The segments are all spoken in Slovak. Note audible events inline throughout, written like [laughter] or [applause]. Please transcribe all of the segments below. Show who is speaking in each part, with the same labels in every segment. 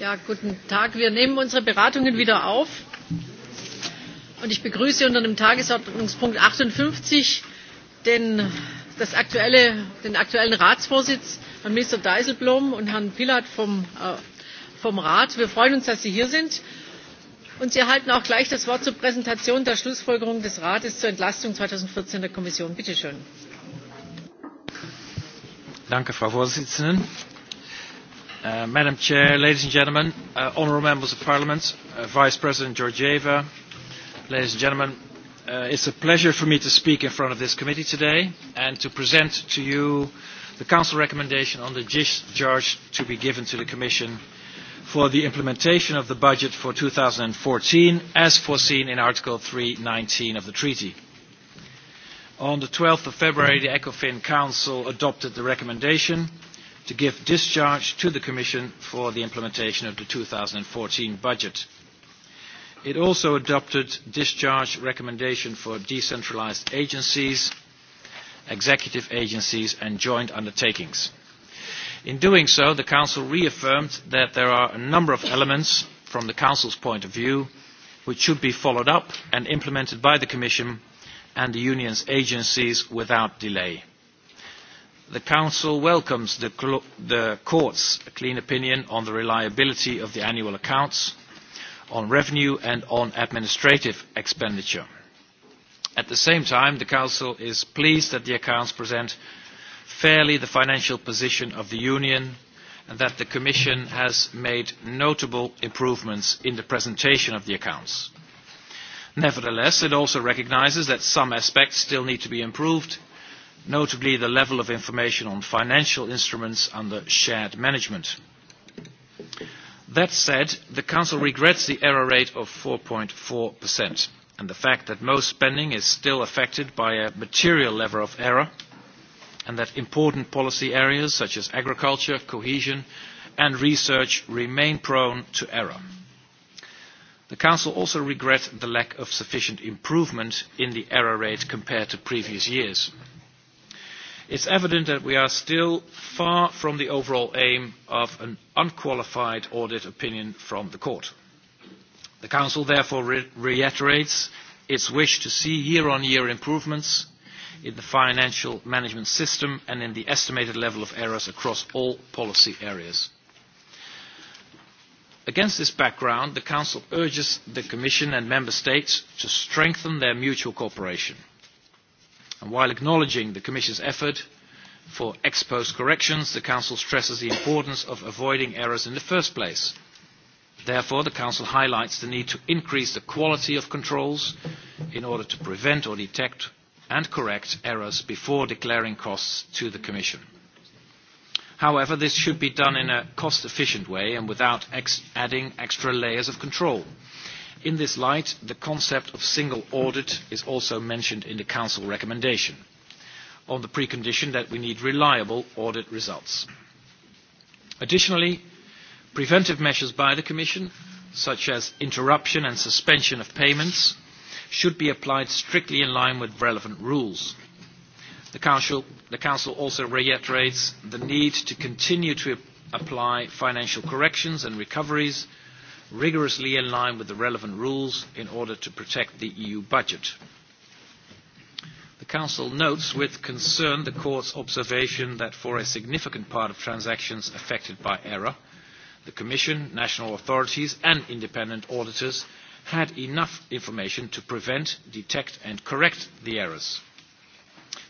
Speaker 1: Ja, guten Tag. Wir nehmen unsere Beratungen wieder auf. Und ich begrüße unter dem Tagesordnungspunkt 58 den, das aktuelle, den aktuellen Ratsvorsitz, Herrn Minister Deiselblom und Herrn Pilat vom, äh, vom Rat. Wir freuen uns, dass Sie hier sind. Und Sie erhalten auch gleich das Wort zur Präsentation der Schlussfolgerung des Rates zur Entlastung 2014 der Kommission. Bitte schön.
Speaker 2: Danke, Frau Vorsitzende Uh, Madam Chair, ladies and gentlemen, uh, honourable members of Parliament, uh, Vice President Georgieva, ladies and gentlemen, uh, it's a pleasure for me to speak in front of this committee today and to present to you the Council recommendation on the discharge to be given to the Commission for the implementation of the budget for 2014 as foreseen in Article 319 of the Treaty. On the 12th of February, the ECOFIN Council adopted the recommendation – to give discharge to the Commission for the implementation of the 2014 budget. It also adopted discharge recommendation for decentralized agencies, executive agencies and joint undertakings. In doing so, the Council reaffirmed that there are a number of elements from the Council's point of view which should be followed up and implemented by the Commission and the Union's agencies without delay the Council welcomes the, Court's clean opinion on the reliability of the annual accounts, on revenue and on administrative expenditure. At the same time, the Council is pleased that the accounts present fairly the financial position of the Union and that the Commission has made notable improvements in the presentation of the accounts. Nevertheless, it also recognises that some aspects still need to be improved notably the level of information on financial instruments under shared management. That said, the Council regrets the error rate of 4.4% and the fact that most spending is still affected by a material level of error and that important policy areas such as agriculture, cohesion and research remain prone to error. The Council also regrets the lack of sufficient improvement in the error rate compared to previous years. It is evident that we are still far from the overall aim of an unqualified audit opinion from the Court. The Council therefore reiterates its wish to see year on -year improvements in the financial management system and in the estimated level of errors across all policy areas. Against this background, the Council urges the Commission and Member States to strengthen their mutual cooperation – And while acknowledging the Commission's effort for ex post corrections, the Council stresses the importance of avoiding errors in the first place. Therefore, the Council highlights the need to increase the quality of controls in order to prevent or detect and correct errors before declaring costs to the Commission. However, this should be done in a cost-efficient way and without ex adding extra layers of control. In this light, the concept of single audit is also mentioned in the Council recommendation, on the precondition that we need reliable audit results. Additionally, preventive measures by the Commission, such as interruption and suspension of payments, should be applied strictly in line with relevant rules. The Council, the Council also reiterates the need to continue to apply financial corrections and recoveries rigorously in line with the relevant rules in order to protect the EU budget. The Council notes with concern the Court's observation that for a significant part of transactions affected by error, the Commission, national authorities and independent auditors had enough information to prevent, detect and correct the errors.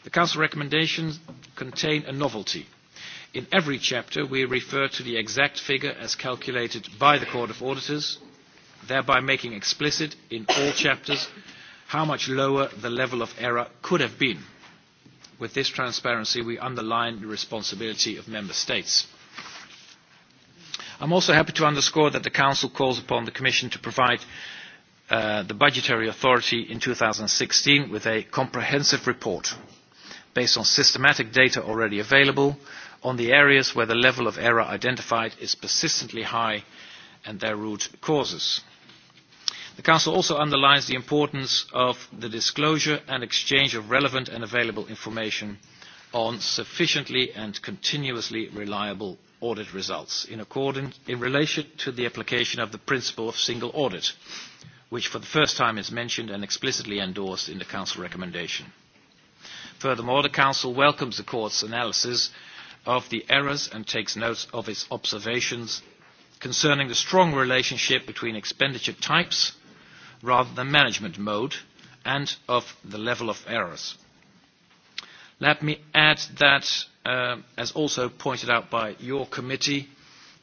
Speaker 2: The Council recommendations contain a novelty – In every chapter, we refer to the exact figure as calculated by the Court of Auditors, thereby making explicit in all chapters how much lower the level of error could have been. With this transparency, we underline the responsibility of member states. I am also happy to underscore that the Council calls upon the Commission to provide uh, the budgetary authority in sixteen with a comprehensive report based on systematic data already available on the areas where the level of error identified is persistently high and their root causes. The Council also underlines the importance of the disclosure and exchange of relevant and available information on sufficiently and continuously reliable audit results in, accordance, in relation to the application of the principle of single audit, which for the first time is mentioned and explicitly endorsed in the Council recommendation. Furthermore, the Council welcomes the Court's analysis of the errors and takes note of its observations concerning the strong relationship between expenditure types rather than management mode and of the level of errors. Let me add that, uh, as also pointed out by your committee,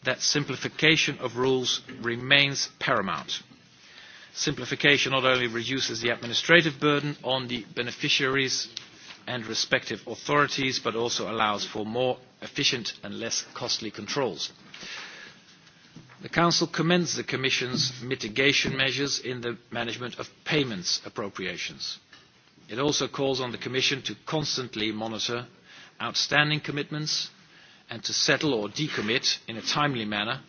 Speaker 2: that simplification of rules remains paramount. Simplification not only reduces the administrative burden on the beneficiaries and respective authorities, but also allows for more efficient and less costly controls. The Council commends the Commission's mitigation measures in the management of payments appropriations. It also calls on the Commission to constantly monitor outstanding commitments and to settle or decommit in a timely manner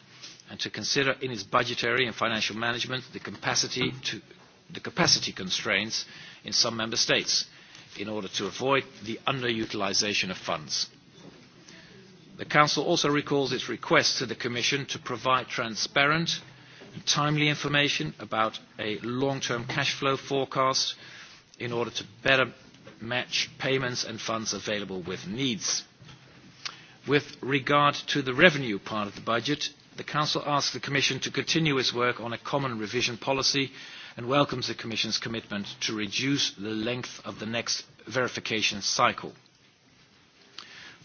Speaker 2: and to consider in its budgetary and financial management the capacity, to, the capacity constraints in some member states in order to avoid the underutilisation of funds. The Council also recalls its request to the Commission to provide transparent and timely information about a long-term cash flow forecast in order to better match payments and funds available with needs. With regard to the revenue part of the budget, the Council asks the Commission to continue its work on a common revision policy and welcomes the Commission's commitment to reduce the length of the next verification cycle.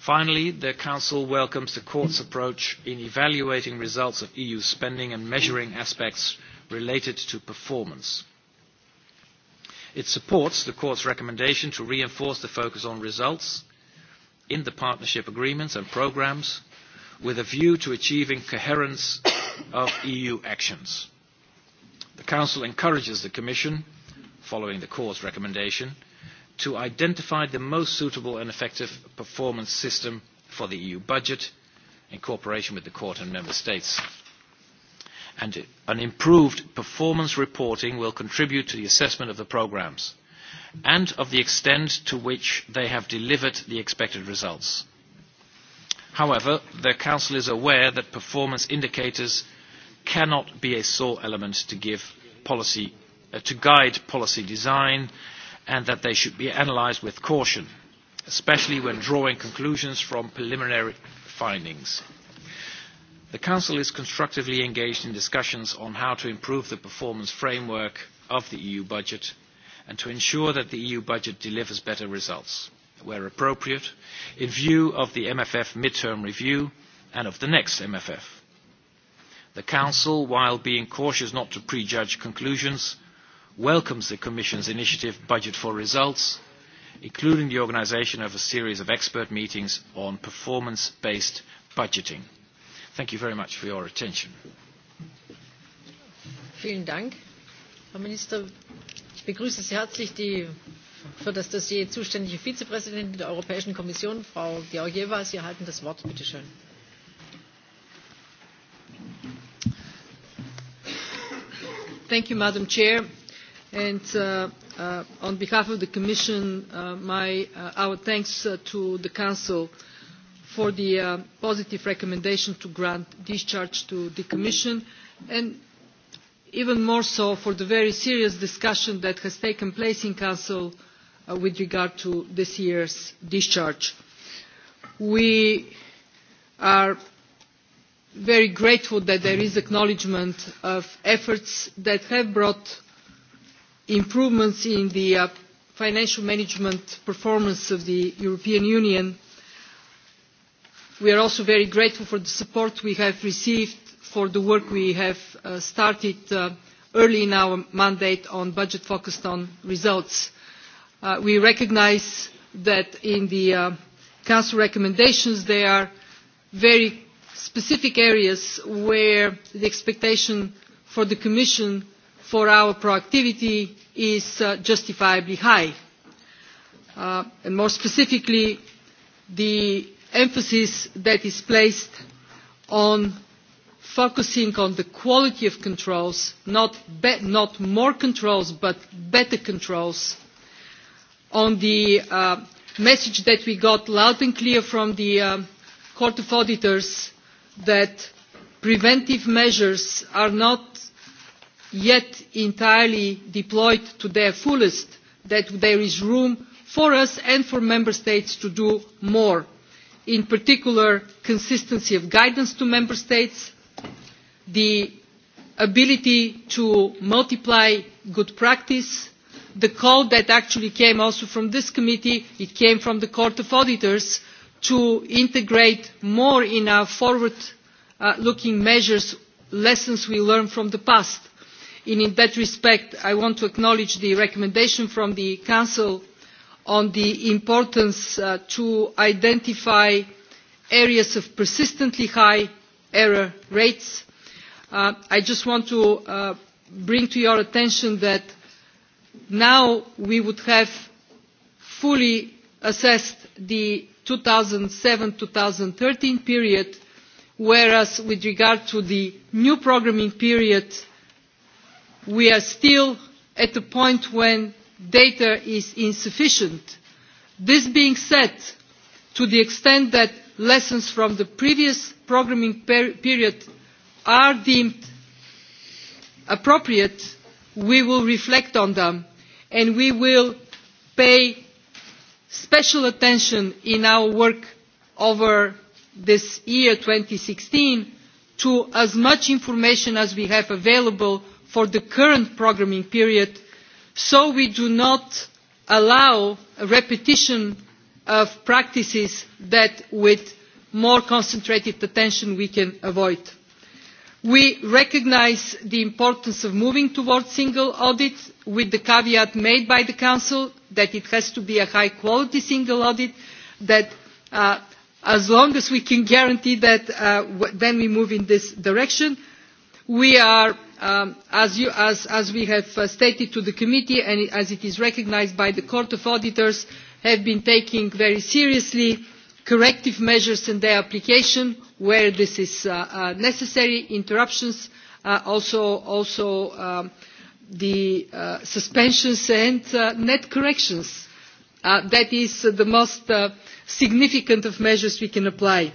Speaker 2: Finally, the Council welcomes the Court's approach in evaluating results of EU spending and measuring aspects related to performance. It supports the Court's recommendation to reinforce the focus on results in the partnership agreements and programmes with a view to achieving coherence of EU actions. The Council encourages the Commission, following the Court's recommendation, to identify the most suitable and effective performance system for the EU budget in cooperation with the Court and Member States. And an improved performance reporting will contribute to the assessment of the programmes and of the extent to which they have delivered the expected results. However, the Council is aware that performance indicators cannot be a sole element to give policy, uh, to guide policy design and that they should be analysed with caution, especially when drawing conclusions from preliminary findings. The Council is constructively engaged in discussions on how to improve the performance framework of the EU budget and to ensure that the EU budget delivers better results, where appropriate, in view of the MFF mid term review and of the next MFF. The Council, while being cautious not to prejudge conclusions, welcomes the Commission's initiative Budget for Results, including the organisation of a series of expert meetings on performance-based budgeting. Thank you very much for your attention.
Speaker 1: Vielen Dank. Herr Minister, ich begrüße Sie herzlich die für das Dossier zuständige Vizepräsidentin der Europäischen Kommission, Frau Georgieva. Sie erhalten das Wort. Bitte schön.
Speaker 3: Thank you, Madam Chair. And uh, uh, on behalf of the Commission, uh, my, uh, our thanks uh, to the Council for the uh, positive recommendation to grant discharge to the Commission, and even more so for the very serious discussion that has taken place in Council uh, with regard to this year's discharge. We are very grateful that there is acknowledgement of efforts that have brought improvements in the uh, financial management performance of the European Union. We are also very grateful for the support we have received for the work we have uh, started uh, early in our mandate on budget focused on results. we recognise that in the Council recommendations there are very specific areas where the expectation for the Commission for our proactivity is uh, justifiably high. Uh, and more specifically, the emphasis that is placed on focusing on the quality of controls, not, be not more controls, but better controls, on the uh, message that we got loud and clear from the uh, Court of Auditors that preventive measures are not yet entirely deployed to their fullest, that there is room for us and for member states to do more. In particular, consistency of guidance to member states, the ability to multiply good practice, the call that actually came also from this committee, it came from the Court of Auditors to integrate more in our forward uh, looking measures lessons we learned from the past. in that respect i want to acknowledge the recommendation from the council on the importance of uh, to identify areas of persistently high error rates. Uh, i just want to bring to your attention that now we would have fully assessed the two thousand and seven two thousand and thirteen period whereas with regard to the new programming period we are still at the point when data is insufficient. this being said to the extent that lessons from the previous programming per period are deemed appropriate we will reflect on them and we will pay special attention in our work over this year two thousand and sixteen to as much information as we have available for the current programming period so we do not allow a repetition of practices that with more concentrated attention we can avoid. We recognise the importance of moving towards single audit with the caveat made by the Council that it has to be a high quality single audit, that uh, as long as we can guarantee that uh, when we move in this direction, we are, um, as, you, as, as we have uh, stated to the committee and as it is recognised by the Court of Auditors, have been taking very seriously corrective measures and their application where this is uh, uh, necessary, interruptions, uh, also, also um, the uh, suspensions and uh, net corrections. Uh, that is uh, the most uh, significant of measures we can apply.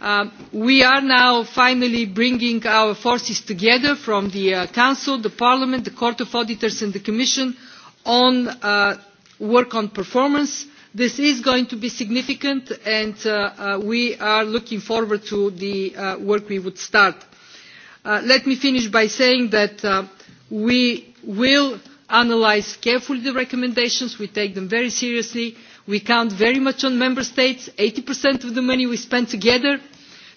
Speaker 3: Uh, we are now finally bringing our forces together from the uh, Council, the Parliament, the Court of Auditors and the Commission on uh, work on performance. This is going to be significant and uh, uh, we are looking forward to the uh, work we would start. Uh, let me finish by saying that uh, we will analyse carefully the recommendations we take them very seriously we count very much on member states eighty of the money we spend together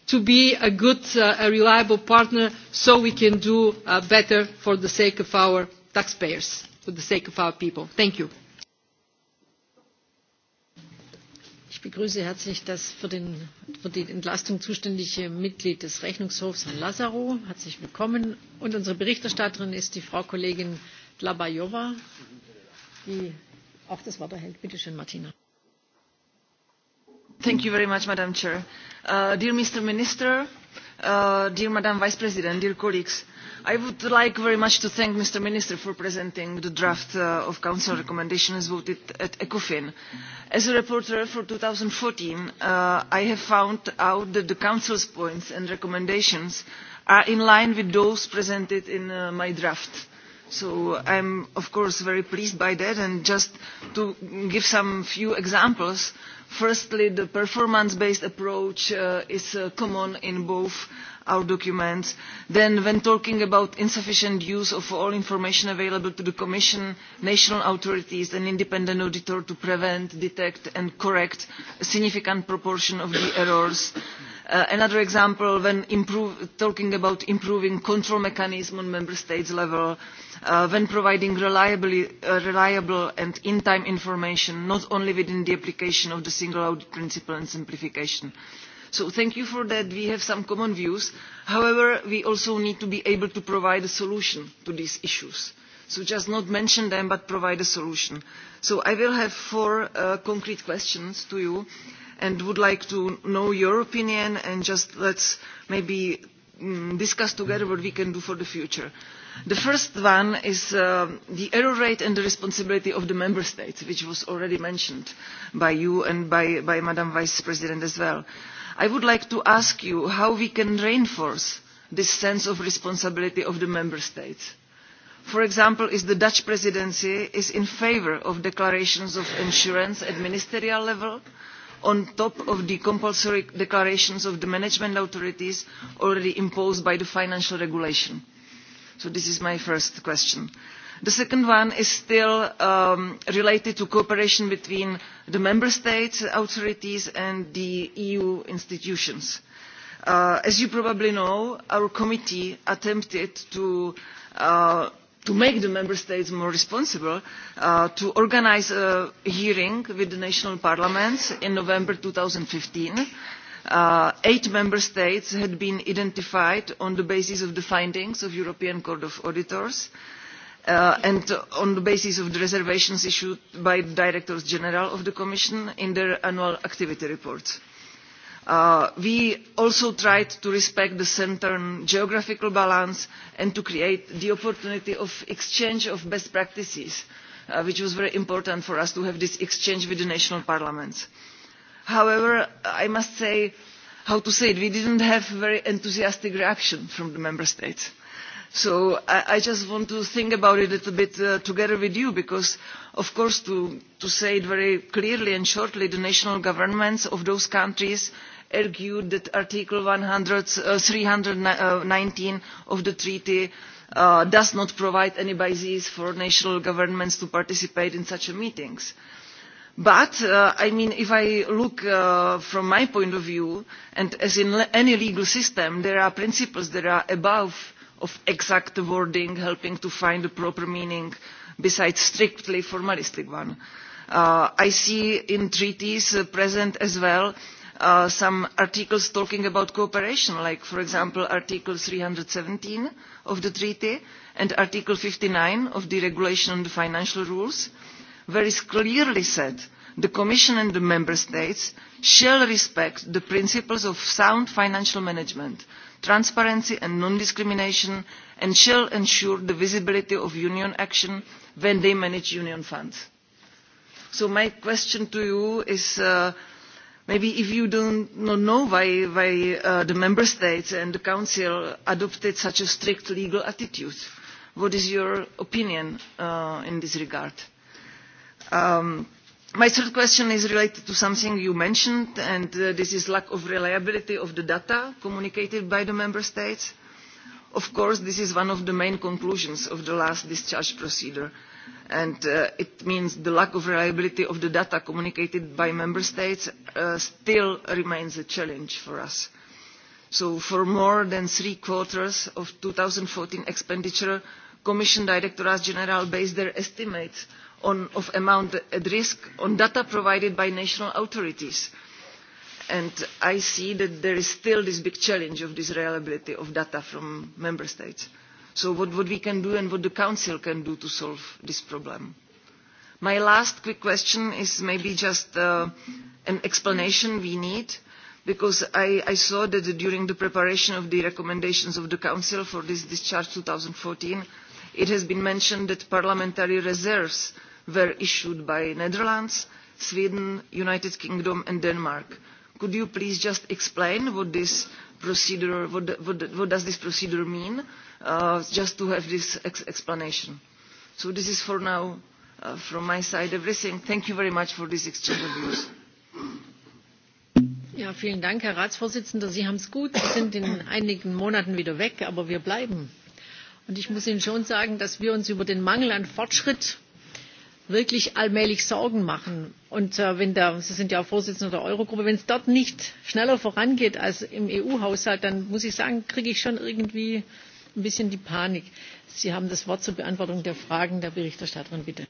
Speaker 3: to be a good uh, and reliable partner so we can do uh, better for the sake of our taxpayers for the sake of our people. thank you. Ich begrüße herzlich
Speaker 1: das für, den, für die Entlastung zuständige Mitglied des Rechnungshofs, Herrn Lazaro. Herzlich willkommen. Und unsere Berichterstatterin ist die Frau Kollegin Dlabajova, die
Speaker 4: auch das Wort erhält. Bitte schön, Martina. Thank you very much, Madam Chair. Uh, dear Mr. Minister, uh, dear Madam Vice President, dear colleagues, uh, i would like very much to thank Mr. Minister for presenting the draft uh, of Council recommendations voted at ECOFIN. As a reporter for 2014, uh, I have found out that the Council's points and recommendations are in line with those presented in uh, my draft. So I'm, of course, very pleased by that. And just to give some few examples, firstly, the performance-based approach uh, is uh, common in both our documents then when talking about insufficient use of all information available to the commission national authorities and independent auditor to prevent detect and correct a significant proportion of the errors uh, another example when improve, talking about improving control mechanisms on member states level uh, when providing reliably, uh, reliable and in time information not only within the application of the single audit principle and simplification so thank you for that we have some common views. however we also need to be able to provide a solution to these issues so just not mention them but provide a solution. so i will have four uh, concrete questions to you and would like to know your opinion and just let's maybe um, discuss together what we can do for the future. The first one is uh, the error rate and the responsibility of the member states, which was already mentioned by you and by, by Madam Vice President as well. Uh, i would like to ask you how we can reinforce this sense of responsibility of the member states. for example if the dutch presidency is in favour of declarations of insurance at ministerial level on top of the compulsory declarations of the management authorities already imposed by the financial regulation? so this is my first question the second one is still um, related to cooperation between the member states authorities and the eu institutions. Uh, as you probably know our committee attempted to, uh, to make the member states more responsible uh, to organise a hearing with the national parliaments in november. two thousand and fifteen uh, eight member states had been identified on the basis of the findings of the european court of auditors and Uh, and on the basis of the reservations issued by the directors general of the commission in their annual activity reports. Uh, we also tried to respect the central geographical balance and to create the opportunity of exchange of best practices uh, which was very important for us to have this exchange with the national parliaments. however i must say how to say it we did not have a very enthusiastic reaction from the member states. So I, I just want to think about it a little bit uh, together with you because, of course, to, to say it very clearly and shortly, the national governments of those countries argued that Article 100, uh, 319 uh, of the treaty uh, does not provide any basis for national governments to participate in such meetings. But, uh, I mean, if I look uh, from my point of view, and as in any legal system, there are principles that are above of exact wording helping to find the proper meaning besides strictly formalistic one. Uh, I see in treaties uh, present as well uh, some articles talking about cooperation, like, for example, Article 317 of the treaty and Article 59 of the Regulation on the Financial Rules, where it's clearly said the Commission and the Member States shall respect the principles of sound financial management transparency and non discrimination and shall ensure the visibility of union action when they manage union funds. so my question to you is uh, maybe if you do not know why, why uh, the member states and the council adopted such a strict legal attitude what is your opinion uh, in this regard? Um, my third question is related to something you mentioned and uh, this is lack of reliability of the data communicated by the member states. of course this is one of the main conclusions of the last discharge procedure and uh, it means the lack of reliability of the data communicated by member states uh, still remains a challenge for us. so for more than three quarters of 2014 fourteen expenditure commission Directorate general based their estimates on, of amount at risk on data provided by national authorities. And I see that there is still this big challenge of this reliability of data from member states. So what, what we can do and what the Council can do to solve this problem. My last quick question is maybe just uh, an explanation we need because I, I saw that during the preparation of the recommendations of the Council for this discharge fourteen, it has been mentioned that parliamentary reserves were issued by the Netherlands, Sweden, United Kingdom and Denmark. Could you please just explain what this procedure, what, what, what does this procedure mean, uh, just to have this ex explanation? So this is for now uh, from my side everything. Thank you very much for this exchange of views.
Speaker 1: Ja, vielen Dank, Herr Ratsvorsitzender. Sie haben es gut. Sie sind in einigen Monaten wieder weg, aber wir bleiben. Und ich muss Ihnen schon sagen, dass wir uns über den Mangel an Fortschritt wirklich allmählich Sorgen machen. Und äh, wenn der, Sie sind ja auch Vorsitzender der Eurogruppe, wenn es dort nicht schneller vorangeht als im EU-Haushalt, dann muss ich sagen, kriege ich schon irgendwie ein bisschen die Panik. Sie haben das Wort zur Beantwortung der Fragen der Berichterstatterin, bitte.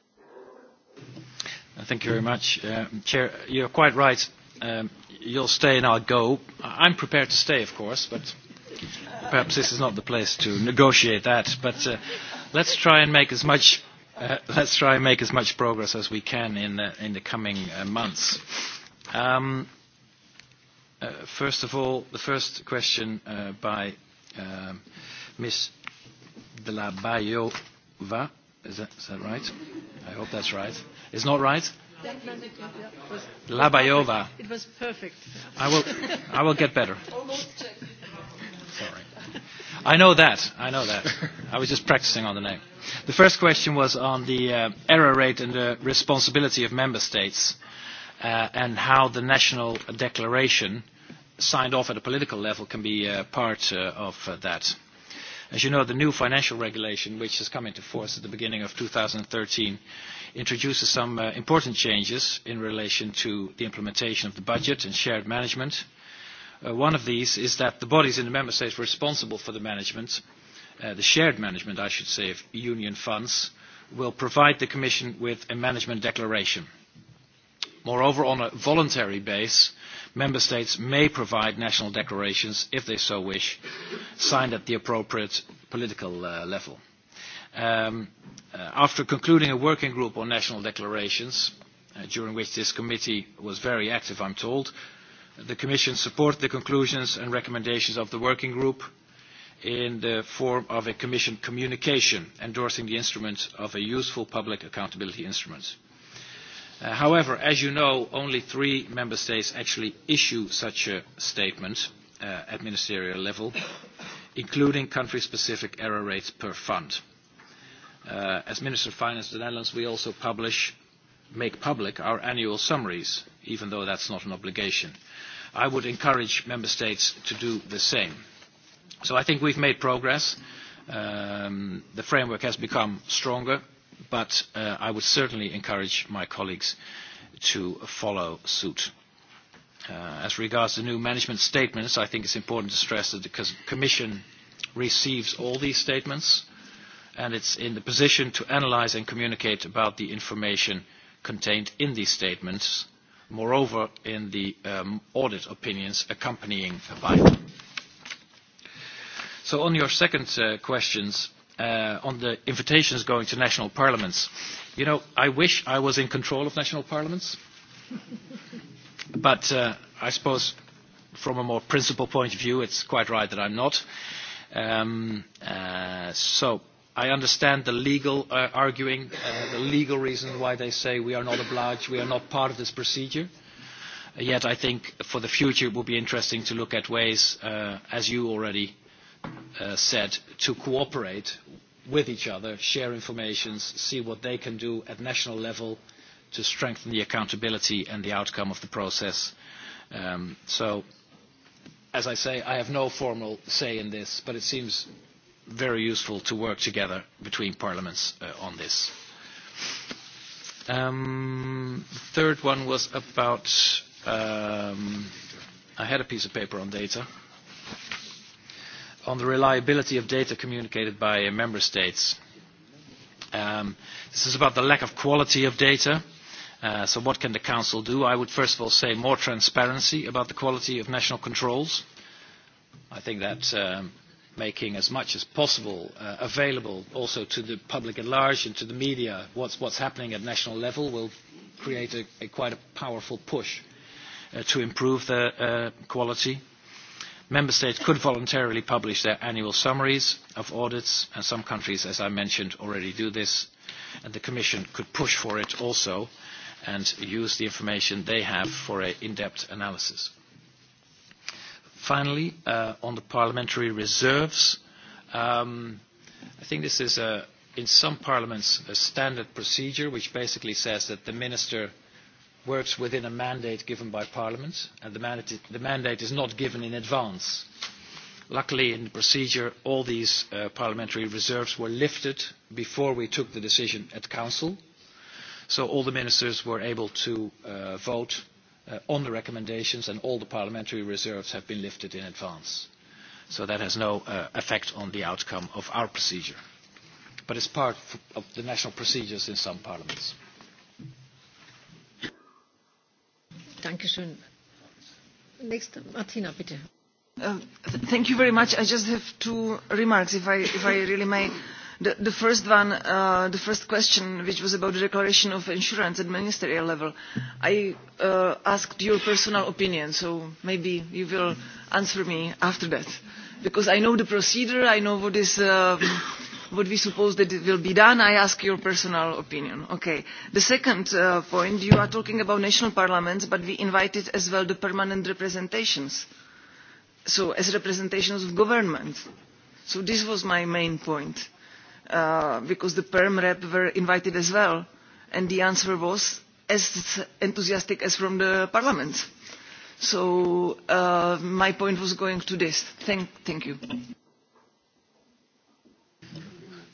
Speaker 2: Thank you very much. Uh, Chair, you're quite right. Um, you'll stay and I'll go. I'm prepared to stay, of course, but perhaps this is not the place to negotiate that. But uh, let's try and make as much Uh, let's try and make as much progress as we can in the, uh, in the coming uh, months. Um, uh, first of all, the first question uh, by uh, Ms. De La Bayova. Is that, is that right? I hope that's right. It's not right?
Speaker 5: Labayova.
Speaker 1: It was
Speaker 6: perfect.
Speaker 2: I will, I will get better.
Speaker 6: Sorry.
Speaker 2: I know that. I know that. I was just practicing on the name. The first question was on the uh, error rate and the responsibility of member states uh, and how the national declaration signed off at a political level can be uh, part uh, of uh, that. As you know, the new financial regulation, which has come into force at the beginning of 2013, introduces some uh, important changes in relation to the implementation of the budget and shared management. Uh, one of these is that the bodies in the member states responsible for the management Uh, the shared management, I should say, of union funds will provide the Commission with a management declaration. Moreover, on a voluntary basis, Member States may provide national declarations, if they so wish, signed at the appropriate political uh, level. Um, uh, after concluding a working group on national declarations, during which this committee was very active, I'm told, the Commission supported the conclusions and recommendations of the working group, in the form of a Commission communication endorsing the instrument of a useful public accountability instrument. Uh, however, as you know, only three Member States actually issue such a statement uh, at ministerial level, including country-specific error rates per fund. Uh, as Minister of Finance of the Netherlands, we also publish, make public our annual summaries, even though that's not an obligation. I would encourage Member States to do the same. So I think we've made progress. Um, the framework has become stronger, but uh, I would certainly encourage my colleagues to follow suit. Uh, as regards the new management statements, I think it's important to stress that the Commission receives all these statements and it's in the position to analyse and communicate about the information contained in these statements, moreover in the um, audit opinions accompanying by so on your second uh, questions, uh, on the invitations going to national parliaments, you know, I wish I was in control of national parliaments. [laughs] but uh, I suppose from a more principled point of view, it's quite right that I'm not. Um, uh, so I understand the legal uh, arguing, uh, the legal reason why they say we are not obliged, we are not part of this procedure. Yet I think for the future it will be interesting to look at ways, uh, as you already uh, said to cooperate with each other, share information, see what they can do at national level to strengthen the accountability and the outcome of the process. Um, so, as I say, I have no formal say in this, but it seems very useful to work together between parliaments uh, on this. Um, third one was about... Um, I had a piece of paper on data on the reliability of data communicated by member states. Um, this is about the lack of quality of data. Uh, so what can the Council do? I would first of all say more transparency about the quality of national controls. I think that um, making as much as possible uh, available also to the public at large and to the media what's, what's happening at national level will create a, a quite a powerful push uh, to improve the uh, quality. Uh, Member states could voluntarily publish their annual summaries of audits, and some countries, as I mentioned, already do this. And the Commission could push for it also and use the information they have for an in-depth analysis. Finally, uh, on the parliamentary reserves, um, I think this is, a, in some parliaments, a standard procedure which basically says that the minister – works within a mandate given by Parliament, and the mandate, the mandate is not given in advance. Luckily, in the procedure, all these uh, parliamentary reserves were lifted before we took the decision at Council, so all the ministers were able to uh, vote uh, on the recommendations, and all the parliamentary reserves have been lifted in advance. So that has no uh, effect on the outcome of our procedure. But it's part of the national procedures in some parliaments.
Speaker 4: Uh, thank you very much. I just have two remarks, if I, if I really may. The, first one, uh, the first question, which was about the declaration of insurance at ministerial level, I uh, asked your personal opinion, so maybe you will answer me after that. Because I know the procedure, I know what is... Uh, what we suppose that it will be done. I ask your personal opinion. Okay. The second uh, point, you are talking about national parliaments, but we invited as well the permanent representations, so as representations of government. So this was my main point, uh, because the perm rep were invited as well, and the answer was as enthusiastic as from the parliament. So uh, my point was going to this. Thank, thank you.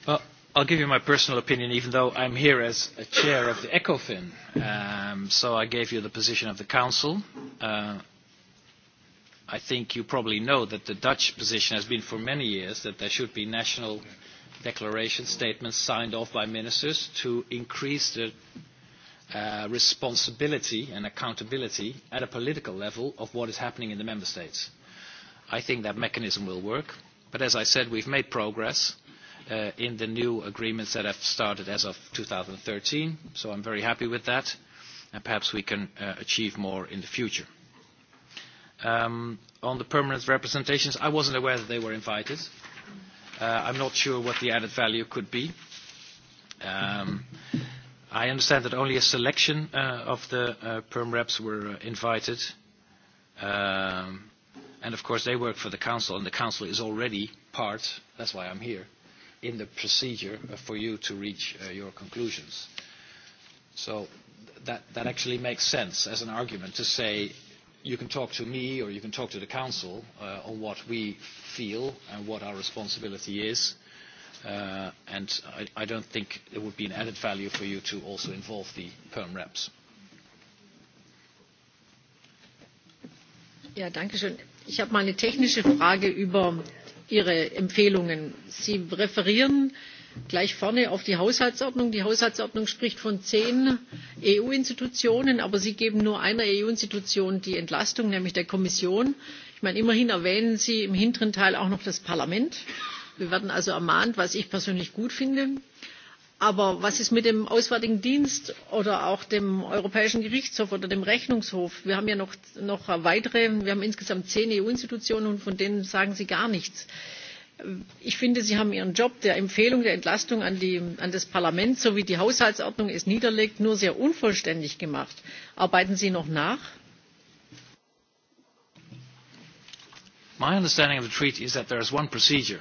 Speaker 2: Well, I'll give you my personal opinion, even though I'm here as a chair of the ECOFIN. Um, so I gave you the position of the Council. Uh, I think you probably know that the Dutch position has been for many years that there should be national declaration statements signed off by ministers to increase the uh, responsibility and accountability at a political level of what is happening in the member states. I think that mechanism will work. But as I said, we've made progress uh, in the new agreements that have started as of 2013. So I'm very happy with that, and perhaps we can uh, achieve more in the future. Um, on the permanent representations, I wasn't aware that they were invited. Uh, I'm not sure what the added value could be. Um, I understand that only a selection uh, of the uh, perm reps were uh, invited. Um, and of course, they work for the council, and the council is already part, that's why I'm here, in the procedure for you to reach uh, your conclusions. So that, that actually makes sense as an argument to say you can talk to me or you can talk to the Council uh, on what we feel and what our responsibility is. Uh, and I, I don't think it would be an added value for you to also involve the perm reps.
Speaker 1: Ja, danke schön. Ich habe mal eine technische Frage über ihre empfehlungen. sie referieren gleich vorne auf die haushaltsordnung. die haushaltsordnung spricht von zehn eu institutionen aber sie geben nur einer eu institution die entlastung nämlich der kommission. ich meine immerhin erwähnen sie im hinteren teil auch noch das parlament. wir werden also ermahnt was ich persönlich gut finde aber was ist mit dem auswärtigen dienst oder auch dem europäischen gerichtshof oder dem rechnungshof? wir haben ja noch, weitere wir haben insgesamt zehn eu institutionen und von denen sagen sie gar nichts. ich finde sie haben ihren job der empfehlung der entlastung an, an das parlament so wie die haushaltsordnung es niederlegt nur sehr unvollständig gemacht. arbeiten sie noch nach?
Speaker 2: my understanding of the treaty is that there is one procedure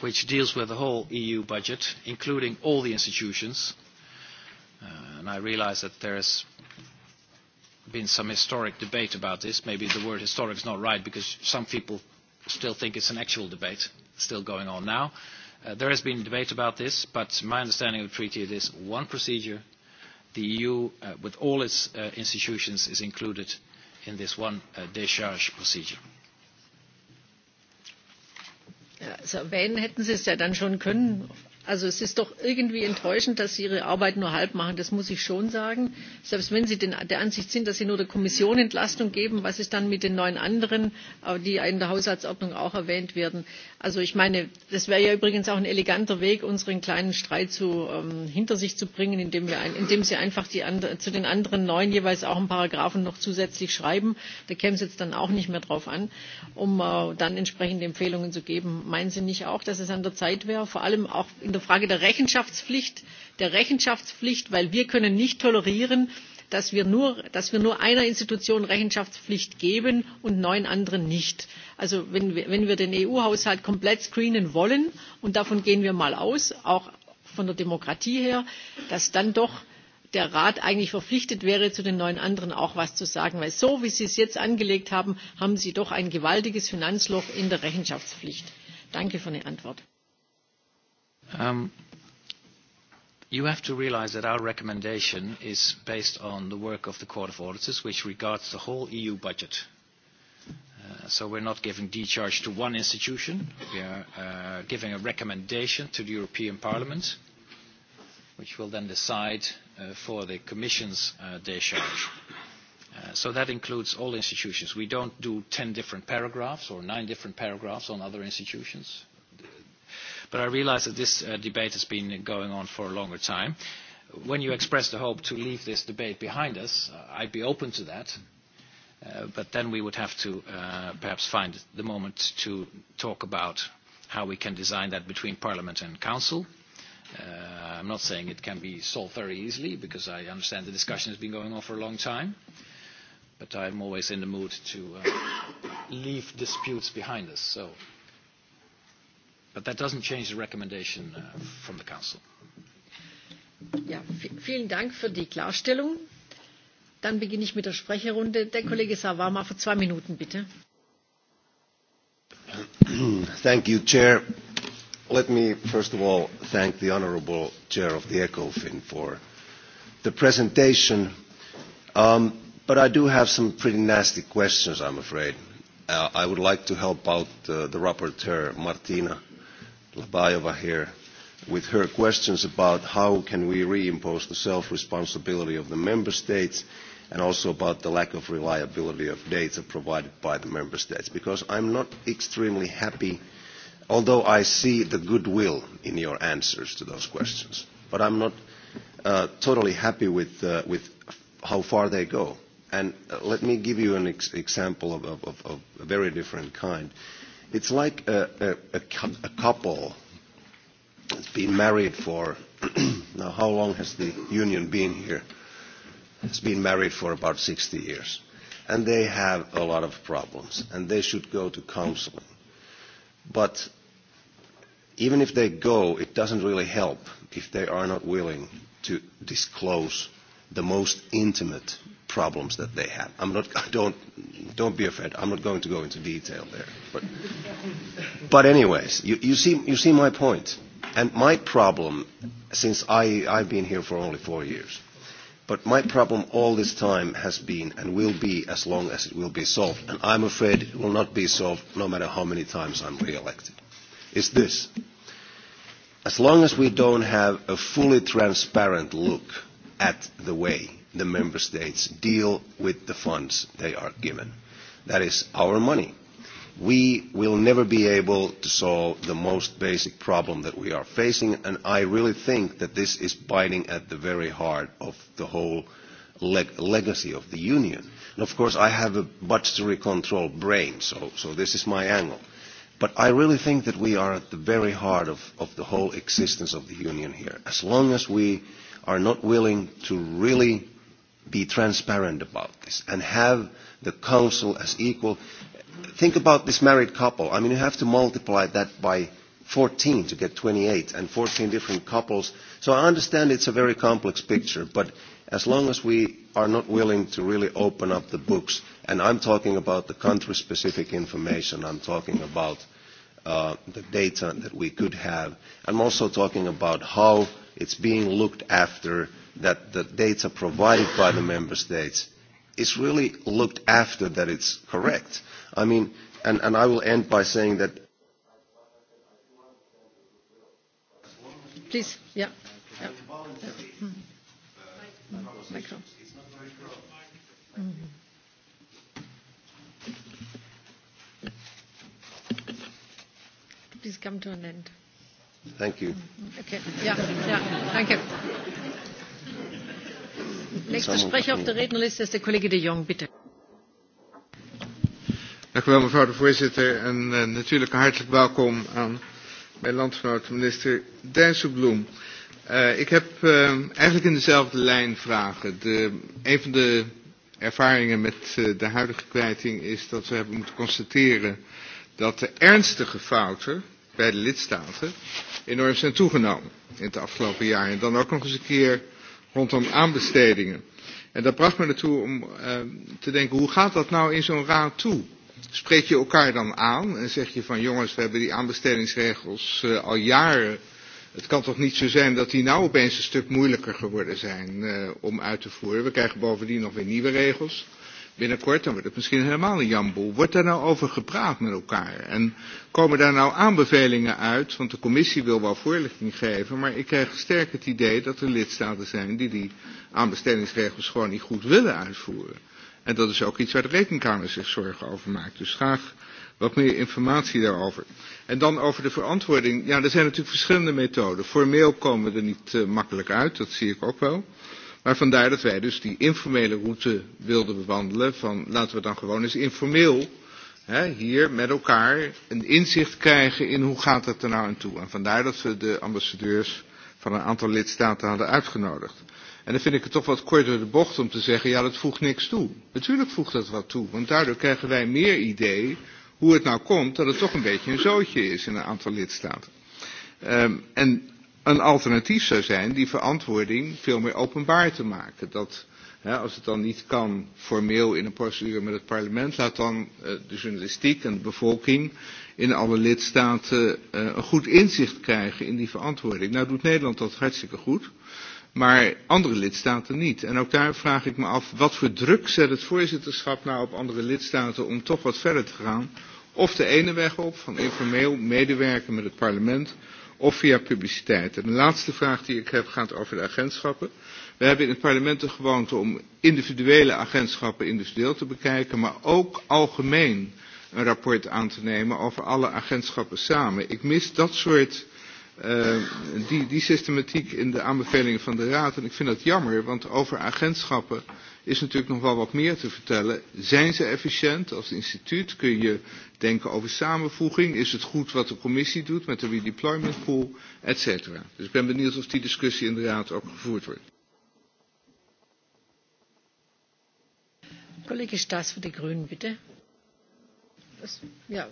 Speaker 2: which deals with the whole EU budget, including all the institutions. Uh, and I realise that there has been some historic debate about this. Maybe the word historic is not right because some people still think it's an actual debate still going on now. Uh, there has been debate about this, but my understanding of the treaty is one procedure. The EU, uh, with all its uh, institutions, is included in this one uh, discharge procedure.
Speaker 1: Ja, also hätten Sie es ja dann schon können. Also es ist doch irgendwie enttäuschend, dass Sie Ihre Arbeit nur halb machen. Das muss ich schon sagen. Selbst wenn Sie den, der Ansicht sind, dass Sie nur der Kommission Entlastung geben, was ist dann mit den neun anderen, äh, die in der Haushaltsordnung auch erwähnt werden? Also ich meine, das wäre ja übrigens auch ein eleganter Weg, unseren kleinen Streit zu, ähm, hinter sich zu bringen, indem, wir ein, indem Sie einfach die andre, zu den anderen neun jeweils auch einen Paragraphen noch zusätzlich schreiben. Da käme es jetzt dann auch nicht mehr drauf an, um äh, dann entsprechende Empfehlungen zu geben. Meinen Sie nicht auch, dass es an der Zeit wäre, vor allem auch in der frage der rechenschaftspflicht der rechenschaftspflicht weil wir können nicht tolerieren dass wir nur, dass wir nur einer institution rechenschaftspflicht geben und neun anderen nicht. also wenn wir, den eu haushalt komplett screenen wollen und davon gehen wir mal aus auch von der demokratie her dass dann doch der rat eigentlich verpflichtet wäre zu den neun anderen auch etwas zu sagen denn so wie sie es jetzt angelegt haben haben sie doch ein gewaltiges finanzloch in der rechenschaftspflicht. danke für die antwort.
Speaker 2: Um, you have to realize that our recommendation is based on the work of the Court of Auditors, which regards the whole EU budget. Uh, so we're not giving decharge to one institution. We are uh, giving a recommendation to the European Parliament, which will then decide uh, for the Commission's uh, decharge. Uh, so that includes all institutions. We don't do 10 different paragraphs or nine different paragraphs on other institutions But I realize that this uh, debate has been going on for a longer time. When you express the hope to leave this debate behind us, uh, I'd be open to that. Uh, but then we would have to uh, perhaps find the moment to talk about how we can design that between Parliament and Council. Uh, I'm not saying it can be solved very easily because I understand the discussion has been going on for a long time. But I'm always in the mood to uh, leave disputes behind us. So But that doesn't change the recommendation uh, from the Council.
Speaker 1: Ja, vielen Dank für die Klarstellung. Dann beginne ich mit der Sprecherrunde. Der Kollege Sawama für zwei Minuten, bitte.
Speaker 7: [clears throat] Thank you, Chair. Let me first of all thank the Honourable Chair of the ECOFIN for the presentation. Um, but I do have some pretty nasty questions, I'm afraid. Uh, I would like to help out uh, the rapporteur, Martina Baeva here with her questions about how can we reimpose the self-responsibility of the member states and also about the lack of reliability of data provided by the member states. Because I'm not extremely happy, although I see the goodwill in your answers to those questions, but I'm not uh, totally happy with, uh, with how far they go. And uh, let me give you an ex example of, of, of, of a very different kind. Uh, It's like a, a, a, a couple that's been married for, [clears throat] now how long has the union been here? It's been married for about 60 years. And they have a lot of problems, and they should go to counseling. But even if they go, it doesn't really help if they are not willing to disclose the most intimate problems that they have. I'm not, [laughs] don't, don't be afraid. I'm not going to go into detail there. But, but anyways, you, you, see, you see my point. And my problem, since I, I've been here for only four years, but my problem all this time has been and will be as long as it will be solved, and I'm afraid it will not be solved no matter how many times I'm re-elected, is this. As long as we don't have a fully transparent look at the way the member states deal with the funds they are given. That is our money. We will never be able to solve the most basic problem that we are facing, and I really think that this is biting at the very heart of the whole leg legacy of the Union. And of course, I have a budgetary control brain, so, so this is my angle. But I really think that we are at the very heart of, of the whole existence of the Union here. As long as we are not willing to really be transparent about this and have the council as equal. Think about this married couple. I mean, you have to multiply that by 14 to get 28 and 14 different couples. So I understand it's a very complex picture, but as long as we are not willing to really open up the books, and I'm talking about the country-specific information, I'm talking about uh, the data that we could have. I'm also talking about how it's being looked after that the data provided by the member states is really looked after that it's correct. I mean, and, and I will end by saying that.
Speaker 1: Please, yeah. Please come to an end.
Speaker 7: Thank you. Mm-hmm. Okay. Yeah. Thank you
Speaker 8: mevrouw de voorzitter en eh, natuurlijk een hartelijk welkom aan mijn landgenoot minister dijsselbloem. Eh, ik heb eh, eigenlijk in dezelfde lijn vragen. De, een van de ervaringen met de huidige kwijting is dat we hebben moeten constateren dat de ernstige fouten bij de lidstaten enorm zijn toegenomen in het afgelopen jaar. En dan ook nog eens een keer rondom aanbestedingen. En dat bracht me ertoe om uh, te denken, hoe gaat dat nou in zo'n raad toe? Spreek je elkaar dan aan en zeg je van jongens, we hebben die aanbestedingsregels uh, al jaren. Het kan toch niet zo zijn dat die nou opeens een stuk moeilijker geworden zijn uh, om uit te voeren. We krijgen bovendien nog weer nieuwe regels binnenkort, dan wordt het misschien helemaal een jamboel. Wordt daar nou over gepraat met elkaar? En komen daar nou aanbevelingen uit? Want de commissie wil wel voorlichting geven, maar ik krijg sterk het idee dat er lidstaten zijn die die aanbestedingsregels gewoon niet goed willen uitvoeren. En dat is ook iets waar de rekenkamer zich zorgen over maakt. Dus graag wat meer informatie daarover. En dan over de verantwoording. Ja, er zijn natuurlijk verschillende methoden. Formeel komen we er niet uh, makkelijk uit, dat zie ik ook wel. Maar vandaar dat wij dus die informele route wilden bewandelen van laten we dan gewoon eens informeel hè, hier met elkaar een inzicht krijgen in hoe gaat het er nou aan toe. En vandaar dat we de ambassadeurs van een aantal lidstaten hadden uitgenodigd. En dan vind ik het toch wat kort door de bocht om te zeggen, ja dat voegt niks toe. Natuurlijk voegt dat wat toe, want daardoor krijgen wij meer idee hoe het nou komt dat het toch een beetje een zootje is in een aantal lidstaten. Um, en een alternatief zou zijn die verantwoording veel meer openbaar te maken. Dat hè, als het dan niet kan formeel in een procedure met het parlement, laat dan eh, de journalistiek en de bevolking in alle lidstaten eh, een goed inzicht krijgen in die verantwoording. Nou doet Nederland dat hartstikke goed. Maar andere lidstaten niet. En ook daar vraag ik me af, wat voor druk zet het voorzitterschap nou op andere lidstaten om toch wat verder te gaan? Of de ene weg op, van informeel medewerken met het parlement, of via publiciteit. En de laatste vraag die ik heb gaat over de agentschappen. We hebben in het parlement de gewoonte om individuele agentschappen individueel te bekijken, maar ook algemeen een rapport aan te nemen over alle agentschappen samen. Ik mis dat soort Uh, die, die systematiek in de aanbevelingen van de Raad. En ik vind dat jammer, want over agentschappen is natuurlijk nog wel wat meer te vertellen. Zijn ze efficiënt als instituut? Kun je denken over samenvoeging? Is het goed wat de commissie doet met de redeployment pool, et cetera? Dus ik ben benieuwd of die discussie in de Raad ook gevoerd wordt.
Speaker 1: Collega Staats van de Groen, bitte. Ja.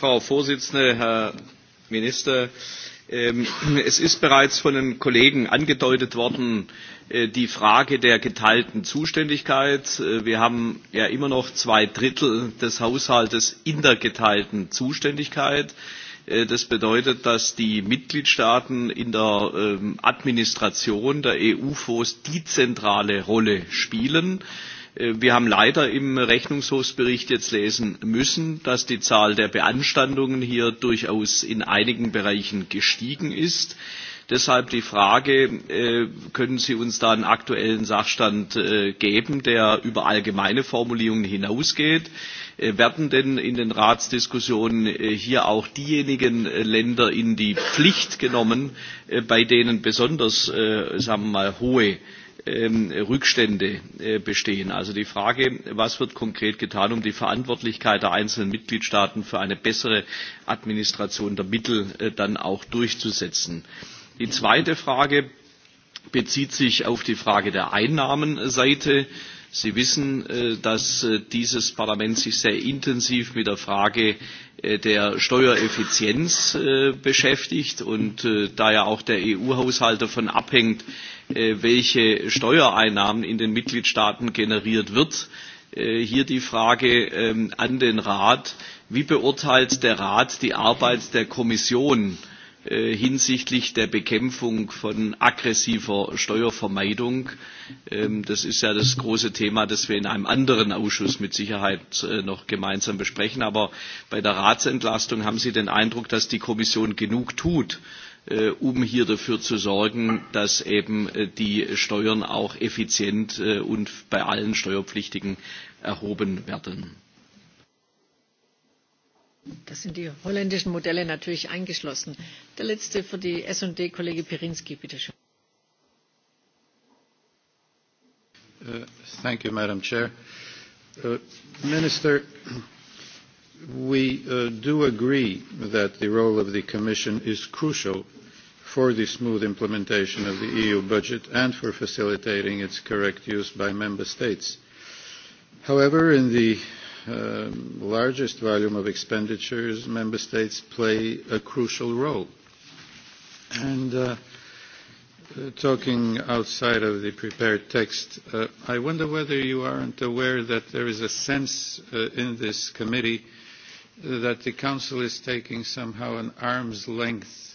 Speaker 9: Frau Präsidentin, Herr Minister. Ähm, es ist bereits von den Kollegen angedeutet worden, äh, die Frage der geteilten Zuständigkeit. Äh, wir haben ja immer noch zwei Drittel des Haushalts in der geteilten Zuständigkeit. Äh, das bedeutet, dass die Mitgliedstaaten in der ähm, Administration der EU-Fonds die zentrale Rolle spielen. Äh, wir haben leider im Rechnungshofsbericht jetzt lesen müssen, dass die Zahl der Beanstandungen hier durchaus in einigen Bereichen gestiegen ist. Deshalb die Frage, äh, können Sie uns da einen aktuellen Sachstand äh, geben, der über allgemeine Formulierungen hinausgeht? Werden denn in den Ratsdiskussionen hier auch diejenigen Länder in die Pflicht genommen, bei denen besonders sagen wir mal, hohe Ähm, Rückstände äh, bestehen. Also die Frage, was wird konkret getan, um die Verantwortlichkeit der einzelnen Mitgliedstaaten für eine bessere Administration der Mittel äh, dann auch durchzusetzen. Die zweite Frage bezieht sich auf die Frage der Einnahmenseite. Sie wissen, äh, dass äh, dieses Parlament sich sehr intensiv mit der Frage äh, der Steuereffizienz beschäftigt und da ja auch der EU-Haushalt davon abhängt, welche Steuereinnahmen in den Mitgliedstaaten generiert wird. Hier die Frage ähm, an den Rat, wie beurteilt der Rat die Arbeit der Kommission Äh, hinsichtlich der Bekämpfung von aggressiver Steuervermeidung. Ähm, das ist ja das große Thema, das wir in einem anderen Ausschuss mit Sicherheit äh, noch gemeinsam besprechen. Aber bei der Ratsentlastung haben Sie den Eindruck, dass die Kommission genug tut, äh, um hier dafür zu sorgen, dass eben die Steuern auch effizient und bei allen Steuerpflichtigen erhoben werden.
Speaker 1: Das sind die holländischen Modelle natürlich eingeschlossen. Der letzte für die S&D, Kollege Pirinski, bitte schön.
Speaker 10: Uh, thank you, Madam Chair. Uh, Minister, we uh, do agree that the role of the Commission is crucial for the smooth implementation of the EU budget and for facilitating its correct use by Member States. However, in the Um, largest volume of expenditures, member states play a crucial role. And uh, uh, talking outside of the prepared text, uh, I wonder whether you aren't aware that there is a sense uh, in this committee uh, that the Council is taking somehow an arm's length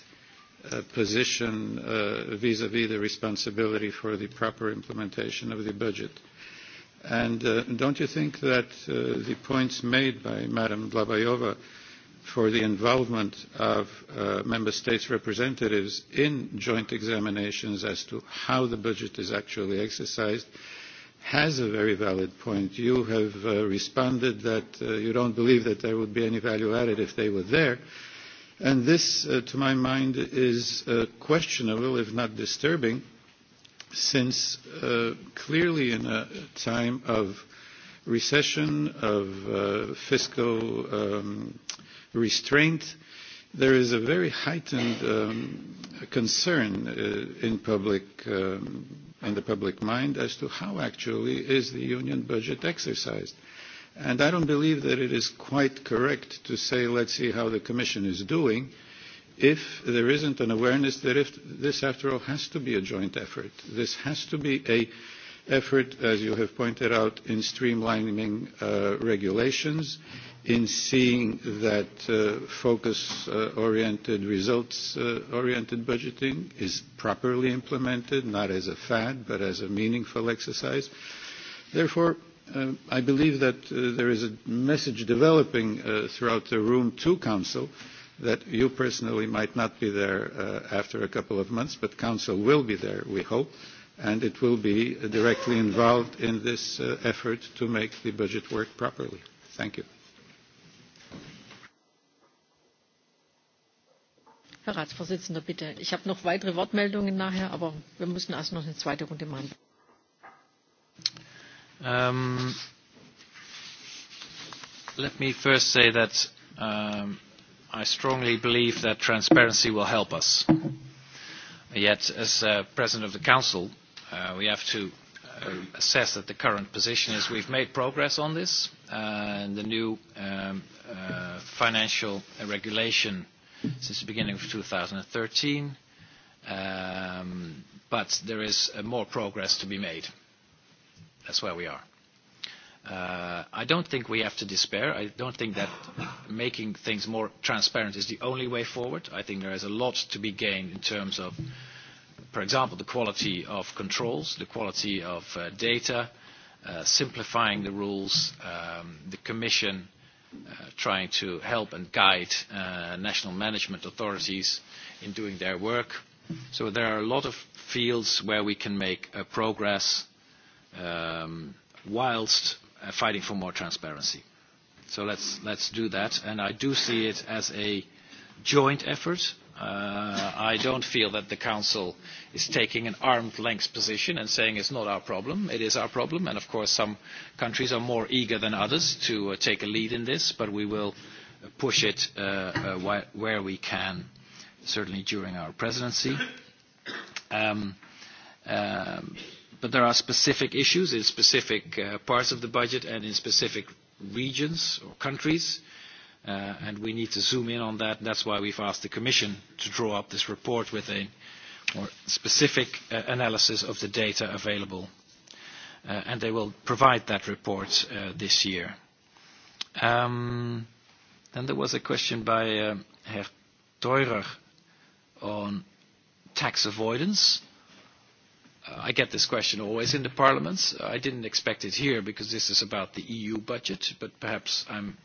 Speaker 10: uh, position uh, vis-à-vis uh, -vis the responsibility for the proper implementation of the budget. And uh, don't you think that uh, the points made by Madam Dlabayova for the involvement of uh, member states' representatives in joint examinations as to how the budget is actually exercised has a very valid point. You have uh, responded that uh, you don't believe that there would be any value added if they were there. And this, uh, to my mind, is uh, questionable, if not disturbing, uh, since uh, clearly in a time of recession, of uh, fiscal um, restraint, there is a very heightened um, concern uh, in, public, um, in the public mind as to how actually is the union budget exercised. And I don't believe that it is quite correct to say, let's see how the Commission is doing, uh, if there isn't an awareness that if this, after all, has to be a joint effort. This has to be a effort, as you have pointed out, in streamlining uh, regulations, in seeing that uh, focus-oriented, uh, results-oriented budgeting is properly implemented, not as a fad, but as a meaningful exercise. Therefore, uh, I believe that uh, there is a message developing uh, throughout the room to Council that you personally might not be there uh, after a couple of months, but Council will be there, we hope, and it will be directly involved in this uh, effort to make the budget work properly. Thank you.
Speaker 1: Herr Ratsvorsitzender, bitte. Ich habe noch weitere Wortmeldungen nachher, aber wir müssen erst noch eine zweite Runde machen.
Speaker 2: Um, let me first say that um, i strongly believe that transparency will help us. Yet, as uh, President of the Council, uh, we have to uh, assess that the current position is we've made progress on this, uh, and the new um, uh, financial regulation since the beginning of 2013, um, but there is uh, more progress to be made. That's where we are. Uh, I don't think we have to despair. I don't think that making things more transparent is the only way forward. I think there is a lot to be gained in terms of, for example, the quality of controls, the quality of uh, data, uh, simplifying the rules, um, the Commission uh, trying to help and guide uh, national management authorities in doing their work. So there are a lot of fields where we can make uh, progress um, whilst uh, fighting for more transparency. So let's, let's do that. And I do see it as a joint effort. Uh, I don't feel that the Council is taking an armed length position and saying it's not our problem. It is our problem. And of course, some countries are more eager than others to uh, take a lead in this, but we will push it uh, uh, wh where we can, certainly during our presidency. Um, um, but there are specific issues in specific uh, parts of the budget and in specific regions or countries, uh, and we need to zoom in on that. That's why we've asked the Commission to draw up this report with a more specific uh, analysis of the data available, uh, and they will provide that report uh, this year. Um, then there was a question by uh, Herr Teurer on tax avoidance Uh, I get this question always in the parliaments. Uh, I didn't expect it here because this is about the EU budget, but perhaps I'm,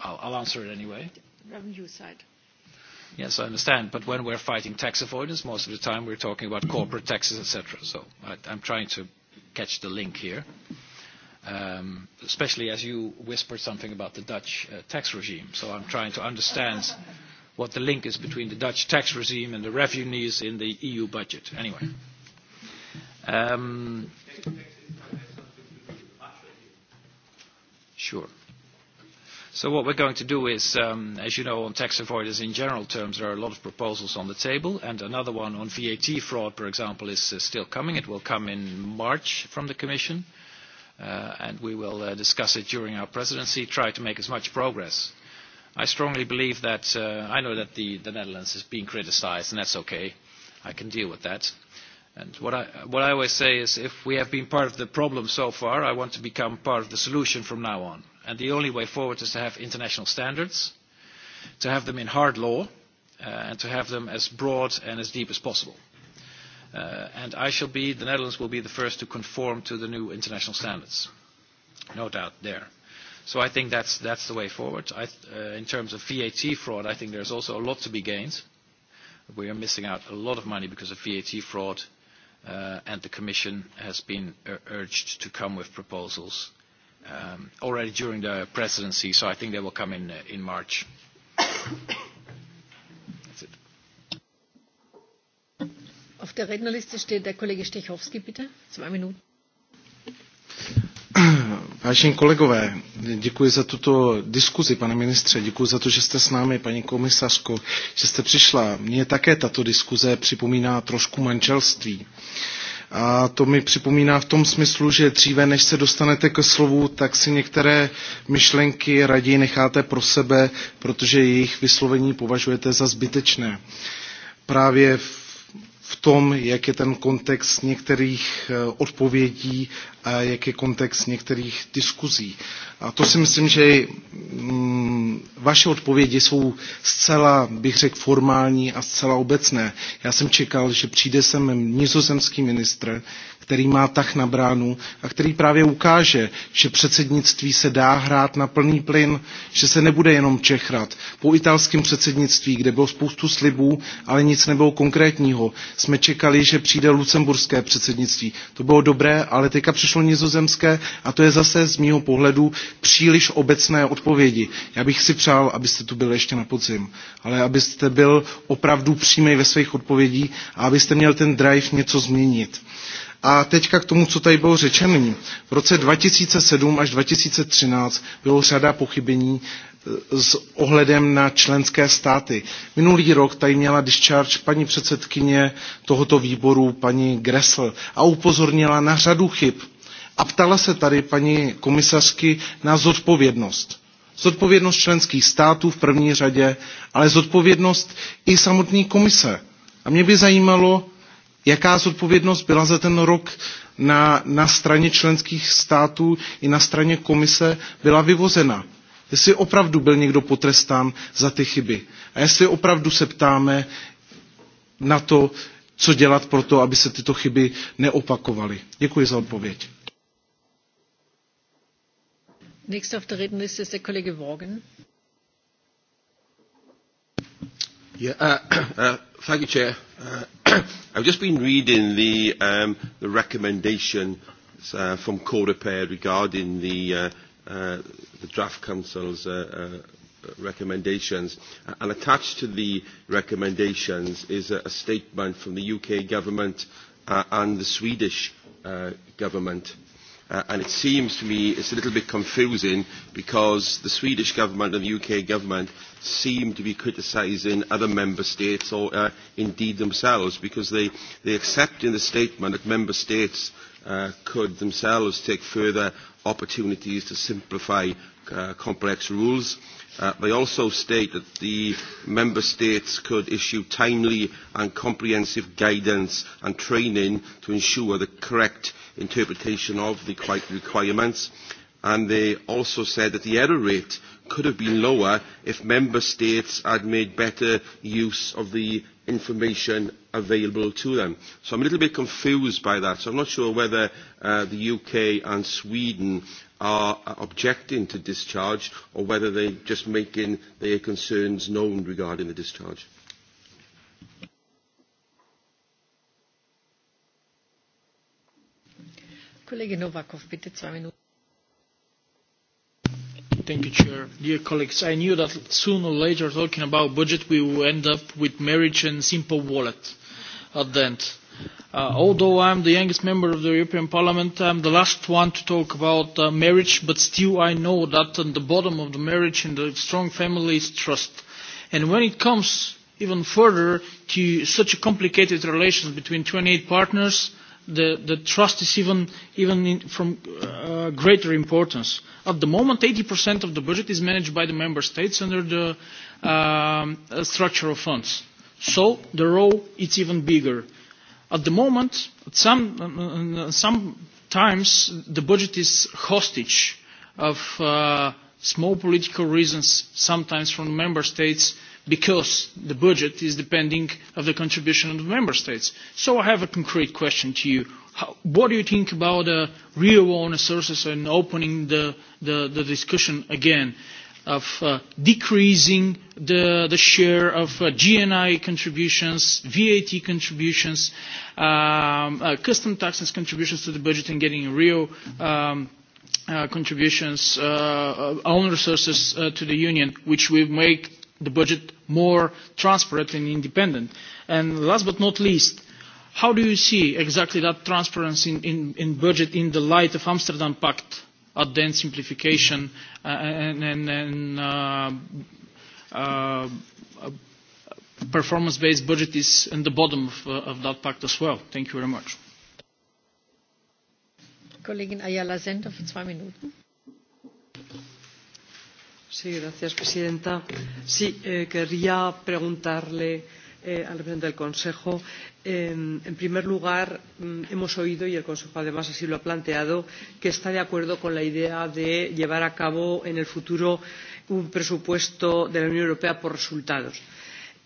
Speaker 2: I'll, I'll answer it anyway.
Speaker 1: Revenue side.
Speaker 2: Yes, I understand. But when we're fighting tax avoidance, most of the time we're talking about corporate taxes, etc. So I, I'm trying to catch the link here, um, especially as you whispered something about the Dutch uh, tax regime. So I'm trying to understand what the link is between the Dutch tax regime and the revenues in the EU budget. Anyway. Mm-hmm. Um, sure. So what we're going to do is, um, as you know, on tax avoidance in general terms, there are a lot of proposals on the table, and another one on VAT fraud, for example, is uh, still coming. It will come in March from the Commission, uh, and we will uh, discuss it during our presidency, try to make as much progress. I strongly believe that, uh, I know that the, the Netherlands is being criticized, and that's okay. I can deal with that. And what I, what I always say is if we have been part of the problem so far, I want to become part of the solution from now on. And the only way forward is to have international standards, to have them in hard law, uh, and to have them as broad and as deep as possible. Uh, and I shall be, the Netherlands will be the first to conform to the new international standards. No doubt there. So I think that's, that's the way forward. I, uh, in terms of VAT fraud, I think there's also a lot to be gained. We are missing out a lot of money because of VAT fraud Uh, and the Commission has been uh, urged to come with proposals um, already during the presidency, so I think they will come in, uh, in March. That's it.
Speaker 1: Auf der Rednerliste steht der Kollege Stechowski, bitte. Zwei Minuten.
Speaker 11: Vážení kolegové, děkuji za tuto diskuzi, pane ministře, děkuji za to, že jste s námi, paní komisařko, že jste přišla. Mně také tato diskuze připomíná trošku manželství. A to mi připomíná v tom smyslu, že dříve, než se dostanete k slovu, tak si některé myšlenky raději necháte pro sebe, protože jejich vyslovení považujete za zbytečné. Právě v v tom, jak je ten kontext některých eh, odpovědí a jak je kontext některých diskuzí. A to si myslím, že mm, vaše odpovědi jsou zcela, bych řekl, formální a zcela obecné. Já jsem čekal, že přijde sem nizozemský ministr, který má tah na bránu a který právě ukáže, že předsednictví se dá hrát na plný plyn, že se nebude jenom čechrat. Po italském předsednictví, kde bylo spoustu slibů, ale nic nebylo konkrétního, jsme čekali, že přijde lucemburské předsednictví. To bylo dobré, ale teďka přišlo nizozemské a to je zase z mýho pohledu příliš obecné odpovědi. Já bych si přál, abyste tu byli ještě na podzim, ale abyste byl opravdu přímý ve svých odpovědích a abyste měl ten drive něco změnit. A teďka k tomu, co tady bylo řečeno. V roce 2007 až 2013 bylo řada pochybení eh, s ohledem na členské státy. Minulý rok tady měla discharge paní předsedkyně tohoto výboru, paní Gressel, a upozornila na řadu chyb. A ptala se tady paní komisařky na zodpovědnost zodpovědnost členských států v první řadě, ale zodpovědnost i samotné komise. A mě by zajímalo, Jaká zodpovědnost byla za ten rok na, na straně členských států i na straně komise byla vyvozena? Jestli opravdu byl někdo potrestán za ty chyby. A jestli opravdu se ptáme na to, co dělat pro to, aby se tyto chyby neopakovaly. Děkuji za odpověď.
Speaker 1: Nächster auf der Rednerliste ist der Kollege Worgen.
Speaker 12: Yeah, äh, uh, äh, uh, Thank you, Chair. Uh, [clears throat] I've just been reading the, um, the recommendation uh, from Corepair regarding the, uh, uh, the draft council's uh, uh, recommendations. And attached to the recommendations is a, a statement from the UK government uh, and the Swedish uh, government. Uh, Uh, and it seems to me it's a little bit confusing because the Swedish government and the UK government seem to be criticising other member states or uh, indeed themselves because they, they accept in the statement that member states uh, could themselves take further opportunities to simplify uh, complex rules. Uh, they also state that the member states could issue timely and comprehensive guidance and training to ensure the correct interpretation of the requirements and they also said that the error rate could have been lower if member states had made better use of the information available to them. So I'm a little bit confused by that. So I'm not sure whether uh, the UK and Sweden are uh, objecting to discharge or whether they're just making their concerns known regarding the discharge.
Speaker 1: Kollege Novakov, bitte zwei Minuten.
Speaker 13: Thank you, Chair. Dear colleagues, I knew that sooner or later, talking about budget, we will end up with marriage and simple wallet at the end. Uh, although I'm the youngest member of the European Parliament, I'm the last one to talk about uh, marriage, but still I know that at the bottom of the marriage and the strong family is trust. And when it comes even further to such a complicated relations between 28 partners, the, the trust is even, even in, from uh, greater importance. At the moment, 80% of the budget is managed by the member states under the um, uh, structural funds. So the role is even bigger. At the moment, at some, uh, uh sometimes the budget is hostage of uh, small political reasons, sometimes from member states, uh, because the budget is depending on the contribution of the member states. So I have a concrete question to you. How, what do you think about uh, real own resources and opening the, the, the discussion again of uh, decreasing the, the share of uh, GNI contributions, VAT contributions, um, uh, custom taxes contributions to the budget and getting real um, uh, contributions, uh, own resources uh, to the union, which will make the budget more transparent and independent? And last but not least, how do you see exactly that transparency in, in, in budget in the light of Amsterdam Pact, at then simplification uh, and, and, and uh, uh, performance-based budget is in the bottom of, uh, of that pact as well? Thank you very much.
Speaker 1: Kollegin Ayala Sender für zwei Minuten
Speaker 14: señora presidenta eh, querría preguntarle eh, al representante del consejo en primer lugar mm, hemos oído y el consejo además así lo ha planteado que está de acuerdo con la idea de llevar a cabo en el futuro un presupuesto de la unión europea por resultados.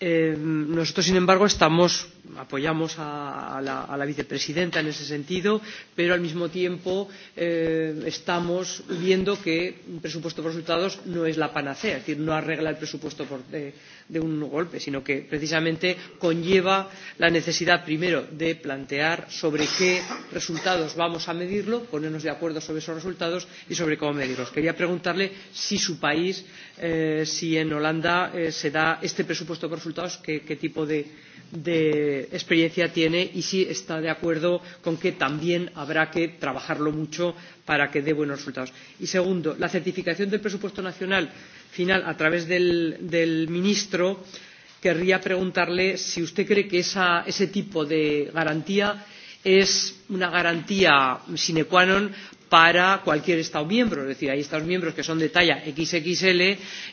Speaker 14: nosotros sin embargo estamos apoyamos a, la, vicepresidenta en ese sentido pero al mismo tiempo eh, estamos viendo que un presupuesto por resultados no es la panacea es decir no arregla el presupuesto de, un golpe sino que precisamente conlleva la necesidad primero de plantear sobre qué resultados vamos a medirlo ponernos de acuerdo sobre esos resultados y sobre cómo medirlos. quería preguntarle si su país eh, si en holanda eh, se da este presupuesto por resultados qué tipo de de experiencia tiene y si está de acuerdo con que también habrá que trabajarlo mucho para que dé buenos resultados. Y segundo, la certificación del presupuesto nacional final a través del, del ministro, querría preguntarle si usted cree que esa, ese tipo de garantía es una garantía sine qua non para cualquier Estado miembro. Es decir, hay Estados miembros que son de talla XXL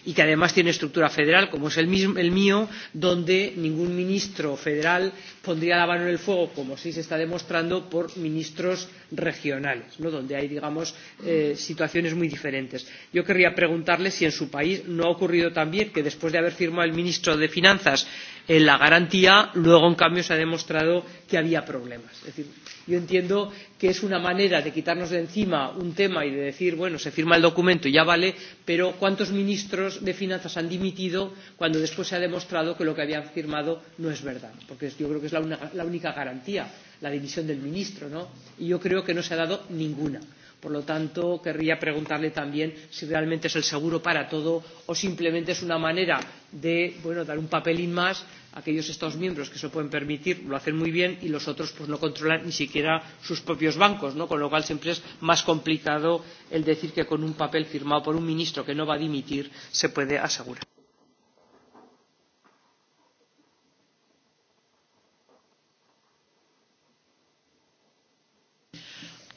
Speaker 14: y que además tienen estructura federal, como es el, mismo, el mío, donde ningún ministro federal pondría la mano en el fuego, como sí se está demostrando, por ministros regionales, ¿no? donde hay, digamos, eh, situaciones muy diferentes. Yo querría preguntarle si en su país no ha ocurrido también que después de haber firmado el ministro de Finanzas en la garantía, luego en cambio se ha demostrado que había problemas. Es decir, yo entiendo que es una manera de quitarnos de encima un tema y de decir, bueno, se firma el documento y ya vale, pero ¿cuántos ministros de finanzas han dimitido cuando después se ha demostrado que lo que habían firmado no es verdad? Porque yo creo que es la, una, la única garantía, la dimisión del ministro, ¿no? Y yo creo que no se ha dado ninguna por lo tanto querría preguntarle también si realmente es el seguro para todo o simplemente es una manera de bueno, dar un papelín más a aquellos estados miembros que se lo pueden permitir lo hacen muy bien y los otros pues, no controlan ni siquiera sus propios bancos ¿no? con lo cual siempre es más complicado el decir que con un papel firmado por un ministro que no va a dimitir se puede asegurar.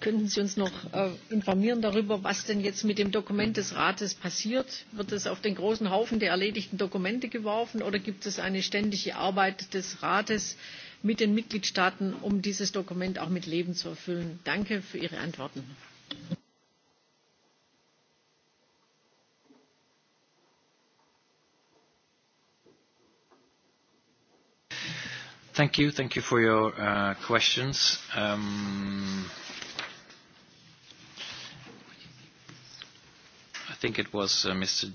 Speaker 14: könnten Sie uns
Speaker 1: noch äh, informieren darüber, was denn jetzt mit dem Dokument des Rates passiert? Wird es auf den großen Haufen der erledigten Dokumente geworfen oder gibt es eine ständige Arbeit des Rates mit den Mitgliedstaaten, um dieses Dokument auch mit Leben zu erfüllen? Danke für Ihre Antworten.
Speaker 2: Thank you. Thank you for your uh, questions. Um, think it was uh, Mr.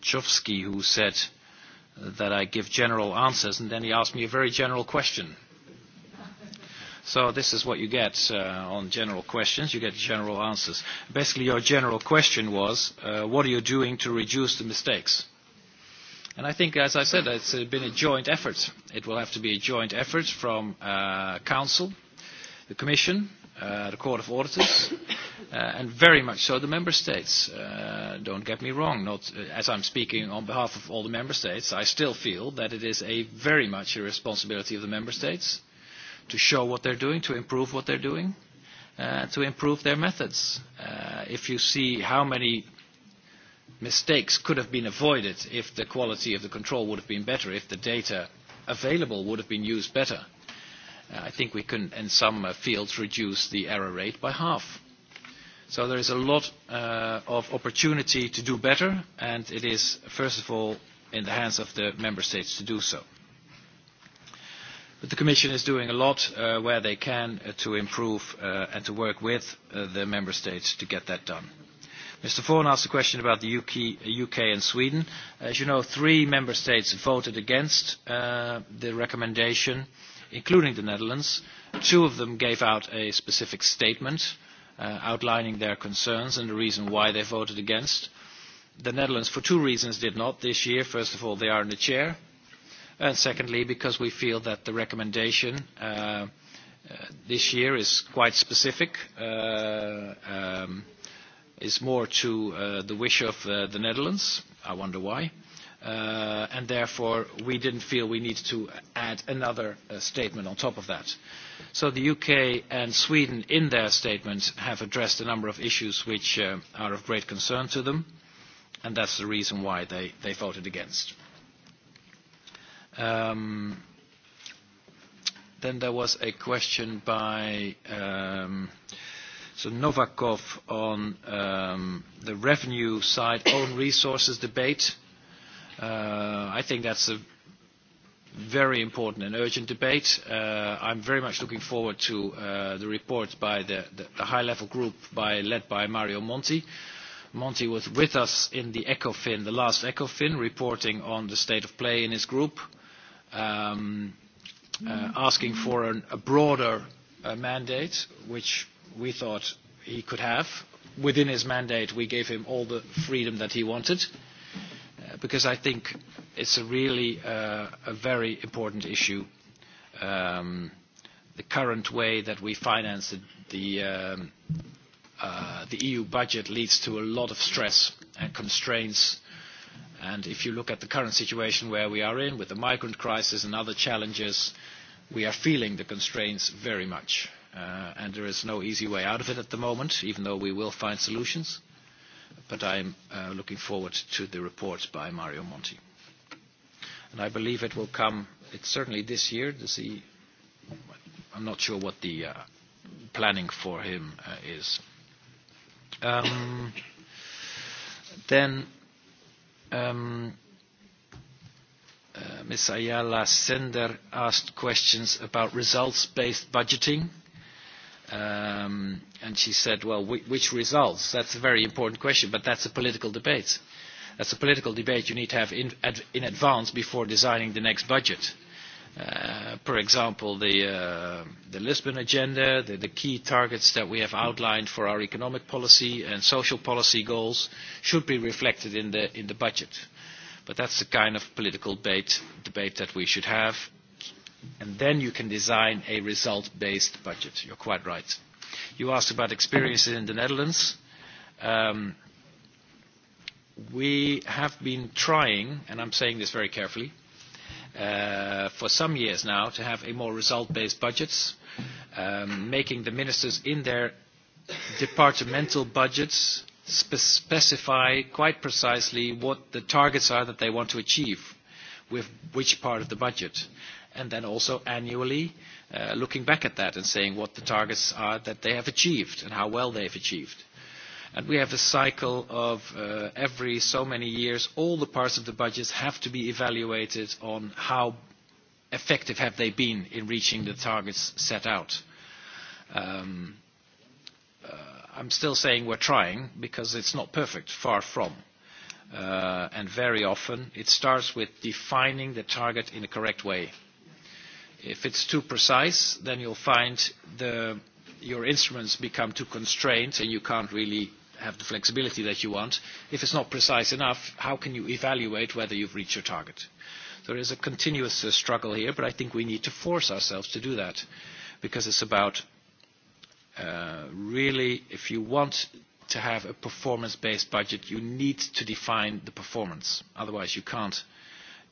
Speaker 2: Dzhovsky who said uh, that I give general answers, and then he asked me a very general question. So this is what you get uh, on general questions. You get general answers. Basically, your general question was, uh, what are you doing to reduce the mistakes? And I think, as I said, it's uh, been a joint effort. It will have to be a joint effort from uh, Council, the Commission, uh, the Court of Auditors, Uh, and very much so the member states. Uh, don't get me wrong, not, uh, as I'm speaking on behalf of all the member states, I still feel that it is a very much a responsibility of the member states to show what they're doing, to improve what they're doing, uh, to improve their methods. Uh, if you see how many mistakes could have been avoided if the quality of the control would have been better, if the data available would have been used better, uh, I think we can, in some uh, fields, reduce the error rate by half so there is a lot uh, of opportunity to do better, and it is, first of all, in the hands of the member states to do so. But the Commission is doing a lot uh, where they can uh, to improve uh, and to work with uh, the member states to get that done. Mr. Vaughan asked a question about the UK, UK uh, and Sweden. As you know, three member states voted against uh, the recommendation, including the Netherlands. Two of them gave out a specific statement uh, outlining their concerns and the reason why they voted against. The Netherlands, for two reasons, did not this year. First of all, they are in the chair. And secondly, because we feel that the recommendation uh, uh, this year is quite specific, uh, um, is more to uh, the wish of uh, the Netherlands. I wonder why. Uh, and therefore, we didn't feel we need to add another uh, statement on top of that. Uh, so the UK and Sweden, in their statements, have addressed a number of issues which uh, are of great concern to them, and that's the reason why they, they voted against. Um, then there was a question by um, so Novakov on um, the revenue side own resources debate. Uh, I think that's a very important and urgent debate. Uh, I'm very much looking forward to uh, the report by the, the, the high-level group by, led by Mario Monti. Monti was with us in the ECOFIN, the last ECOFIN, reporting on the state of play in his group, um, uh, asking for an, a broader uh, mandate, which we thought he could have. Within his mandate, we gave him all the freedom that he wanted, uh, because I think it's a really uh, a very important issue. Um, the current way that we finance the, the, um, uh, the EU budget leads to a lot of stress and constraints. And if you look at the current situation where we are in, with the migrant crisis and other challenges, we are feeling the constraints very much. Uh, and there is no easy way out of it at the moment, even though we will find solutions. But I'm uh, looking forward to the report by Mario Monti and I believe it will come, it's certainly this year, to see, I'm not sure what the uh, planning for him uh, is. Um, then um, uh, Ms. Ayala Sender asked questions about results-based budgeting. Um, and she said, well, wh which results? That's a very important question, but that's a political debate that's a political debate you need to have in, ad, in advance before designing the next budget. Uh, for example, the, uh, the Lisbon agenda, the, the key targets that we have outlined for our economic policy and social policy goals should be reflected in the, in the budget. But that's the kind of political debate, debate that we should have. And then you can design a result-based budget. You're quite right. You asked about experiences in the Netherlands. Um, we have been trying, and I'm saying this very carefully, uh, for some years now to have a more result-based budgets, um, making the ministers in their departmental budgets spe specify quite precisely what the targets are that they want to achieve with which part of the budget. And then also annually uh, looking back at that and saying what the targets are that they have achieved and how well they've achieved And we have a cycle of uh, every so many years, all the parts of the budgets have to be evaluated on how effective have they been in reaching the targets set out. Um, uh, I'm still saying we're trying because it's not perfect, far from. Uh, and very often it starts with defining the target in a correct way. If it's too precise, then you'll find the, your instruments become too constrained and you can't really have the flexibility that you want. If it's not precise enough, how can you evaluate whether you've reached your target? There is a continuous uh, struggle here, but I think we need to force ourselves to do that because it's about uh, really, if you want to have a performance-based budget, you need to define the performance. Otherwise, you can't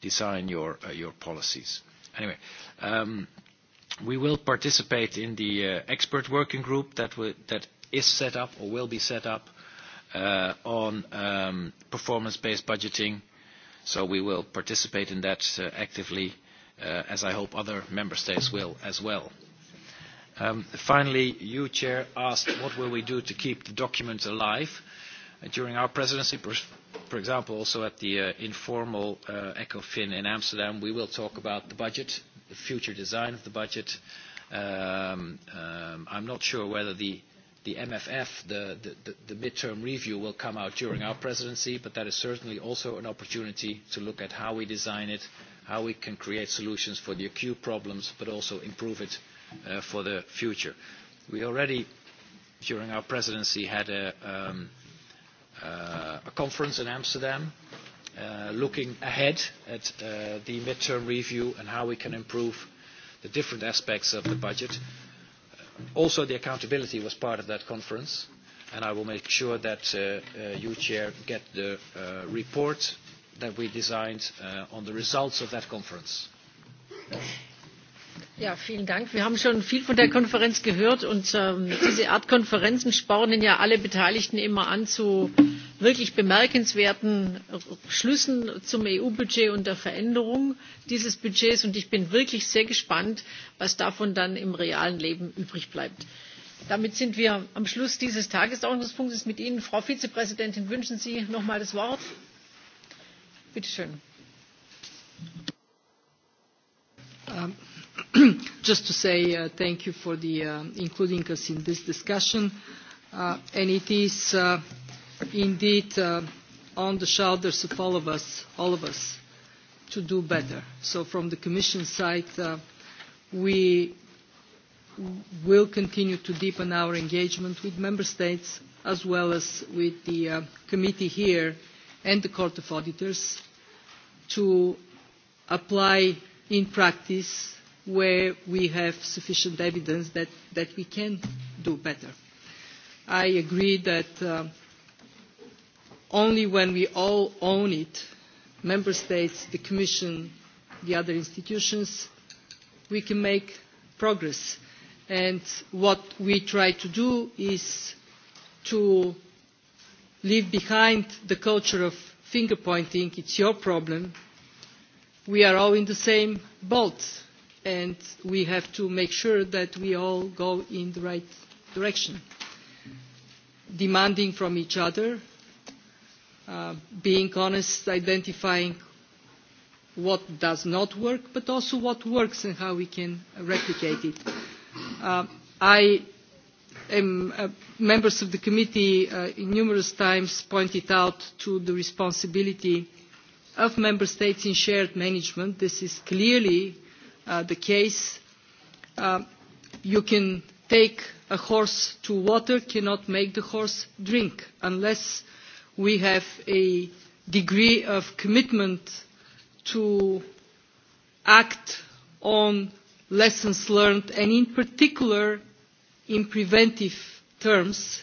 Speaker 2: design your, uh, your policies. Anyway, um, we will participate in the uh, expert working group that, will, that is set up or will be set up uh, on um, performance-based budgeting. So we will participate in that uh, actively, uh, as I hope other member states will as well. Um, finally, you, Chair, asked what will we do to keep the document alive. Uh, during our presidency, for example, also at the uh, informal uh, ECOFIN in Amsterdam, we will talk about the budget, the future design of the budget. Um, um, I'm not sure whether the the MFF, the, the, the midterm review, will come out during our presidency, but that is certainly also an opportunity to look at how we design it, how we can create solutions for the acute problems, but also improve it uh, for the future. We already, during our presidency, had a, um, uh, a conference in Amsterdam uh, looking ahead at uh, the midterm review and how we can improve the different aspects of the budget. Also, the accountability was part of that conference, and I will make sure that uh, uh, you, Chair, get the uh, report that we designed uh, on the results of that conference.
Speaker 1: Ja, vielen Dank. Wir haben schon viel von der Konferenz gehört und ähm, diese Art Konferenzen spornen ja alle Beteiligten immer an zu wirklich bemerkenswerten schlüssen zum eu budget und der veränderung dieses budgets und ich bin wirklich sehr gespannt was davon dann im realen leben übrig bleibt. damit sind wir am schluss dieses tagesordnungspunktes mit ihnen. frau vizepräsidentin wünschen sie noch einmal das wort? bitte
Speaker 3: schön. Um, [clears throat] just to say uh, thank you for the, uh, including us in this discussion uh, and it is uh, indeed uh, on the shoulders of all of us, all of us, to do better. So from the Commission side, uh, we will continue to deepen our engagement with Member States as well as with the uh, committee here and the Court of Auditors to apply in practice where we have sufficient evidence that, that we can do better. I agree that uh, only when we all own it, member states, the commission, the other institutions, we can make progress. And what we try to do is to leave behind the culture of finger pointing, it's your problem. We are all in the same boat and we have to make sure that we all go in the right direction, demanding from each other Uh, being honest, identifying what does not work, but also what works and how we can replicate it. Uh, I am uh, members of the committee uh, numerous times pointed out to the responsibility of member states in shared management. This is clearly uh, the case. Uh, you can take a horse to water, cannot make the horse drink, unless we have a degree of commitment to act on lessons learned and in particular in preventive terms,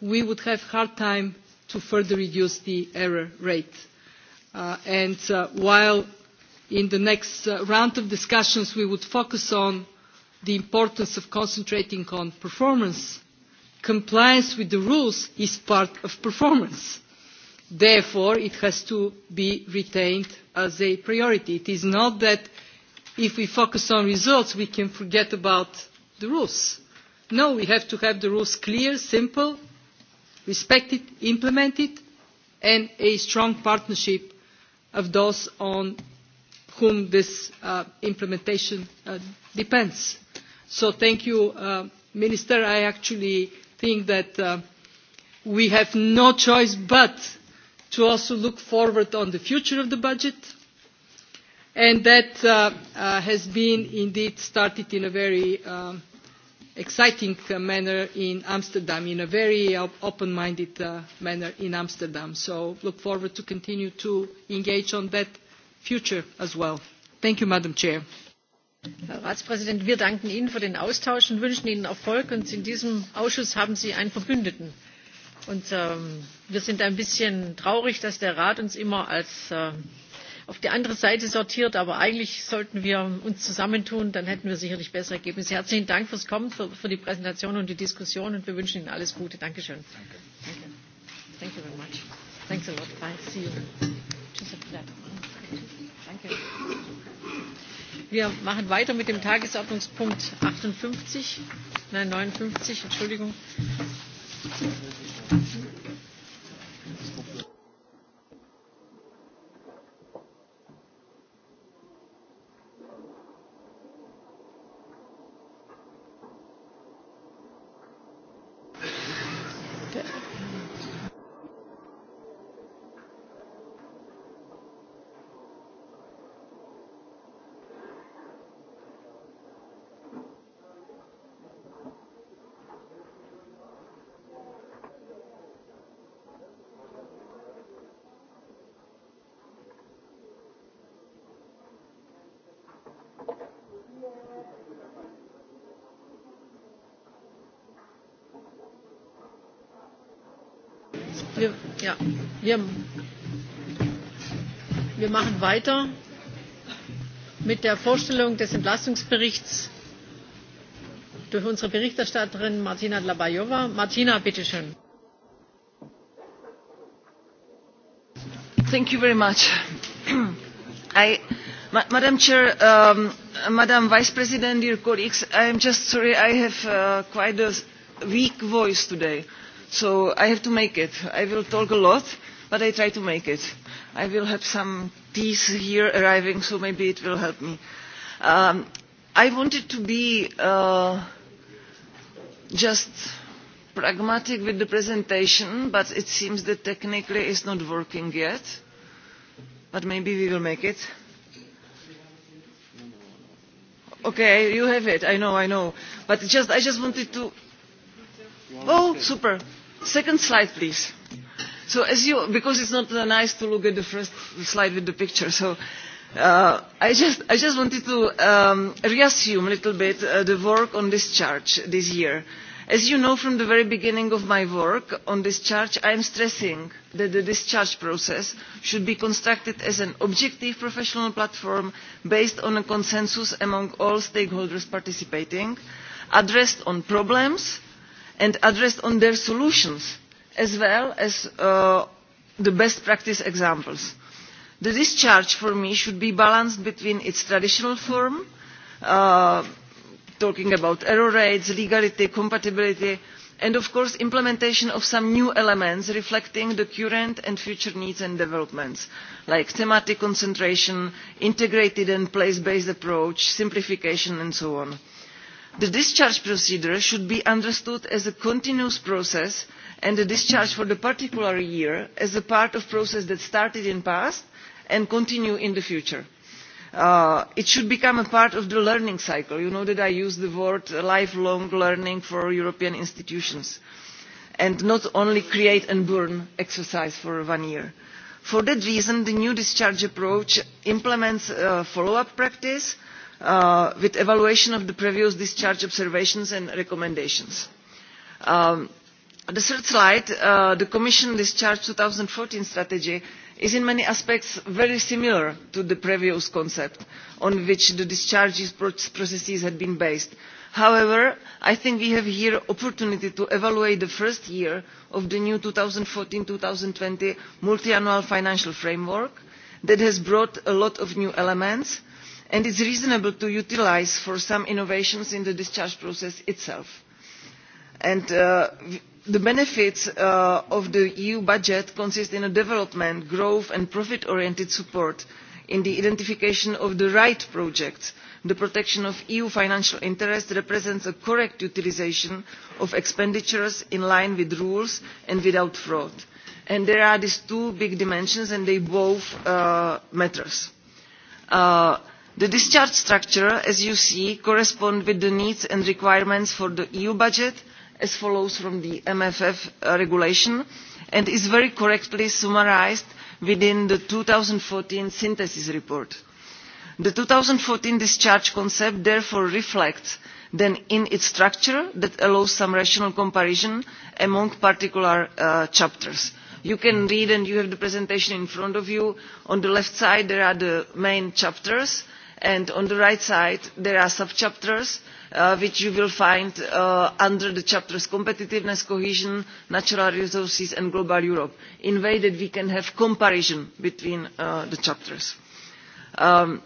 Speaker 3: we would have a hard time to further reduce the error rate. Uh, and uh, while in the next uh, round of discussions we would focus on the importance of concentrating on performance compliance with the rules is part of performance. Therefore, it has to be retained as a priority. It is not that if we focus on results, we can forget about the rules. No, we have to have the rules clear, simple, respected, implemented, and a strong partnership of those on whom this uh, implementation uh, depends. So thank you, uh, Minister. I actually think that uh, we have no choice but to also look forward on the future of the budget. And that uh, uh, has been indeed started in a very um, exciting uh, manner in Amsterdam, in a very uh, open-minded uh, manner in Amsterdam. So look forward to continue to engage on that future as well. Thank you, Madam Chair herr ratspräsident! wir
Speaker 1: danken ihnen für den austausch und wünschen ihnen erfolg. in diesem ausschuss haben sie einen verbündeten. Und, ähm, wir sind ein bisschen traurig dass der rat uns immer als, äh, auf die andere seite sortiert aber eigentlich sollten wir uns zusammentun dann hätten wir sicherlich bessere ergebnisse. herzlichen dank fürs kommen für, für die präsentation und die diskussion und wir wünschen ihnen alles gute. danke schön. Danke. Danke. Thank you very much. Thanks a lot. Bye. See you. Tschüss. Wir machen weiter mit dem Tagesordnungspunkt 58, nein 59, Entschuldigung. Ja, wir, wir machen weiter mit der Vorstellung des Entlastungsberichts durch unsere Berichterstatterin Martina Dlabajova. Martina, bitte schön.
Speaker 4: Thank you very much. I, ma Madam Chair, um, Madam Vice President, dear colleagues, I am just sorry I have uh, quite a weak voice today. Uh, so i have to make it. i will talk a lot but i try to make it. i will have some teas here arriving so maybe it will help me. Um, i wanted to be uh, just pragmatic with the presentation but it seems that technically it's not working yet but maybe we will make it. Okay, you have it. I know, I know. But just, I just wanted to. Oh, super. Second slide, please. So as you, because it's not uh, nice to look at the first slide with the picture, so uh, I, just, I just wanted to um, reassume a little bit uh, the work on this charge this year. As you know from the very beginning of my work on discharge, I am stressing that the discharge process should be constructed as an objective professional platform based on a consensus among all stakeholders participating, addressed on problems, and addressed on their solutions as well as uh, the best practice examples. The discharge for me should be balanced between its traditional form, uh, talking about error rates, legality, compatibility, and of course implementation of some new elements reflecting the current and future needs and developments like thematic concentration integrated and place based approach simplification and so on the discharge procedure should be understood as a continuous process and the discharge for the particular year as a part of a process that started in the past and continues in the future. Uh, it should become a part of the learning cycle. You know that I use the word lifelong learning for European institutions and not only create and burn exercise for one year. For that reason, the new discharge approach implements a follow-up practice Uh, with evaluation of the previous discharge observations and recommendations. Um, the third slide, uh, the Commission Discharge 2014 strategy is in many aspects very similar to the previous concept on which the discharge processes had been based. However, I think we have here an opportunity to evaluate the first year of the new 2014-2020 multiannual financial framework that has brought a lot of new elements and it is reasonable to utilise for some innovations in the discharge process itself. Uh, the benefits uh, of the eu budget consist in development growth and profit oriented support in the identification of the right projects. the protection of eu financial interests represents a correct utilisation of expenditures in line with rules and without fraud. And there are these two big dimensions and they both uh, matter the discharge structure as you see corresponds with the needs and requirements for the eu budget as follows from the mff uh, regulation and is very correctly summarised within the two thousand and fourteen synthesis report. the two thousand and fourteen discharge concept therefore reflects then in its structure that allows some rational comparison among particular uh, chapters. You can read and you have the presentation in front of you. On the left side there are the main chapters and on the right side there are sub chapters uh, which you will find uh, under the chapters competitiveness cohesion natural resources and global europe in a way that we can have comparison between uh, the chapters. Um,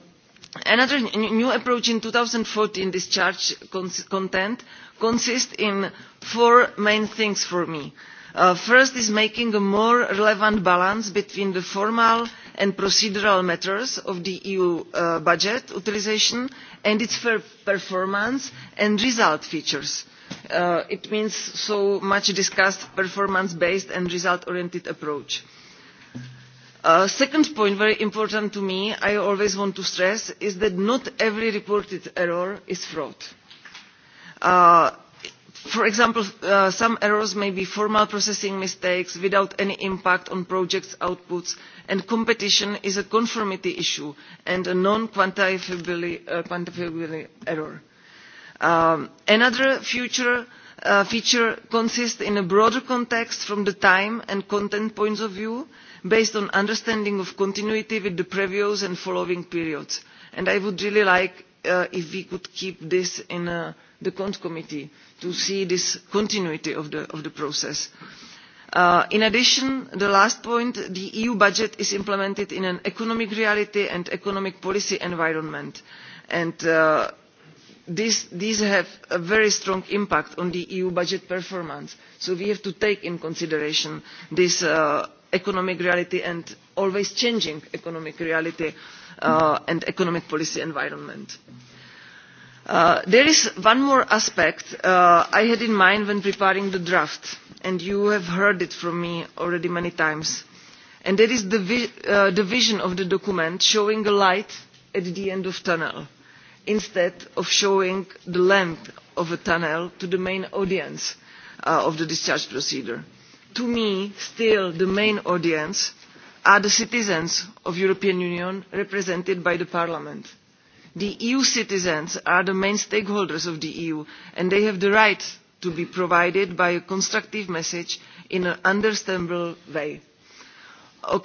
Speaker 4: another new approach in two thousand and fourteen discharge cons content consists in four main things for me. Uh, first is making a more relevant balance between the formal and procedural matters of the eu uh, budget utilisation and its performance and result features. Uh, it means so much discussed performance based and result oriented approach. a second point very important to me i always want to stress is that not every reported error is fraud for example uh, some errors may be formal processing mistakes without any impact on project outputs and competition is a conformity issue and a non uh, quantifiable error. Um, another future uh, feature consists in a broader context from the time and content points of view based on understanding of continuity with the previous and following periods and i would really like if we could keep this in a the cont committee to see this continuity of the, of the process. Uh, in addition the last point the eu budget is implemented in an economic reality and economic policy environment and uh, this, these have a very strong impact on the eu budget performance so we have to take into consideration this uh, economic reality and always changing economic reality uh, and economic policy environment. Uh, there is one more aspect uh, I had in mind when preparing the draft, and you have heard it from me already many times, and that is the, uh, vision of the document showing a light at the end of the tunnel instead of showing the length of a tunnel to the main audience of the discharge procedure. To me, still the main audience are the citizens of the European Union represented by Parliament the eu citizens are the main stakeholders of the eu and they have the right to be provided by a constructive message in an understandable way.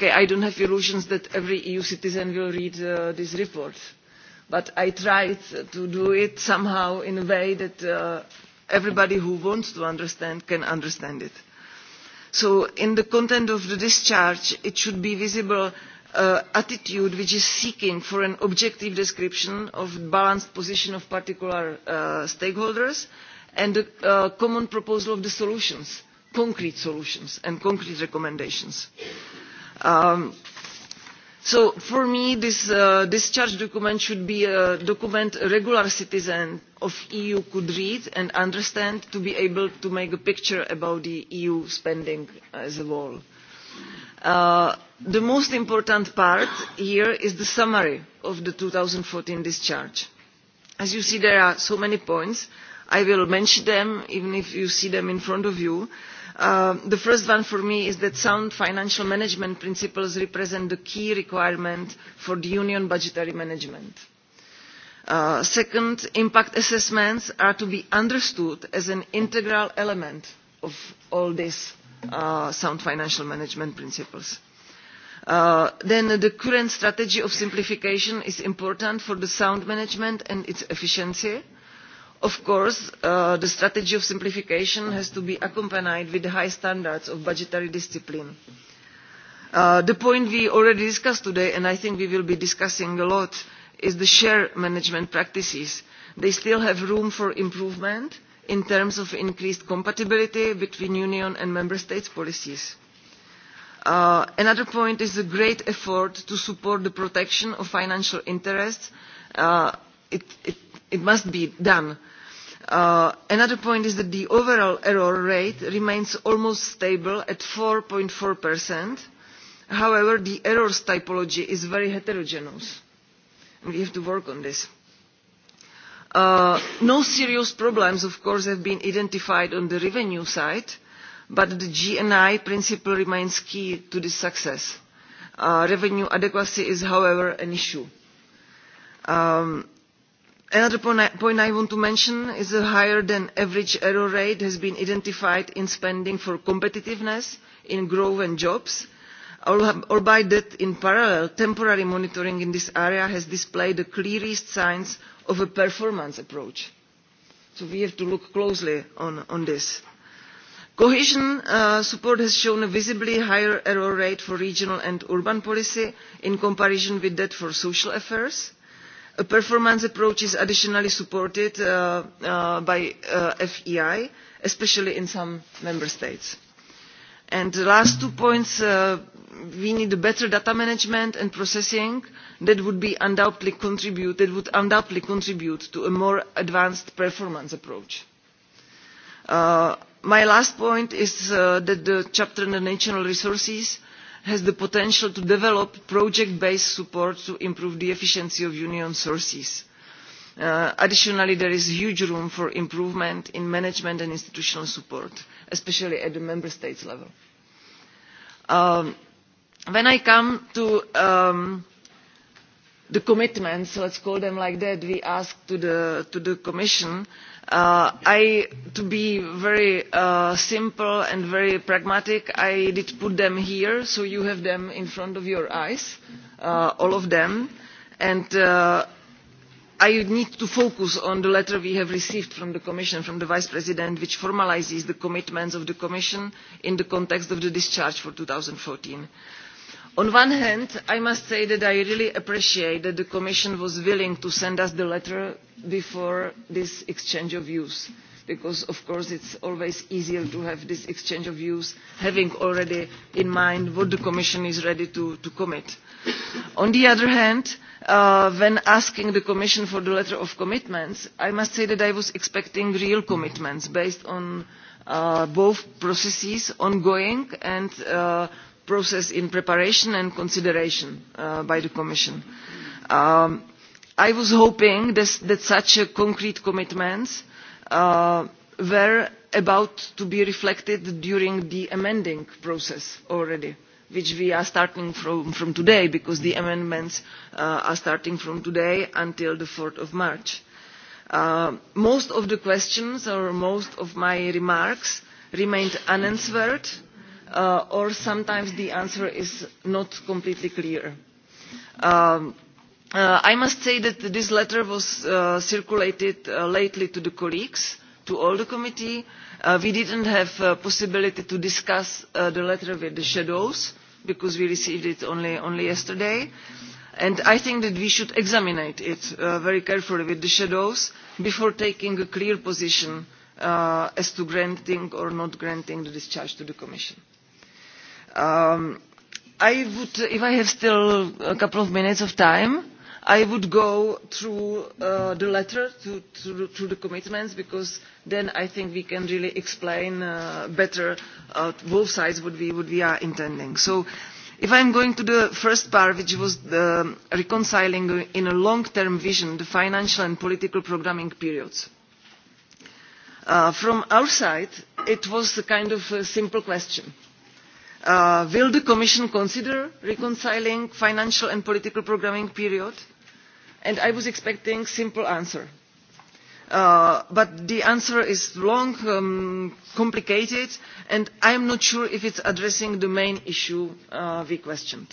Speaker 4: i do not have illusions that every eu citizen will read uh, this report but i tried to do it somehow in a way that uh, everybody who wants to understand can understand it. so in the content of the discharge it should be visible Uh, attitude which is seeking for an objective description of the balanced position of particular uh, stakeholders and a uh, common proposal of the solutions concrete solutions and concrete recommendations. Um, so for me this discharge document should be a document a regular citizen of the eu could read and understand to be able to make a picture about the eu spending as a whole the most important part here is the summary of the two thousand and fourteen discharge. as you see there are so many points i will mention them even if you see them in front of you. Uh, the first one for me is that sound financial management principles represent the key requirement for the union budgetary management. Uh, second, impact assessments are to be understood as an integral element of all these uh, sound financial management principles. Uh, then the current strategy of simplification is important for the sound management and its efficiency. Of course, uh, the strategy of simplification has to be accompanied with high standards of budgetary discipline. Uh, the point we already discussed today, and I think we will be discussing a lot, is the share management practices. They still have room for improvement in terms of increased compatibility between union and member states policies Uh, another point is the great effort to support the protection of financial interests. Uh, it, it, it must be done. Uh, another point is that the overall error rate remains almost stable at. four four however the errors typology is very heterogeneous and we have to work on this. Uh, no serious problems of course have been identified on the revenue side but the GNI principle remains key to this success. Uh, revenue adequacy is, however, an issue. Um, another point I, point I want to mention is a higher than average error rate has been identified in spending for competitiveness, in growth and jobs, albeit that in parallel, temporary monitoring in this area has displayed the clearest signs of a performance approach. So we have to look closely on, on this cohesion uh, support has shown a visibly higher error rate for regional and urban policy in comparison with that for social affairs. a performance approach is additionally supported uh, uh, by fei especially in some member states. And the last two points we need better data management and processing that would undoubtedly contribute to a more advanced performance approach my last point is uh, that the chapter on the natural resources has the potential to develop project based support to improve the efficiency of union sources. Uh, additionally there is huge room for improvement in management and institutional support especially at the member states level. Um, when i come to um, the commitments let's call them like that we ask to the, to the commission uh, Uh, I, to be very uh, simple and very pragmatic, I did put them here, so you have them in front of your eyes, uh, all of them. And uh, I need to focus on the letter we have received from the Commission, from the Vice President, which formalises the commitments of the Commission in the context of the discharge for 2014. fourteen on the one hand i must say that i really appreciate that the commission was willing to send us the letter before this exchange of views because of course it is always easier to have this exchange of views having already in mind what the commission is ready to, to commit. on the other hand uh, when asking the commission for the letter of commitments i must say that i was expecting real commitments based on uh, both processes ongoing and uh, process in preparation and consideration uh, by the Commission. Um, I was hoping this, that such concrete commitments uh, were about to be reflected during the amending process already which we are starting from, from today because the amendments uh, are starting from today until the 4th of March. Uh, most of the questions or most of my remarks remained unanswered uh, or sometimes the answer is not completely clear. Um, uh, I must say that this letter was uh, circulated uh, lately to the colleagues, to all the committee. Uh, we didn't have a possibility to discuss uh, the letter with the shadows because we received it only, only yesterday. And I think that we should examine it uh, very carefully with the shadows before taking a clear position uh, as to granting or not granting the discharge to the Commission. Um, I would, if I have still a couple of minutes of time, I would go through uh, the letter, to, to, to the commitments, because then I think we can really explain uh, better uh, both sides what we, what we are intending. So if I'm going to the first part, which was the reconciling in a long-term vision the financial and political programming periods. Uh, from our side, it was a kind of a simple question Uh, will the commission consider reconciling the financial and political programming period? And i was expecting a simple answer uh, but the answer is long um, complicated and i am not sure if it is addressing the main issue uh, we questioned.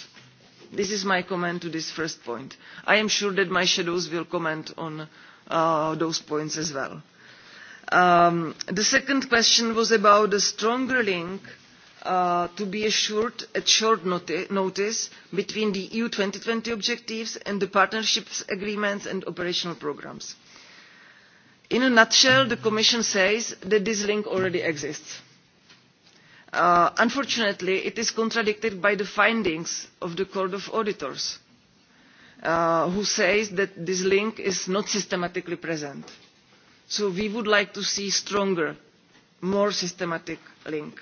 Speaker 4: this is my comment to this first point. i am sure that my shadows will comment on uh, those points as well. Um, the second question was about the stronger link Uh, to be assured at short notice between the eu two thousand and twenty objectives and the partnership agreements and operational programmes. in a nutshell the commission says that this link already exists. Uh, unfortunately it is contradicted by the findings of the court of auditors uh, who says that this link is not systematically present. so we would like to see a stronger more systematic link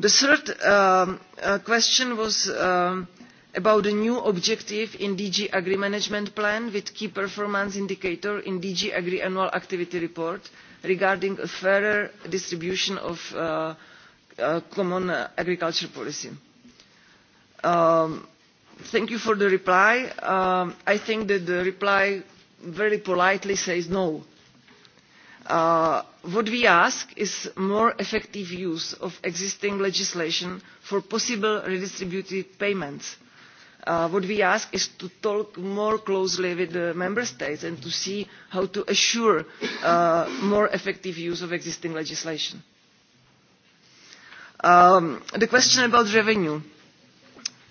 Speaker 4: the third um, uh, question was um, about the new objective in dg agri management plan with key performance indicator in dg agri annual activity report regarding a fairer distribution of uh, uh, common agricultural policy. Um, thank you for the reply. i think that the reply very politely says no' Uh, what we ask is more effective use of existing legislation for possible redistributive payments. Uh, what we ask is to talk more closely with the member states and to see how to assure uh, more effective use of existing legislation. Um, the question about revenue.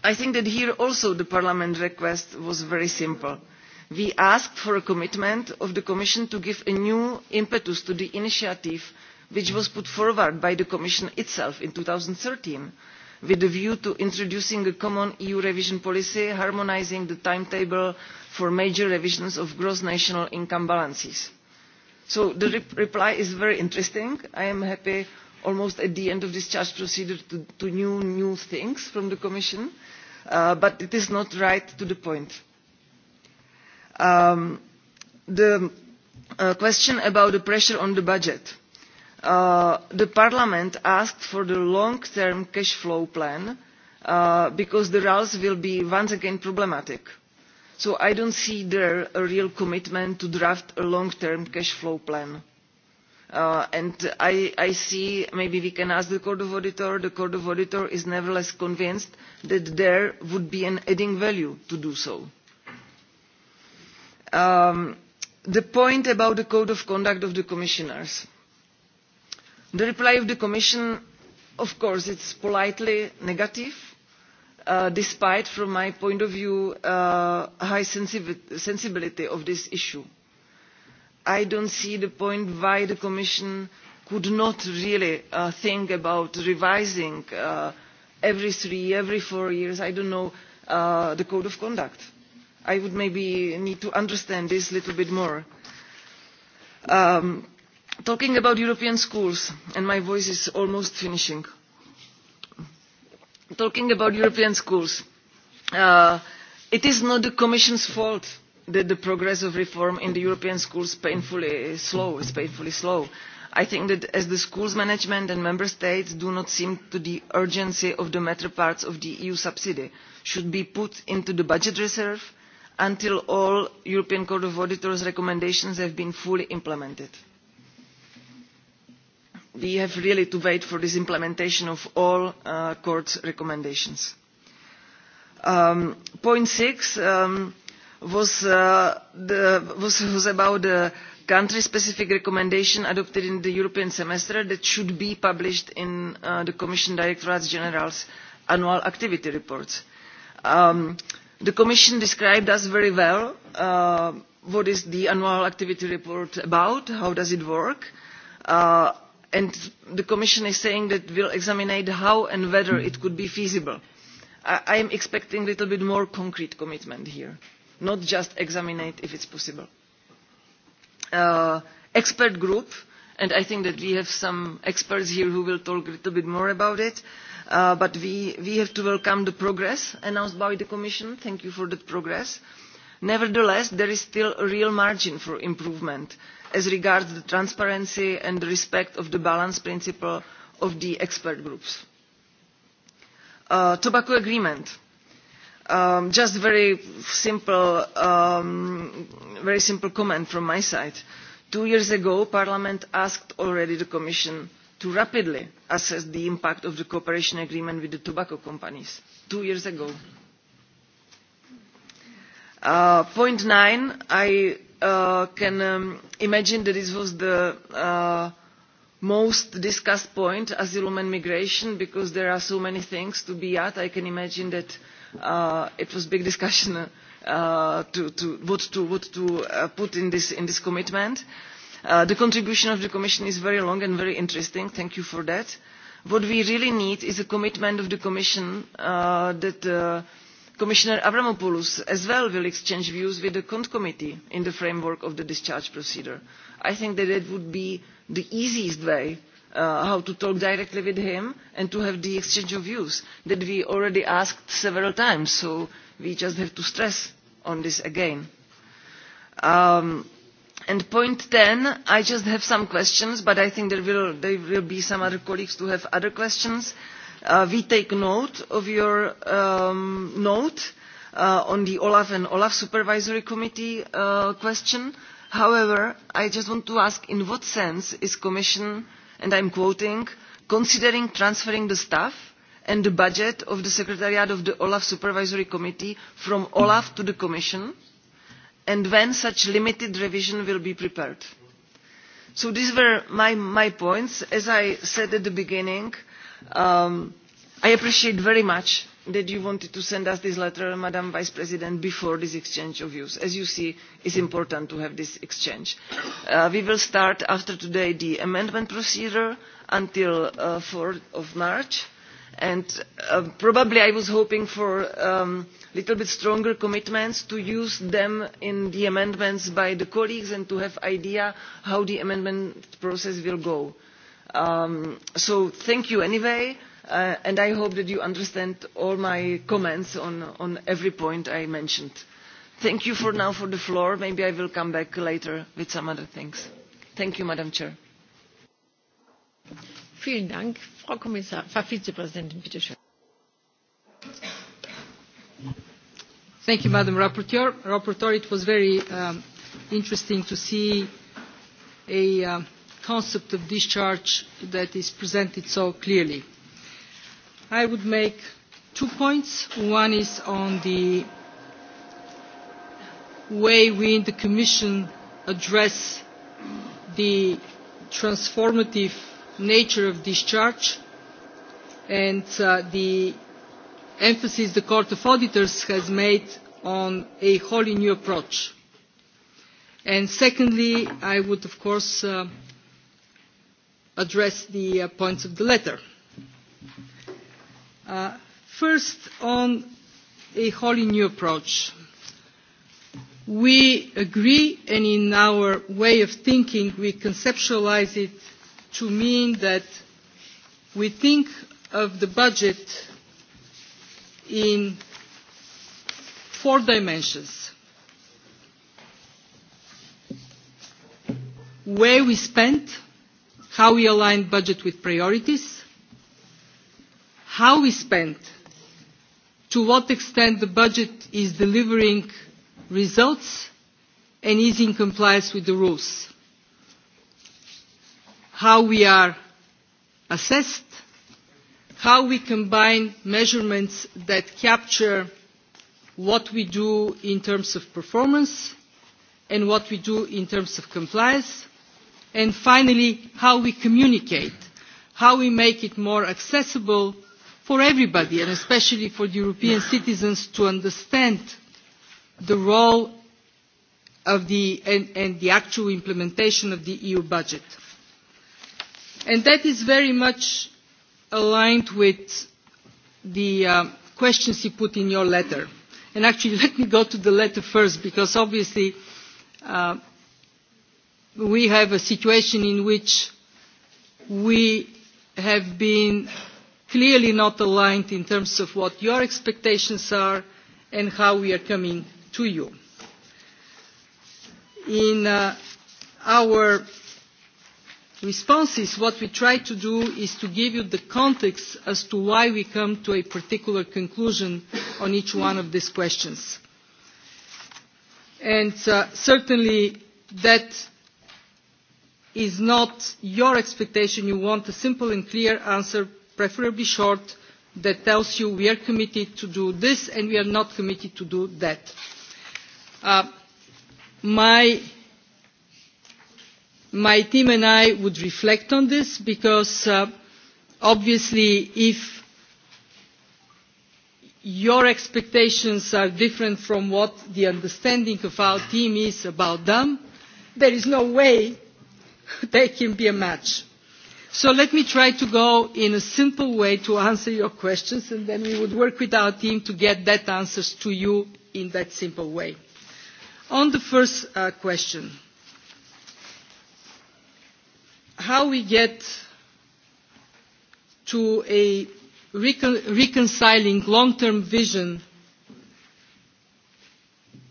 Speaker 4: I think that here also the parliament request was very simple we ask for a commitment of the commission to give a new impetus to the initiative which was put forward by the commission itself in two thousand and thirteen with a view to introducing a common eu revision policy harmonising the timetable for major revisions of gross national income balances. so the reply is very interesting. i am happy almost at the end of this charge procedure to, hear new, things from the commission uh, but it is not right to the point Um, the uh, question about the pressure on the budget. Uh, the Parliament asked for the long-term cash flow plan uh, because the RALs will be once again problematic. So I don't see there a real commitment to draft a long-term cash flow plan. Uh, and I, I see maybe we can ask the Court of Auditor. The Court of Auditor is nevertheless convinced that there would be an adding value to do so Um, the point about the code of conduct of the commissioners. The reply of the Commission, of course, is politely negative, uh, despite, from my point of view, uh, high sensibi sensibility of this issue. I don't see the point why the Commission could not really uh, think about revising uh, every three, every four years, I don't know, uh, the code of conduct i would maybe need to understand this a little bit more. Um, talking about european schools and my voice is almost finishing talking about european schools uh, it is not the commission's fault that the progress of reform in the european schools is painfully slow. Is painfully slow. i think that as the schools management and member states do not seem to the urgency of the matter parts of the eu subsidy should be put into the budget reserve until all european court of auditors recommendations have been fully implemented. we have really to wait for this implementation of all the uh, court's recommendations. Um, point six um, uh, was, about the country specific recommendation adopted in the european semester that should be published in uh, the commission directorates general's annual activity reports. Um, the commission described us very well uh, what is the annual activity report about how does it work uh, and the commission is saying that we'll examine how and whether it could be feasible i, I am expecting a little bit more concrete commitment here not just examine if it's possible uh, expert group uh, and I think that we have some experts here who will talk a little bit more about it. Uh, but we, we have to welcome the progress announced by the Commission. Thank you for the progress. Nevertheless, there is still a real margin for improvement as regards the transparency and the respect of the balance principle of the expert groups. Uh, tobacco agreement. Um, just very simple, um, very simple comment from my side. Uh, two years ago parliament asked already the commission to rapidly assess the impact of the cooperation agreement with the tobacco companies two years ago. Uh, point nine i uh, can um, imagine that this was the uh, most discussed point asylum and migration because there are so many things to be at i can imagine that uh, it was a big discussion uh, to, to, what to, what to uh, put in this, in this commitment. Uh, the contribution of the Commission is very long and very interesting. Thank you for that. What we really need is a commitment of the Commission uh, that uh, Commissioner Avramopoulos as well will exchange views with the CONT committee in the framework of the discharge procedure. I think that it would be the easiest way uh, how to talk directly with him and to have the exchange of views that we already asked several times, so we just have to stress on this again. Um, and point ten, I just have some questions, but I think there will, there will be some other colleagues who have other questions. Uh, we take note of your um, note uh, on the Olaf and Olaf Supervisory Committee uh, question. However, I just want to ask in what sense is Commission, and I'm quoting, considering transferring the staff and the budget of the secretariat of the olaf supervisory committee from olaf to the commission and when such limited revision will be prepared. so these were my, my points. as i said at the beginning um, i appreciate very much that you wanted to send us this letter madam vice president before this exchange of views. as you see it is important to have this exchange. Uh, we will start after today the amendment procedure until uh, 4 of march and uh, probably i was hoping for a um, little bit stronger commitments to use them in the amendments by the colleagues and to have an idea how the amendment process will go. Um, so thank you anyway uh, and i hope that you understand all my comments on, on every point i mentioned. thank you for now for the floor. maybe i will come back later with some other things. thank you madam Chair.
Speaker 1: Vielen Dank, Frau, Kommissar, Frau Vizepräsidentin,
Speaker 3: bitte schön. Thank you, Madam Rapporteur. Rapporteur it was very um, interesting to see a uh, concept of discharge that is presented so clearly. I would make two points. One is on the way we in the Commission address the transformative nature of discharge and uh, the emphasis the Court of Auditors has made on a wholly new approach. And secondly, I would of course uh, address the uh, points of the letter. Uh, first, on a wholly new approach. We agree, and in our way of thinking, we conceptualize it to mean that we think of the budget in four dimensions. Where we spend, how we align budget with priorities, how we spend, to what extent the budget is delivering results and is in compliance with the rules how we are assessed, how we combine measurements that capture what we do in terms of performance and what we do in terms of compliance, and finally, how we communicate, how we make it more accessible for everybody, and especially for European citizens to understand the role of the, and, and the actual implementation of the EU budget. And that is very much aligned with the uh, questions you put in your letter. And actually, [laughs] let me go to the letter first, because obviously uh, we have a situation in which we have been clearly not aligned in terms of what your expectations are and how we are coming to you. In uh, our responses, what we try to do is to give you the context as to why we come to a particular conclusion on each one of these questions. And uh, certainly that is not your expectation. You want a simple and clear answer, preferably short, that tells you we are committed to do this and we are not committed to do that. Uh, my my team and I would reflect on this because uh, obviously if your expectations are different from what the understanding of our team is about them, there is no way [laughs] they can be a match. So let me try to go in a simple way to answer your questions and then we would work with our team to get that answers to you in that simple way. On the first uh, question, how we get to a recon reconciling long-term vision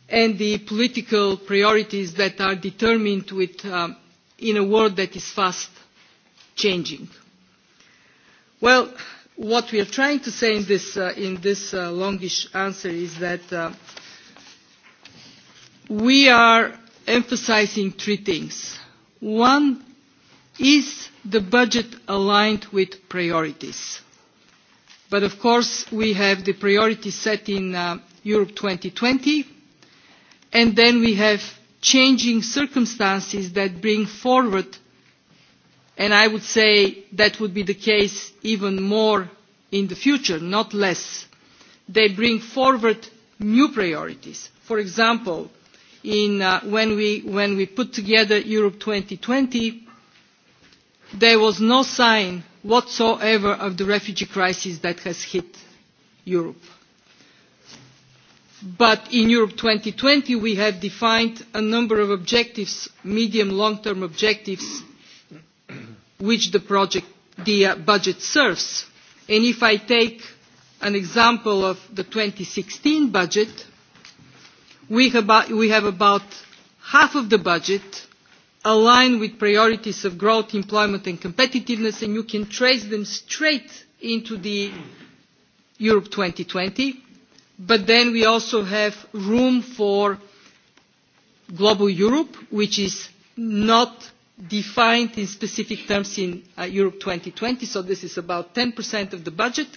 Speaker 3: and the political priorities that are determined with, um, in a world that is fast changing. Well, what we are trying to say in this, uh, in this uh, longish answer is that uh, we are emphasizing three things. One is the budget aligned with priorities? But of course, we have the priorities set in uh, Europe 2020, and then we have changing circumstances that bring forward, and I would say that would be the case even more in the future, not less. They bring forward new priorities. For example, in, uh, when, we, when we put together Europe 2020, there was no sign whatsoever of the refugee crisis that has hit Europe. But in Europe twenty we have defined a number of objectives, medium long-term objectives, which the, project, the uh, budget serves. And if I take an example of the sixteen budget, we have about half of the budget align with priorities of growth, employment and competitiveness, and you can trace them straight into the Europe 2020. But then we also have room for global Europe, which is not defined in specific terms in uh, Europe 2020, so this is about 10% of the budget.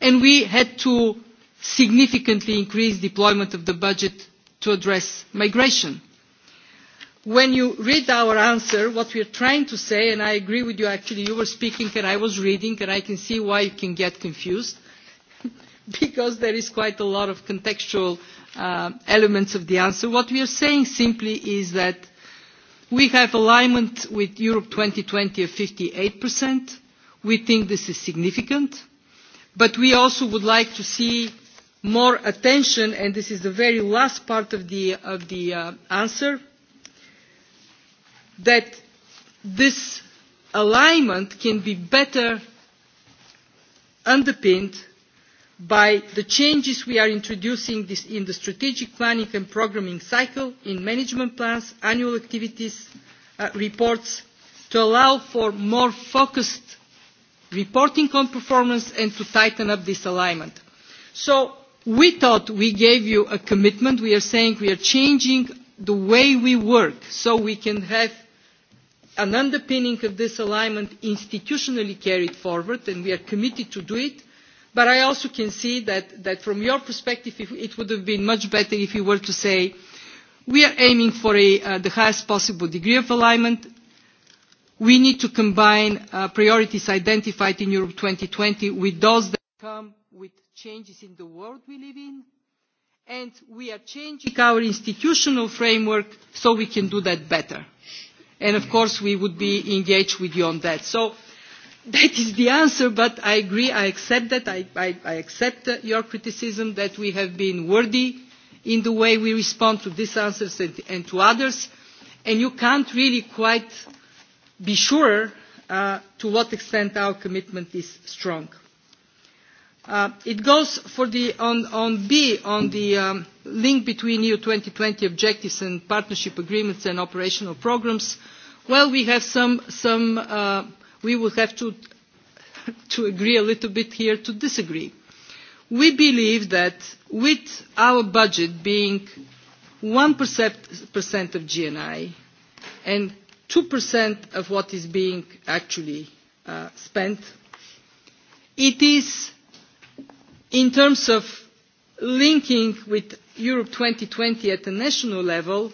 Speaker 3: And we had to significantly increase deployment of the budget to address migration when you read our answer, what we are trying to say, and I agree with you, actually, you were speaking and I was reading, and I can see why you can get confused, [laughs] because there is quite a lot of contextual uh, elements of the answer. What we are saying simply is that we have alignment with Europe 2020 of 58%. We think this is significant, but we also would like to see more attention, and this is the very last part of the, of the uh, answer, that this alignment can be better underpinned by the changes we are introducing in the strategic planning and programming cycle, in management plans, annual activities, uh, reports, to allow for more focused reporting on performance and to tighten up this alignment. So we thought we gave you a commitment. We are saying we are changing the way we work so we can have an underpinning of this alignment institutionally carried forward and we are committed to do it but i also can see that, from your perspective it would have been much better if you were to say we are aiming for uh, the highest possible degree of alignment we need to combine uh, priorities identified in europe two thousand and twenty with those that come with changes in the world we live in and we are changing our institutional framework so we can do that better and of course we would be engaged with you on that. So that is the answer, but I agree, I accept that, I, I, I accept your criticism that we have been worthy in the way we respond to these answers and, and to others, and you can't really quite be sure uh, to what extent our commitment is strong. Uh, it goes for the, on, on B, on the um, link between EU 2020 objectives and partnership agreements and operational programs. Well, we have some, some uh, we will have to, [laughs] to agree a little bit here to disagree. We believe that with our budget being 1% of GNI and 2% of what is being actually uh, spent, it is in terms of linking with Europe 2020 at the national level,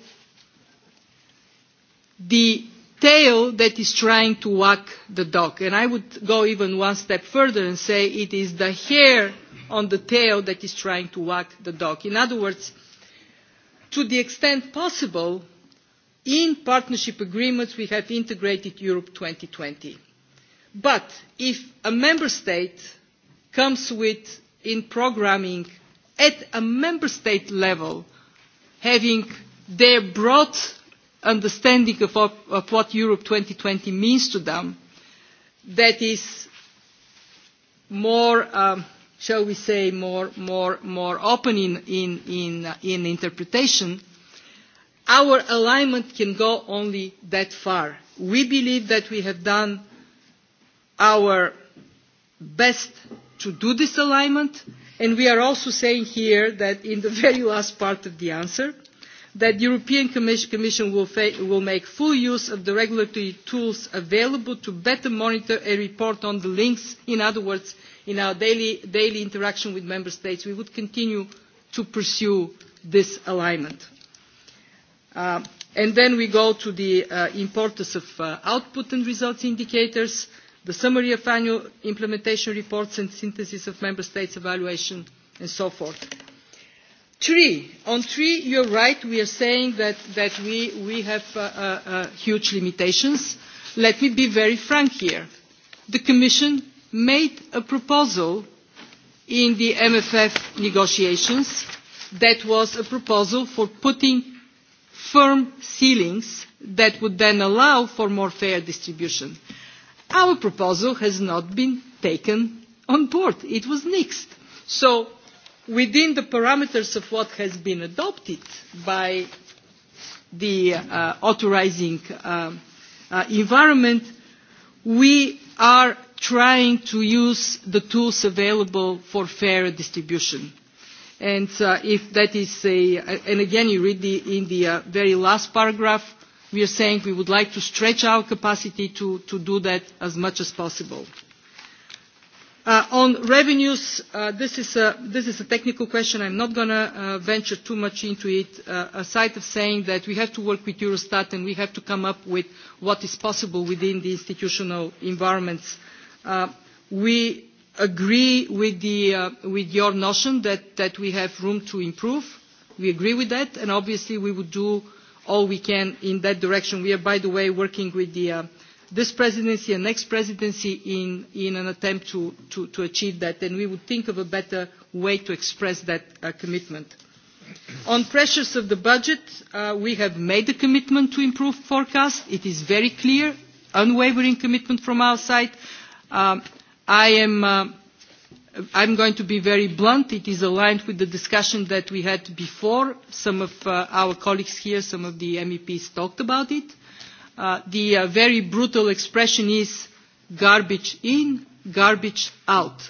Speaker 3: the tail that is trying to whack the dog. And I would go even one step further and say it is the hair on the tail that is trying to whack the dog. In other words, to the extent possible, in partnership agreements we have integrated Europe 2020. But if a member state comes with in programming at a member state level, having their broad understanding of, of what Europe 2020 means to them, that is more, um, shall we say, more, more, more open in, in, in, uh, in interpretation, our alignment can go only that far. We believe that we have done our best to do this alignment. And we are also saying here that in the [laughs] very last part of the answer, that the European Commission will, will make full use of the regulatory tools available to better monitor and report on the links. In other words, in our daily, daily interaction with Member States, we would continue to pursue this alignment. Uh, and then we go to the uh, importance of uh, output and results indicators the summary of annual implementation reports and synthesis of member states' evaluation and so forth. Three, on three, you are right, we are saying that, that we, we have uh, uh, uh, huge limitations. Let me be very frank here. The Commission made a proposal in the MFF negotiations that was a proposal for putting firm ceilings that would then allow for more fair distribution. Our proposal has not been taken on board. It was nixed. So within the parameters of what has been adopted by the uh, authorizing uh, uh, environment, we are trying to use the tools available for fair distribution. And uh, if that is a, and again you read the, in the uh, very last paragraph, we are saying we would like to stretch our capacity to, to do that as much as possible. Uh, on revenues, uh, this, is a, this is a technical question. I'm not going to uh, venture too much into it, uh, aside of saying that we have to work with Eurostat and we have to come up with what is possible within the institutional environments. Uh, we agree with, the, uh, with your notion that, that we have room to improve. We agree with that, and obviously we would do all we can in that direction. We are, by the way, working with the, uh, this presidency and next presidency in, in an attempt to, to, to achieve that, and we would think of a better way to express that uh, commitment. On pressures of the budget, uh, we have made a commitment to improve forecast. It is very clear, unwavering commitment from our side. Um, I am uh, I'm going to be very blunt. It is aligned with the discussion that we had before. Some of uh, our colleagues here, some of the MEPs talked about it. Uh, the uh, very brutal expression is garbage in, garbage out.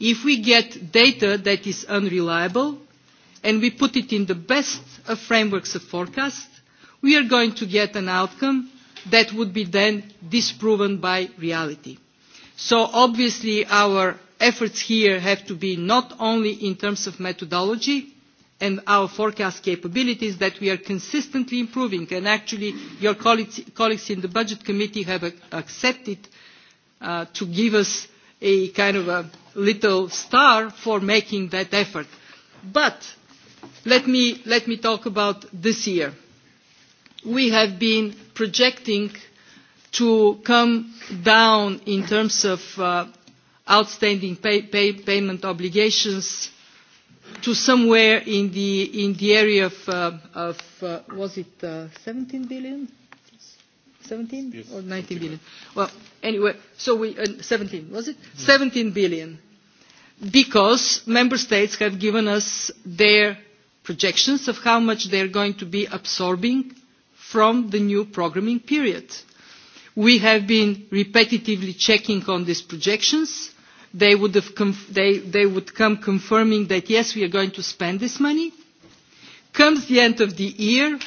Speaker 3: If we get data that is unreliable and we put it in the best of frameworks of forecast, we are going to get an outcome that would be then disproven by reality. So obviously our efforts here have to be not only in terms of methodology and our forecast capabilities that we are consistently improving and actually your colleagues, colleagues in the budget committee have accepted uh, to give us a kind of a little star for making that effort. But let me, let me talk about this year. We have been projecting to come down in terms of uh, outstanding pay, pay, payment obligations to somewhere in the, in the area of, uh, of uh, was it uh, 17 billion? 17 yes. or 19 billion? Well, anyway, so we, uh, 17, was it? Mm. 17 billion. Because member states have given us their projections of how much they are going to be absorbing from the new programming period. We have been repetitively checking on these projections they would, have conf they, they would come confirming that yes, we are going to spend this money. Comes the end of the year,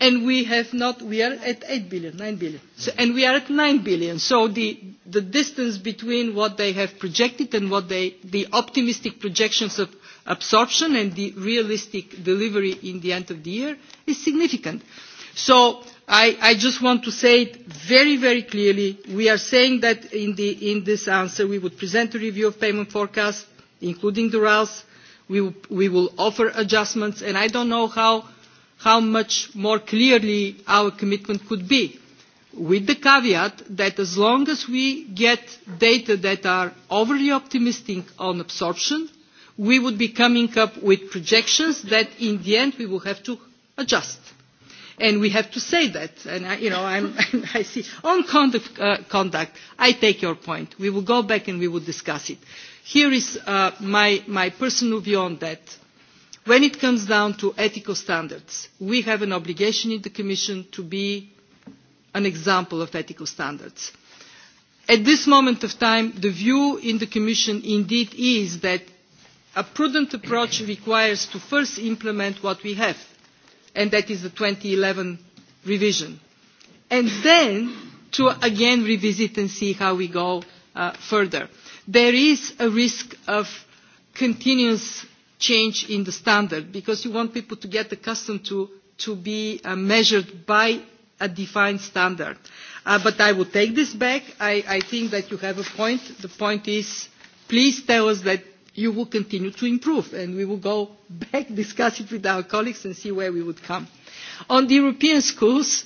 Speaker 3: and we have not, we are at 8 billion, 9 billion, so, and we are at 9 billion. So the, the distance between what they have projected and what they, the optimistic projections of absorption and the realistic delivery in the end of the year is significant. So i, I just want to say it very, very clearly. We are saying that in, the, in this answer we would present a review of payment forecast, including the RALs. We, will, we will offer adjustments, and I don't know how, how much more clearly our commitment could be, with the caveat that as long as we get data that are overly optimistic on absorption, we would be coming up with projections that in the end we will have to adjust and we have to say that. And I, you know, I'm, [laughs] I see on conduct, uh, conduct. I take your point. We will go back and we will discuss it. Here is uh, my, my personal view on that. When it comes down to ethical standards, we have an obligation in the Commission to be an example of ethical standards. At this moment of time, the view in the Commission indeed is that a prudent approach requires to first implement what we have and that is the 2011 revision. And then to again revisit and see how we go uh, further. There is a risk of continuous change in the standard because you want people to get accustomed to, to be uh, measured by a defined standard. Uh, but I will take this back. I, I think that you have a point. The point is, please tell us that you will continue to improve and we will go back discuss it with our colleagues and see where we would come. on the european schools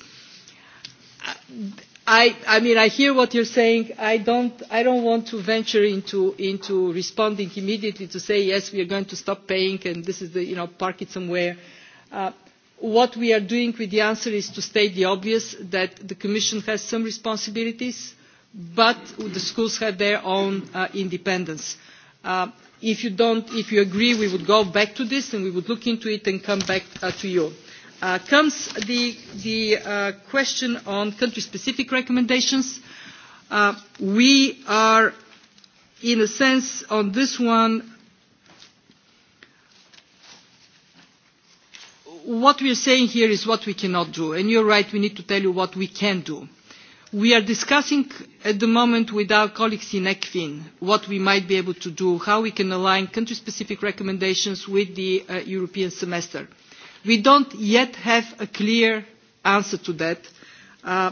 Speaker 3: I, I mean, I hear what you're saying. I don't, I don't want to venture into, into responding immediately to say, yes, we are going to stop paying and this is the, you know, park it somewhere. Uh, what we are doing with the answer is to state the obvious that the Commission has some responsibilities, but the schools have their own uh, independence. Uh, If you, don't, if you agree, we would go back to this and we would look into it and come back uh, to you. Uh, comes the, the uh, question on country-specific recommendations. Uh, we are, in a sense, on this one, what we are saying here is what we cannot do. And you're right, we need to tell you what we can do We are discussing at the moment with our colleagues in ECFIN what we might be able to do, how we can align country-specific recommendations with the uh, European semester. We don't yet have a clear answer to that. Uh,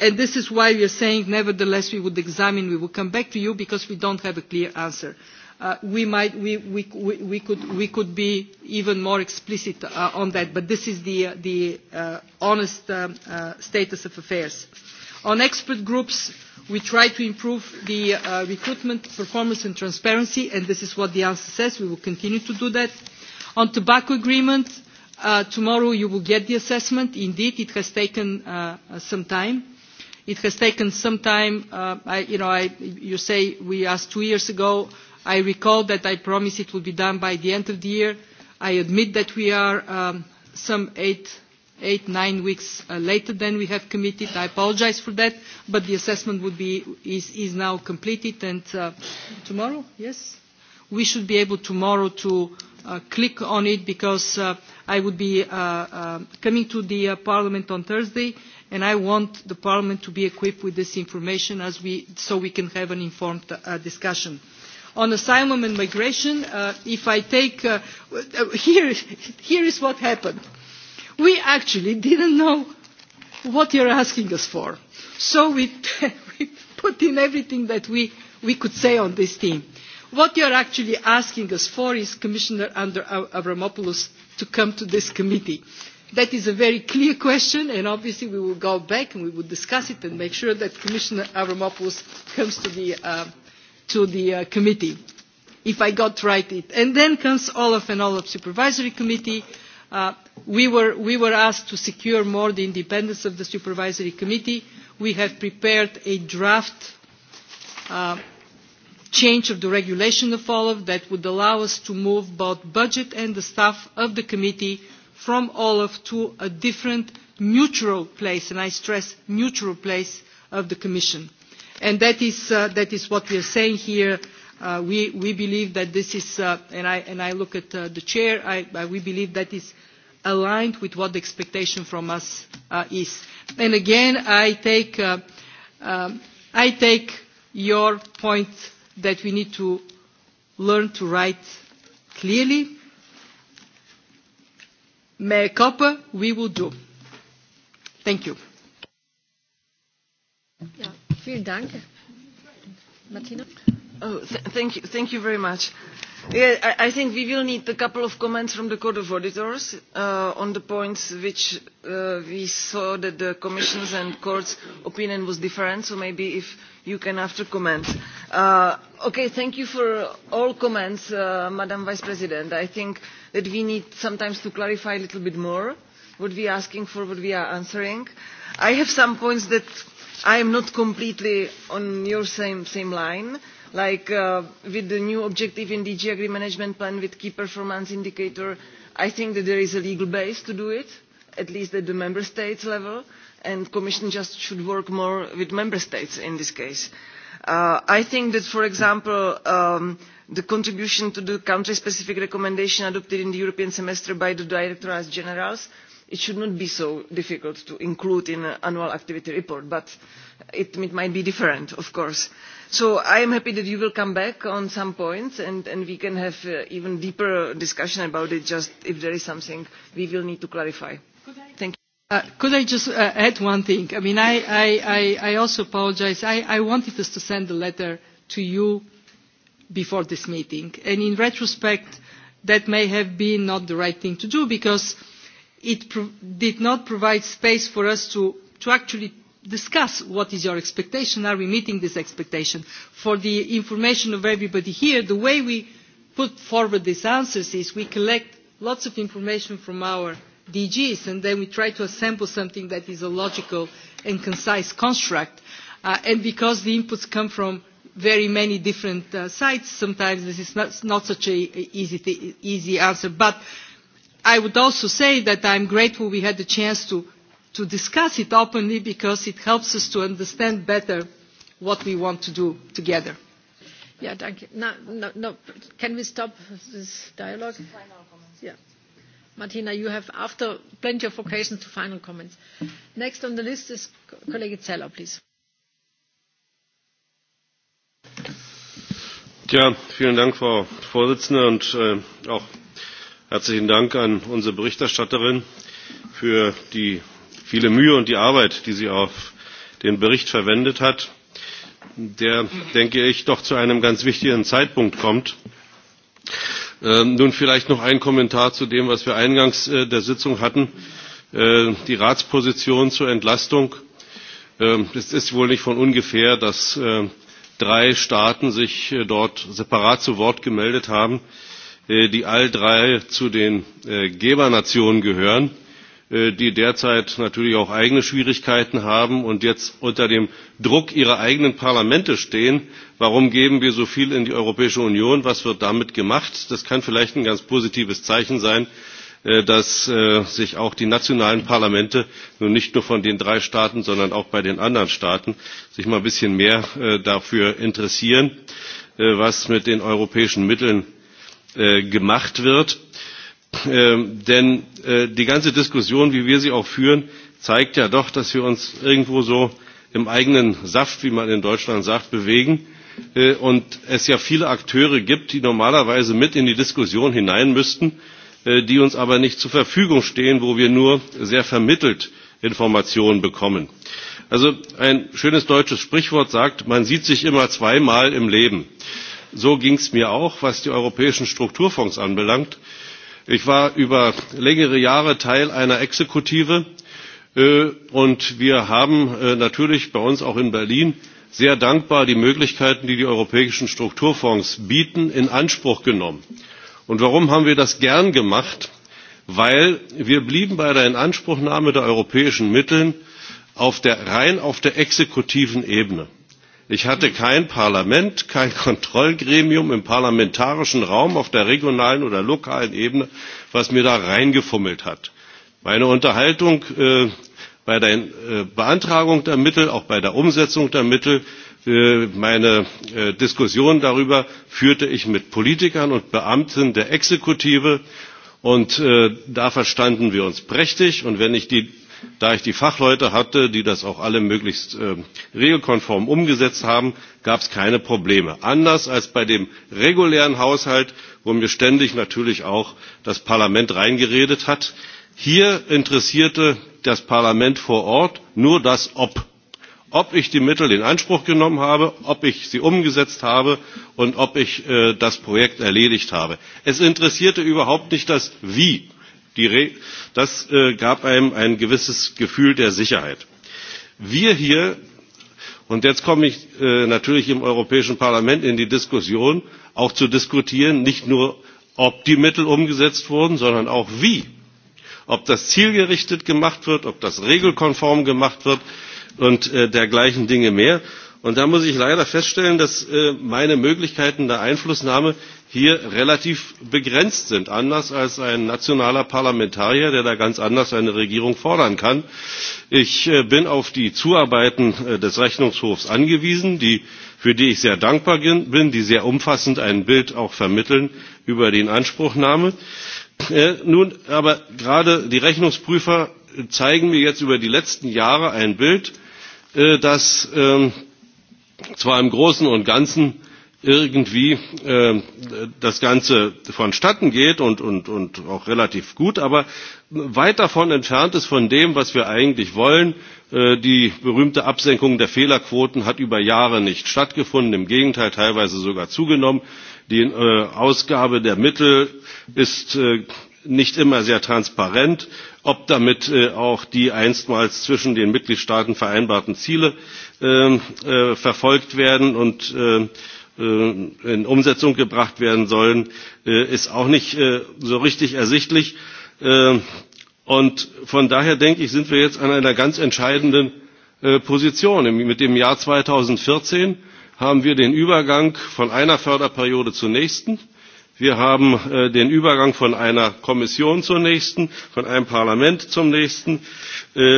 Speaker 3: and this is why we are saying, nevertheless, we would examine, we will come back to you because we don't have a clear answer. Uh, we, might, we, we, we, could, we could be even more explicit uh, on that, but this is the, uh, the uh, honest um, uh, status of affairs. Uh, on expert groups, we try to improve the uh, recruitment, performance and transparency, and this is what the answer says. We will continue to do that. On tobacco agreement, uh, tomorrow you will get the assessment. Indeed, it has taken uh, some time. It has taken some time. Uh, I, you, know, I, you say we asked two years ago. I recall that I promised it would be done by the end of the year. I admit that we are um, some eight eight, nine weeks uh, later than we have committed. I apologize for that, but the assessment would be, is, is now completed. And uh, tomorrow, yes, we should be able tomorrow to uh, click on it because uh, I would be uh, uh, coming to the uh, Parliament on Thursday and I want the Parliament to be equipped with this information as we, so we can have an informed uh, discussion on asylum and migration uh, if i take uh, [laughs] here, here is what happened we actually didn't know what you're asking us for. So we, [laughs] we put in everything that we, we could say on this theme. What you're actually asking us for is Commissioner Andr Avramopoulos to come to this committee. That is a very clear question, and obviously we will go back and we will discuss it and make sure that Commissioner Avramopoulos comes to the, uh, to the uh, committee, if I got right it. And then comes Olaf and Olaf Supervisory Committee, Uh, we, were, asked to secure more the independence of the Supervisory Committee. We have prepared a draft uh, change of the regulation of Olaf that would allow us to move both budget and the staff of the committee from Olaf to a different neutral place, and I stress neutral place of the Commission. And that is, uh, what we are saying here. we, believe that this is, and, I, look at the chair, we believe that aligned with what the expectation from us uh, is. And again, I take, uh, um, I take your point that we need to learn to write clearly. May copper, we will do. Thank you.
Speaker 1: Yeah. vielen Dank.
Speaker 4: Martina? Oh, th thank, you, thank you very much. Yeah, I, I think we will need a couple of comments from the Court of Auditors uh, on the points which uh, we saw that the Commission's and Court's opinion was different, so maybe if you can after comment. Uh, okay, thank you for all comments, uh, Madam Vice President. I think that we need sometimes to clarify a little bit more what we are asking for, what we are answering. I have some points that I am not completely on your same, same line like uh, with the new objective in DG Agri Management Plan with key performance indicator, I think that there is a legal base to do it, at least at the member states level, and Commission just should work more with member states in this case. Uh, I think that, for example, um, the contribution to the country-specific recommendation adopted in the European semester by the Directorate Generals it should not be so difficult to include in an annual activity report, but it, it might be different, of course so i am happy that you will come back on some points and, and we can have an uh, even deeper discussion about it just if there is something we will need to clarify.
Speaker 3: Thank you. Uh, could I just uh, add one thing? I mean, I, I, I, I also apologize. I, I wanted us to send a letter to you before this meeting. And in retrospect, that may have been not the right thing to do because it pro did not provide space for us to, to actually discuss what is your expectation, are we meeting this expectation? For the information of everybody here, the way we put forward these answers is we collect lots of information from our DGs and then we try to assemble something that is a logical and concise construct. Uh, and because the inputs come from very many different uh, sites, sometimes this is not, not such an easy, easy answer. But I would also say that I'm grateful we had the chance to to discuss it openly because it helps us to understand better what we want to do together. Yeah,
Speaker 1: thank you. No, no, no. Can we stop this dialogue? Yeah. Martina, you have after plenty of occasions to final comments. Next on the list is colleague Zeller, please.
Speaker 15: Ja, vielen Dank, Frau Vorsitzende, und äh, auch herzlichen Dank an unsere Berichterstatterin für die viele Mühe und die Arbeit, die sie auf den Bericht verwendet hat, der, denke ich, doch zu einem ganz wichtigen Zeitpunkt kommt. Ähm, nun vielleicht noch ein Kommentar zu dem, was wir eingangs äh, der Sitzung hatten, äh, die Ratsposition zur Entlastung. Ähm, es ist wohl nicht von ungefähr, dass äh, drei Staaten sich dort separat zu Wort gemeldet haben, die all drei zu den Gebernationen gehören Äh, die derzeit natürlich auch eigene Schwierigkeiten haben und jetzt unter dem Druck ihrer eigenen Parlamente stehen. Warum geben wir so viel in die Europäische Union? Was wird damit gemacht? Das kann vielleicht ein ganz positives Zeichen sein, äh, dass äh, sich auch die nationalen Parlamente nun nicht nur von den drei Staaten, sondern auch bei den anderen Staaten sich mal ein bisschen mehr dafür interessieren, was mit den europäischen Mitteln gemacht wird. Ähm, denn äh, die ganze Diskussion, wie wir sie auch führen, zeigt ja doch, dass wir uns irgendwo so im eigenen Saft, wie man in Deutschland sagt, bewegen äh, und es ja viele Akteure gibt, die normalerweise mit in die Diskussion hinein müssten, äh, die uns aber nicht zur Verfügung stehen, wo wir nur sehr vermittelt Informationen bekommen. Also ein schönes deutsches Sprichwort sagt, man sieht sich immer zweimal im Leben. So ging es mir auch, was die europäischen Strukturfonds anbelangt. Ich war über längere Jahre Teil einer Exekutive äh, und wir haben äh, natürlich bei uns auch in Berlin sehr dankbar die Möglichkeiten, die die europäischen Strukturfonds bieten, in Anspruch genommen. Und warum haben wir das gern gemacht? Weil wir blieben bei der Inanspruchnahme der europäischen Mittel rein auf der exekutiven Ebene. Ich hatte kein Parlament, kein [laughs] Kontrollgremium im parlamentarischen Raum auf der regionalen oder lokalen Ebene, was mir da reingefummelt hat. Meine Unterhaltung äh, bei der äh, Beantragung der Mittel, auch bei der Umsetzung der Mittel, äh, meine äh, Diskussion darüber führte ich mit Politikern und Beamten der Exekutive und äh, da verstanden wir uns prächtig und wenn ich die Da ich die Fachleute hatte, die das auch alle möglichst äh, regelkonform umgesetzt haben, gab es keine Probleme. Anders als bei dem regulären Haushalt, wo mir ständig natürlich auch das Parlament reingeredet hat. Hier interessierte das Parlament vor Ort nur das Ob ob ich die Mittel in Anspruch genommen habe, ob ich sie umgesetzt habe und ob ich äh, das Projekt erledigt habe. Es interessierte überhaupt nicht das Wie das äh, gab einem ein gewisses Gefühl der Sicherheit. Wir hier, und jetzt komme ich äh, natürlich im Europäischen Parlament in die Diskussion, auch zu diskutieren, nicht nur ob die Mittel umgesetzt wurden, sondern auch wie. Ob das zielgerichtet gemacht wird, ob das regelkonform gemacht wird und äh, dergleichen Dinge mehr. Und da muss ich leider feststellen, dass meine Möglichkeiten der Einflussnahme hier relativ begrenzt sind anders als ein nationaler parlamentarier der da ganz anders eine regierung fordern kann. ich äh, bin auf die zuarbeiten äh, des rechnungshofs angewiesen die, für die ich sehr dankbar bin die sehr umfassend ein bild auch vermitteln über die inanspruchnahme. Äh, nun aber gerade die rechnungsprüfer zeigen mir jetzt über die letzten jahre ein bild das ähm, zwar im großen und ganzen irgendwie ähm, das Ganze vonstatten geht und, und, und auch relativ gut, aber weit davon entfernt ist von dem, was wir eigentlich wollen. Äh, die berühmte Absenkung der Fehlerquoten hat über Jahre nicht stattgefunden, im Gegenteil teilweise sogar zugenommen. Die äh, Ausgabe der Mittel ist äh, nicht immer sehr transparent, ob damit auch die einstmals zwischen den Mitgliedstaaten vereinbarten Ziele ähm, verfolgt werden und Äh, in Umsetzung gebracht werden sollen, äh, ist auch nicht äh, so richtig ersichtlich. Und von daher denke ich, sind wir jetzt an einer ganz entscheidenden Position. Mit dem Jahr 2014 haben wir den Übergang von einer Förderperiode zur nächsten. Wir haben den Übergang von einer Kommission zur nächsten, von einem Parlament zum nächsten,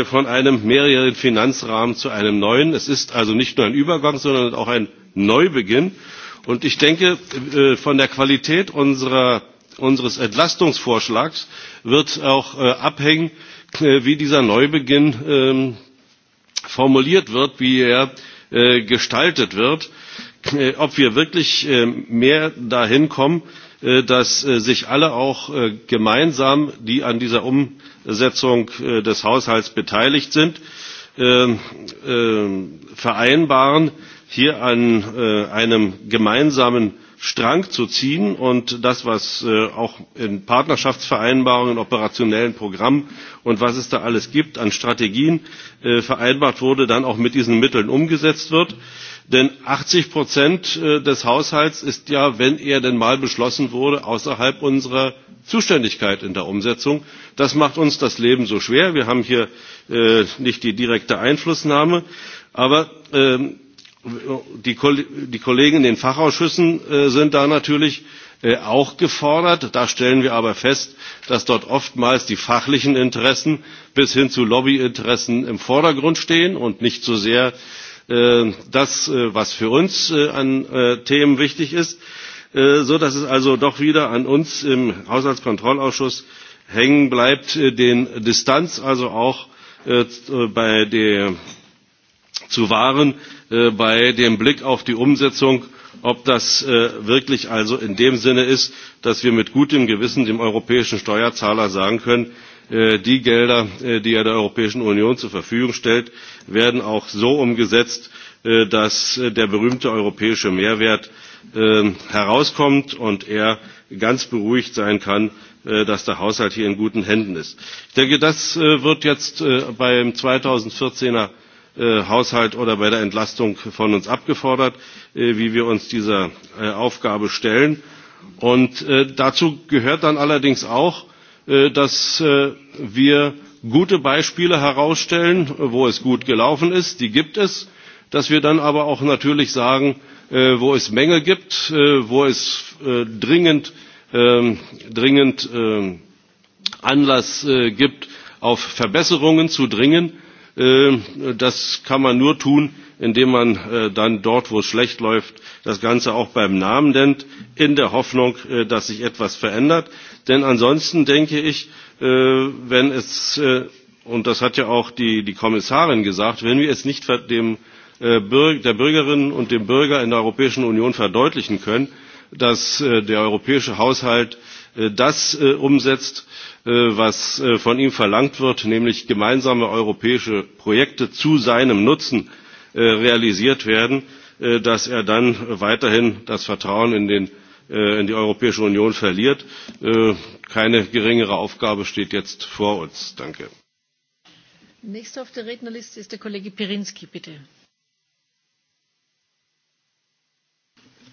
Speaker 15: von einem mehrjährigen Finanzrahmen zu einem neuen. Es ist also nicht nur ein Übergang, sondern auch ein neubeginn. Und ich denke, äh, von der Qualität unserer, unseres Entlastungsvorschlags wird auch äh, abhängen, äh, wie dieser Neubeginn ähm, formuliert wird, wie er gestaltet wird, ob wir wirklich mehr dahin kommen, dass sich alle auch gemeinsam, die an dieser Umsetzung des Haushalts beteiligt sind, ähm, ähm, vereinbaren, hier an äh, einem gemeinsamen Strang zu ziehen und das, was äh, auch in Partnerschaftsvereinbarungen, operationellen Programmen und was es da alles gibt an Strategien äh, vereinbart wurde, dann auch mit diesen Mitteln umgesetzt wird. Denn 80 Prozent des Haushalts ist ja, wenn er denn mal beschlossen wurde, außerhalb unserer Zuständigkeit in der Umsetzung. Das macht uns das Leben so schwer. Wir haben hier äh, nicht die direkte Einflussnahme. Aber ähm, No, die, Kollegen in den Fachausschüssen äh, sind da natürlich äh, auch gefordert. Da stellen wir aber fest, dass dort oftmals die fachlichen Interessen bis hin zu Lobbyinteressen im Vordergrund stehen und nicht so sehr äh, das, was für uns an Themen wichtig ist, so dass es also doch wieder an uns im Haushaltskontrollausschuss hängen bleibt, den Distanz also auch bei der zu wahren Äh, bei dem Blick auf die Umsetzung, ob das äh, wirklich also in dem Sinne ist, dass wir mit gutem Gewissen dem europäischen Steuerzahler sagen können, äh, die Gelder, die er der Europäischen Union zur Verfügung stellt, werden auch so umgesetzt, dass der berühmte europäische Mehrwert herauskommt und er ganz beruhigt sein kann, dass der Haushalt hier in guten Händen ist. Ich denke, das wird jetzt beim 2014er Äh, Haushalt oder bei der Entlastung von uns abgefordert, äh, wie wir uns dieser äh, Aufgabe stellen. Und dazu gehört dann allerdings auch, dass wir gute Beispiele herausstellen, wo es gut gelaufen ist, die gibt es, dass wir dann aber auch natürlich sagen, wo es Mängel gibt, wo es dringend, ähm, dringend ähm, Anlass gibt, auf Verbesserungen zu dringen, Ähm, das kann man nur tun, indem man äh, dann dort, wo es schlecht läuft, das Ganze auch beim Namen nennt, in der Hoffnung, äh, dass sich etwas verändert. Denn ansonsten denke ich, äh, wenn es, und das hat ja auch die, die Kommissarin gesagt, wenn wir es nicht dem, der Bürgerin und dem Bürger in der Europäischen Union verdeutlichen können, dass der europäische Haushalt das umsetzt, Äh, was äh, von ihm verlangt wird, nämlich gemeinsame europäische Projekte zu seinem Nutzen äh, realisiert werden, dass er dann weiterhin das Vertrauen in, den, in die Europäische Union verliert. Keine geringere Aufgabe steht jetzt vor uns. Danke.
Speaker 1: Nächster auf der Rednerliste ist der Kollege Pirinski, bitte.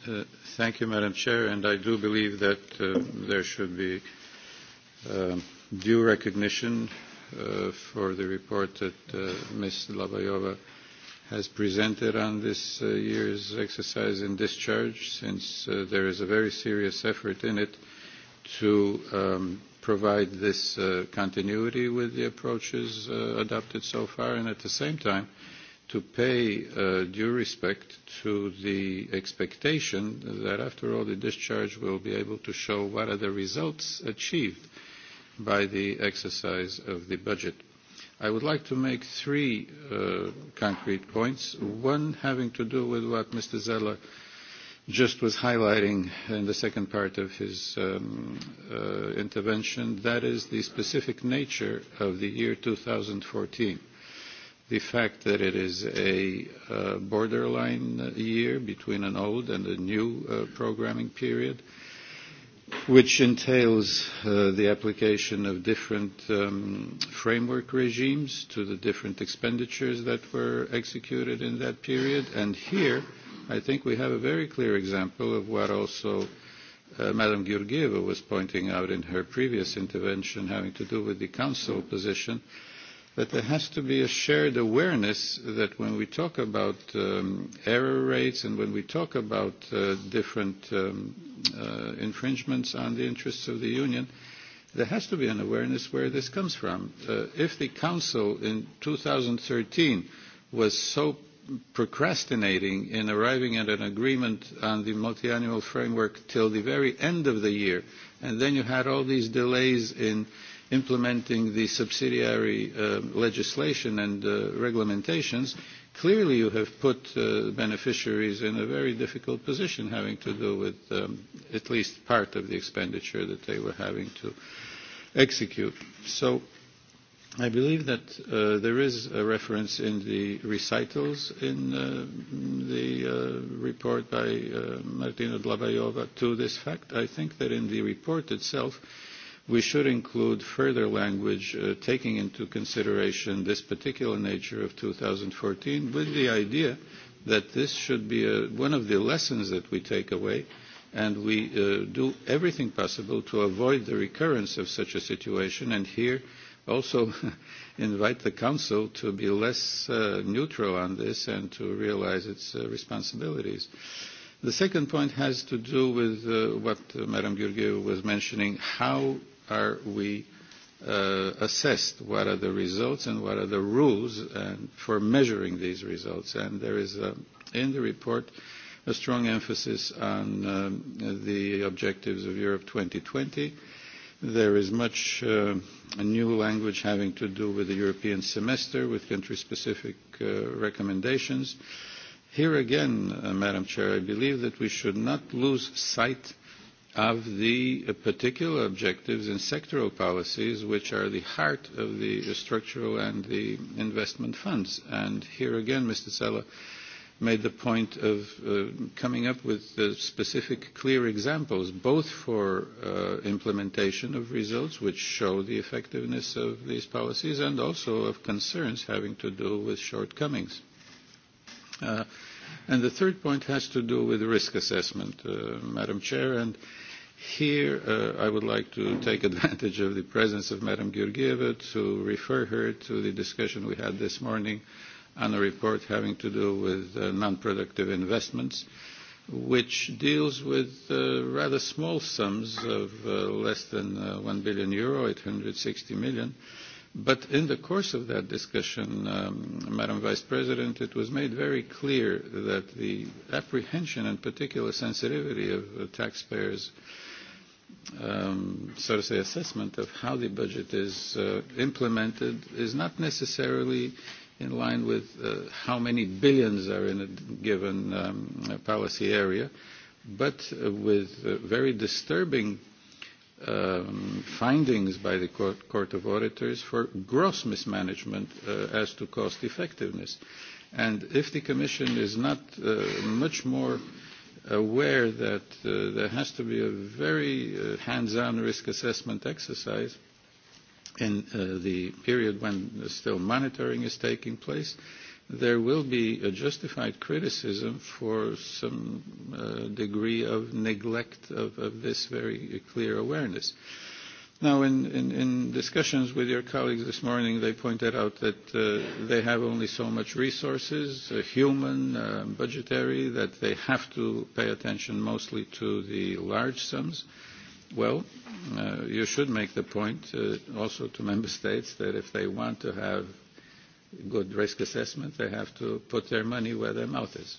Speaker 10: Uh, thank you, Madam Chair, and I do believe that uh, there should be Uh, due recognition uh, for the report that uh, Ms. Labayova has presented on this uh, year's exercise in discharge, since uh, there is a very serious effort in it to um, provide this uh, continuity with the approaches uh, adopted so far, and at the same time, to pay uh, due respect to the expectation that, after all, the discharge will be able to show what are the results achieved uh, by the exercise of the budget. I would like to make three uh, concrete points, one having to do with what Mr. Zeller just was highlighting in the second part of his um, uh, intervention, that is the specific nature of the year 2014. The fact that it is a uh, borderline year between an old and a new uh, programming period, uh, which entails uh, the application of different um, framework regimes to the different expenditures that were executed in that period. And here, I think we have a very clear example of what also uh, Madam Georgieva was pointing out in her previous intervention having to do with the Council position. Mm-hmm but there has to be a shared awareness that when we talk about um, error rates and when we talk about uh, different um, uh, infringements on the interests of the Union, there has to be an awareness where this comes from. Uh, if the Council in 2013 was so procrastinating in arriving at an agreement on the multiannual framework till the very end of the year, and then you had all these delays in – implementing the subsidiary uh, legislation and uh, regulations, clearly you have put uh, beneficiaries in a very difficult position having to do with um, at least part of the expenditure that they were having to execute. So I believe that uh, there is a reference in the recitals in uh, the uh, report by uh, Martina Dlabayova to this fact. I think that in the report itself, uh, we should include further language uh, taking into consideration this particular nature of 2014 with the idea that this should be a, uh, one of the lessons that we take away and we uh, do everything possible to avoid the recurrence of such a situation and here also [laughs] invite the Council to be less uh, neutral on this and to realize its uh, responsibilities. The second point has to do with uh, what uh, Madam Georgieva was mentioning, how are we uh, assessed? What are the results and what are the rules and for measuring these results? And there is, a, uh, in the report, a strong emphasis on um, the objectives of Europe 2020. There is much uh, new language having to do with the European semester, with country-specific uh, recommendations. Here again, uh, Madam Chair, I believe that we should not lose sight of the particular objectives and sectoral policies which are the heart of the structural and the investment funds. And here again, Mr. Sella made the point of uh, coming up with the specific clear examples, both for uh, implementation of results which show the effectiveness of these policies and also of concerns having to do with shortcomings. Uh, and the third point has to do with risk assessment, uh, Madam Chair, and uh, Here, uh, I would like to take advantage of the presence of Madam Georgieva to refer her to the discussion we had this morning on a report having to do with uh, non-productive investments, which deals with uh, rather small sums of uh, less than uh, 1 billion euro, 860 million. But in the course of that discussion, um, Madam Vice President, it was made very clear that the apprehension and particular sensitivity of uh, taxpayers uh, um, sort of say assessment of how the budget is uh, implemented is not necessarily in line with uh, how many billions are in a given um, policy area, but uh, with uh, very disturbing um, findings by the court, court of Auditors for gross mismanagement uh, as to cost effectiveness. And if the Commission is not uh, much more aware that uh, there has to be a very uh, hands-on risk assessment exercise in uh, the period when still monitoring is taking place. There will be a justified criticism for some uh, degree of neglect of, of this very clear awareness. Uh, Now, in, in, in discussions with your colleagues this morning, they pointed out that uh, they have only so much resources, uh, human, uh, budgetary, that they have to pay attention mostly to the large sums. Well, uh, you should make the point uh, also to member [laughs] states that if they want to have good risk assessment, they have to put their money where their mouth is.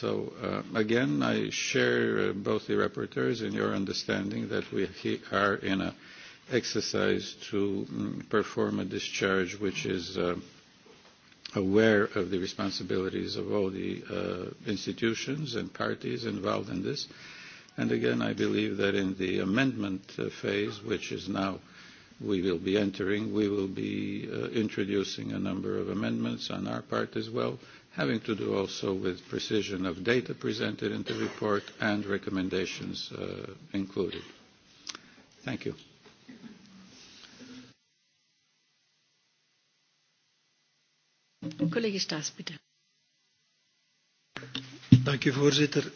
Speaker 10: So uh, again, I share uh, both the rapporteurs and your understanding that we are in an exercise to um, perform a discharge which is uh, aware of the responsibilities of all the uh, institutions and parties involved in this. And again, I believe that in the amendment uh, phase, which is now we will be entering, we will be uh, introducing a number of amendments on our part as well having to do also with precision of data presented in the report and recommendations uh, included. Thank you.
Speaker 1: Collega Staes, bitte.
Speaker 16: Dank u voorzitter.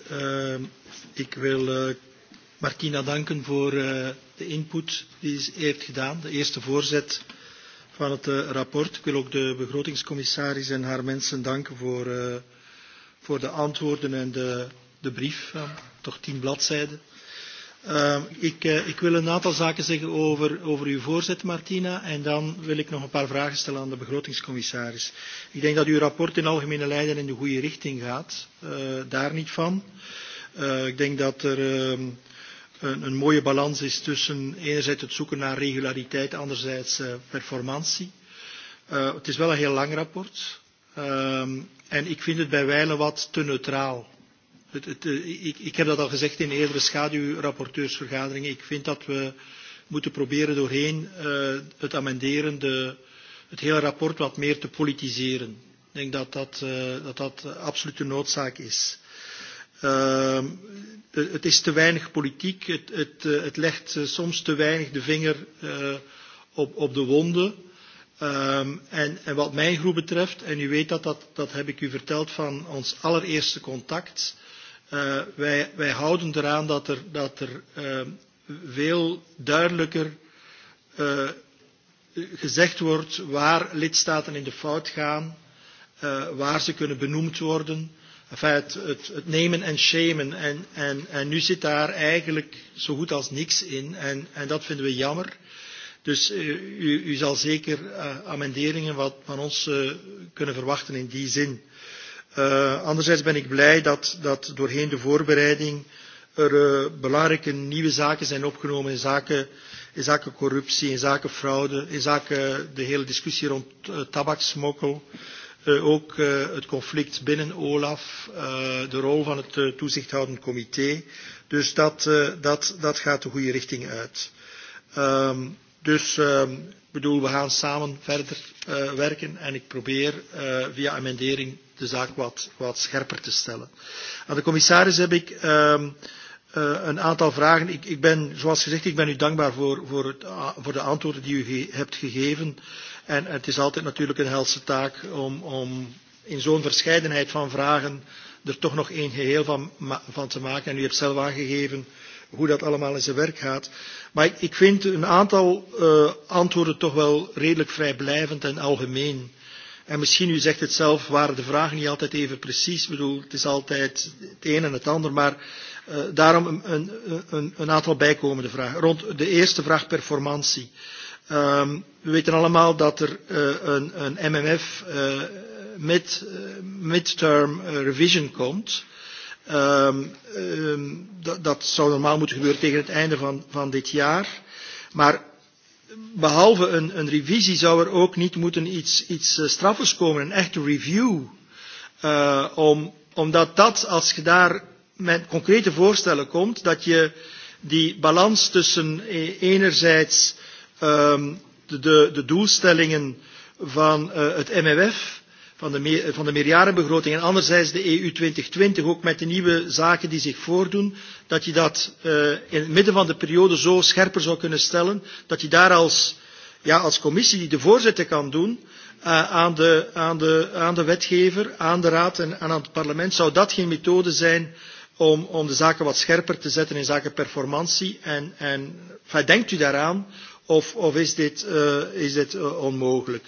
Speaker 16: Uh, ik wil uh, Martina danken voor uh, de input die ze heeft gedaan, de eerste voorzet van het uh, rapport. Ik wil ook de begrotingscommissaris en haar mensen danken voor, uh, voor de antwoorden en de, de brief. Uh, toch tien bladzijden. Uh, ik, uh, ik wil een aantal zaken zeggen over, over uw voorzet, Martina. En dan wil ik nog een paar vragen stellen aan de begrotingscommissaris. Ik denk dat uw rapport in algemene lijnen in de goede richting gaat. Uh, daar niet van. Uh, ik denk dat er... Uh, een, een mooie balans is tussen enerzijds het zoeken naar regulariteit, anderzijds uh, performantie. Uh, het is wel een heel lang rapport. Uh, en ik vind het bij wijlen wat te neutraal. Het, het, eh, ik, ik heb dat al gezegd in eerdere schaduwrapporteursvergaderingen. Ik vind dat we moeten proberen doorheen uh, het amenderen, de, het hele rapport wat meer te politiseren. Ik denk dat dat, uh, dat, dat absolute noodzaak is. Uh, het is te weinig politiek, het, het, eh, het legt eh, soms te weinig de vinger uh, op, op de wonden. Um, en, en wat mijn groep betreft, en u weet dat, dat, dat heb ik u verteld van ons allereerste contact, uh, wij, wij houden eraan dat er, dat er uh, veel duidelijker uh, gezegd wordt waar lidstaten in de fout gaan, uh, waar ze kunnen benoemd worden enfin het, het, het nemen en shamen. En, en, en nu zit daar eigenlijk zo goed als niks in. En, en dat vinden we jammer. Dus uh, u, u zal zeker uh, amenderingen wat van ons uh, kunnen verwachten in die zin. Uh, anderzijds ben ik blij dat, dat doorheen de voorbereiding er uh, belangrijke nieuwe zaken zijn opgenomen in zaken, in zaken corruptie, in zaken fraude, in zaken de hele discussie rond uh, tabaksmokkel. Uh, Eh, ook eh, het conflict binnen OLAF, eh, de rol van het toezichthoudend comité. Dus dat, dat, dat gaat de goede richting uit. Um, dus um, bedoel, we gaan samen verder uh, werken en ik probeer uh, via amendering de zaak wat, wat scherper te stellen. Aan de commissaris heb ik um, uh, een aantal vragen. Ik, ik ben, zoals gezegd, ik ben u dankbaar voor, voor, het, voor de antwoorden die u ge hebt gegeven. Uh, En het is altijd natuurlijk een helse taak om, om in zo'n verscheidenheid van vragen er toch nog één geheel van, van te maken. En u hebt zelf aangegeven hoe dat allemaal in zijn werk gaat. Maar ik, ik vind een aantal uh, antwoorden toch wel redelijk vrijblijvend en algemeen. En misschien, u zegt het zelf, waren de vragen niet altijd even precies. Ik bedoel, het is altijd het een en het ander. Maar uh, daarom een, een, een, een aantal bijkomende vragen. Rond de eerste vraag performantie. Uh, Um, we weten allemaal dat er uh, een, een MMF uh, eh, mid, uh, midterm uh, revision komt. Um, um, dat, zou normaal moeten gebeuren tegen het einde van, van dit jaar. Maar behalve een, een revisie zou er ook niet moeten iets, iets uh, straffers komen, een echte review. Uh, om, omdat dat, als je daar met concrete voorstellen komt, dat je die balans tussen enerzijds um, de, de doelstellingen van uh, het MMF, van de, van de meerjarenbegroting en anderzijds de EU 2020, ook met de nieuwe zaken die zich voordoen, dat je dat uh, in het midden van de periode zo scherper zou kunnen stellen, dat je daar als, ja, als commissie die de voorzitter kan doen, uh, aan, de, aan, de, aan de wetgever, aan de raad en, en aan het parlement, zou dat geen methode zijn om, om de zaken wat scherper te zetten in zaken performantie? En, en denkt u daaraan Of, of is dit, uh, is dit uh, onmogelijk?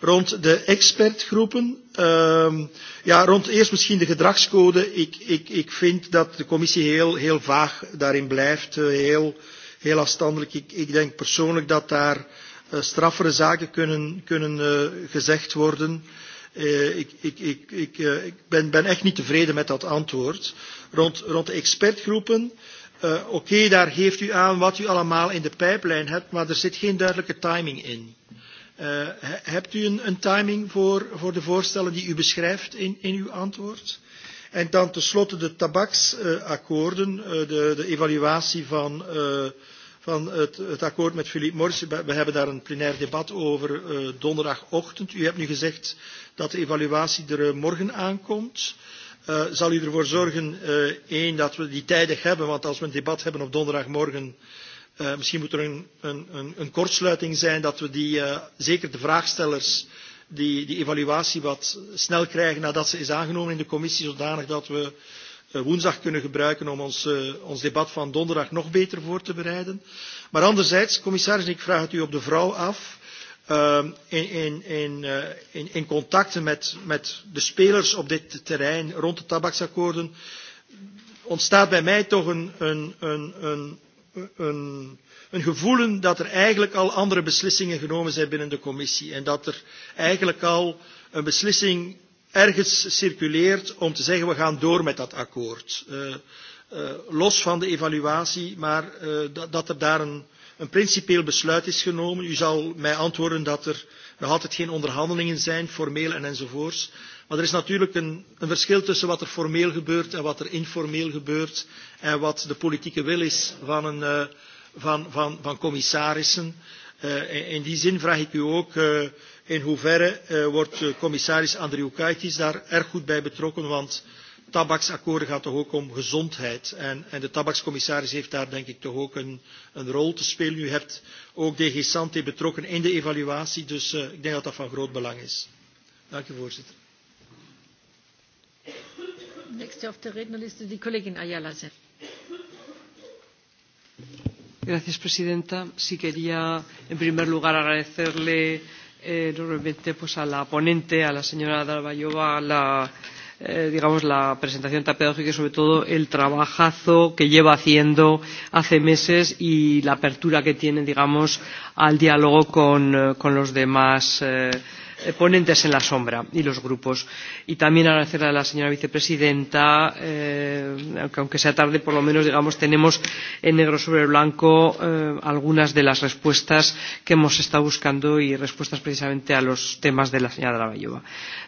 Speaker 16: Rond de expertgroepen, um, ja, rond eerst misschien de gedragscode. Ik, ik, ik vind dat de commissie heel, heel vaag daarin blijft, uh, heel, heel afstandelijk. Ik, ik denk persoonlijk dat daar uh, straffere zaken kunnen, kunnen uh, gezegd worden. Uh, ik, ik, ik, ik, uh, ik ben, ben echt niet tevreden met dat antwoord. Rond, rond de expertgroepen. Uh, uh, oké, okay, daar geeft u aan wat u allemaal in de pijplijn hebt, maar er zit geen duidelijke timing in. Uh, hebt u een, een timing voor, voor de voorstellen die u beschrijft in, in uw antwoord? En dan tenslotte de tabaksakkoorden, uh, de, de evaluatie van, uh, van het, het akkoord met Philippe Morris. We hebben daar een plenair debat over uh, donderdagochtend. U hebt nu gezegd dat de evaluatie er uh, morgen aankomt. Uh, Eh, zal u ervoor zorgen, uh, één, dat we die tijdig hebben, want als we een debat hebben op donderdagmorgen, uh, misschien moet er een, een, een, een kortsluiting zijn, dat we die, uh, zeker de vraagstellers, die, die evaluatie wat snel krijgen nadat ze is aangenomen in de commissie, zodanig dat we woensdag kunnen gebruiken om ons, uh, ons debat van donderdag nog beter voor te bereiden. Maar anderzijds, commissaris, ik vraag het u op de vrouw af. Ehm, in, in, in, uh, in, in contacten met, met de spelers op dit terrein rond de tabaksakkoorden ontstaat bij mij toch een, een, een, een, een, een dat er eigenlijk al andere beslissingen genomen zijn binnen de commissie en dat er eigenlijk al een beslissing ergens circuleert om te zeggen we gaan door met dat akkoord. Uh, uh, los van de evaluatie, maar uh, dat, dat er daar een, een principieel besluit is genomen. U zal mij antwoorden dat er nog altijd geen onderhandelingen zijn, formeel en enzovoorts. Maar er is natuurlijk een, een verschil tussen wat er formeel gebeurt en wat er informeel gebeurt en wat de politieke wil is van, een, uh, van, van, van commissarissen. Uh, in, in die zin vraag ik u ook uh, in hoeverre uh, wordt uh, commissaris Andriukaitis daar erg goed bij betrokken, want tabaksakkoorden gaat toch ook om gezondheid. En, en de tabakscommissaris heeft daar denk ik toch ook een, een rol te spelen. U hebt ook DG Sante betrokken in de evaluatie, dus uh, ik denk dat dat van groot belang is. Dank u voorzitter.
Speaker 1: Rednerliste Ayala
Speaker 14: Gracias, presidenta. Sí quería, en primer lugar, agradecerle eh, pues, a la ponente, a la señora la, Eh, digamos, la presentación tan pedagógica y sobre todo el trabajazo que lleva haciendo hace meses y la apertura que tiene, digamos, al diálogo con, eh, con los demás eh, Eh, ponentes en la sombra y los grupos. Y también agradecerle a la señora vicepresidenta, eh, aunque, aunque sea tarde, por lo menos digamos, tenemos en negro sobre blanco eh, algunas de las respuestas que hemos estado buscando y respuestas precisamente a los temas de la señora Dravallova.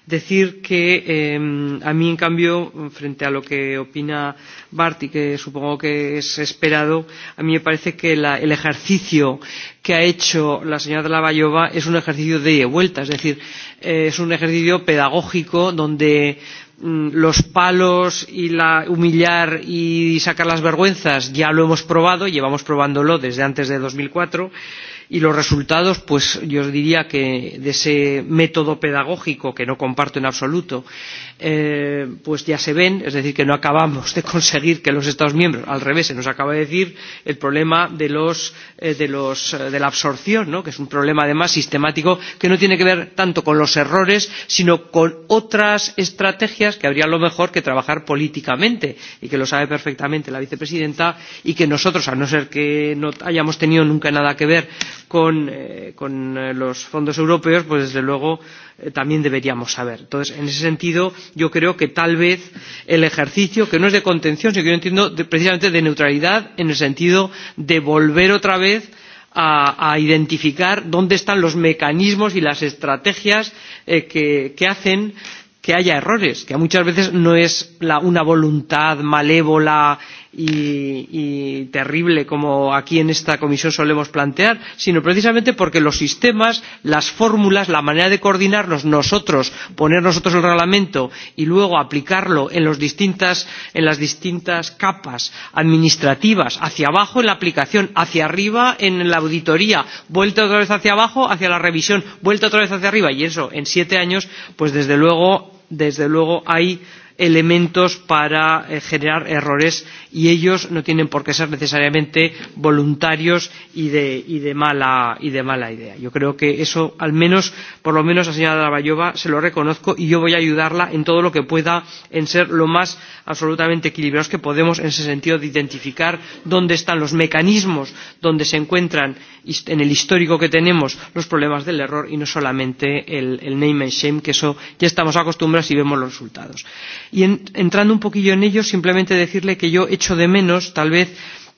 Speaker 14: Decir que eh, a mí, en cambio, frente a lo que opina Bart y que supongo que es esperado, a mí me parece que la, el ejercicio que ha hecho la señora Dravallova es un ejercicio de vuelta, es decir, eh, es un ejercicio pedagógico donde mm, los palos y la humillar y sacar las vergüenzas ya lo hemos probado, llevamos probándolo desde antes de 2004 y los resultados pues yo diría que de ese método pedagógico que no comparto en absoluto eh, pues ya se ven es decir que no acabamos de conseguir que los estados miembros al revés se nos acaba de decir el problema de los eh, de los eh, de la absorción ¿no? que es un problema además sistemático que no tiene que ver tanto con los errores sino con otras estrategias que habría a lo mejor que trabajar políticamente y que lo sabe perfectamente la vicepresidenta y que nosotros a no ser que no hayamos tenido nunca nada que ver con, eh, con eh, los fondos europeos, pues desde luego eh, también deberíamos saber. Entonces, en ese sentido, yo creo que tal vez el ejercicio, que no es de contención, sino que yo entiendo de, precisamente de neutralidad, en el sentido de volver otra vez a, a identificar dónde están los mecanismos y las estrategias eh, que, que hacen que haya errores, que muchas veces no es la, una voluntad malévola y, y terrible como aquí en esta comisión solemos plantear, sino precisamente porque los sistemas, las fórmulas, la manera de coordinarnos nosotros, poner nosotros el reglamento y luego aplicarlo en, los distintas, en las distintas capas administrativas, hacia abajo en la aplicación, hacia arriba en la auditoría, vuelta otra vez hacia abajo, hacia la revisión, vuelta otra vez hacia arriba y eso en siete años, pues desde luego, desde luego hay elementos para eh, generar errores y ellos no tienen por qué ser necesariamente voluntarios y de, y de, mala, y de mala idea. Yo creo que eso, al menos, por lo menos a la señora Dravallova se lo reconozco y yo voy a ayudarla en todo lo que pueda en ser lo más absolutamente equilibrados que podemos en ese sentido de identificar dónde están los mecanismos donde se encuentran en el histórico que tenemos los problemas del error y no solamente el, el name and shame, que eso ya estamos acostumbrados y vemos los resultados. Y entrando un poquillo en ello, simplemente decirle que yo echo de menos, tal vez,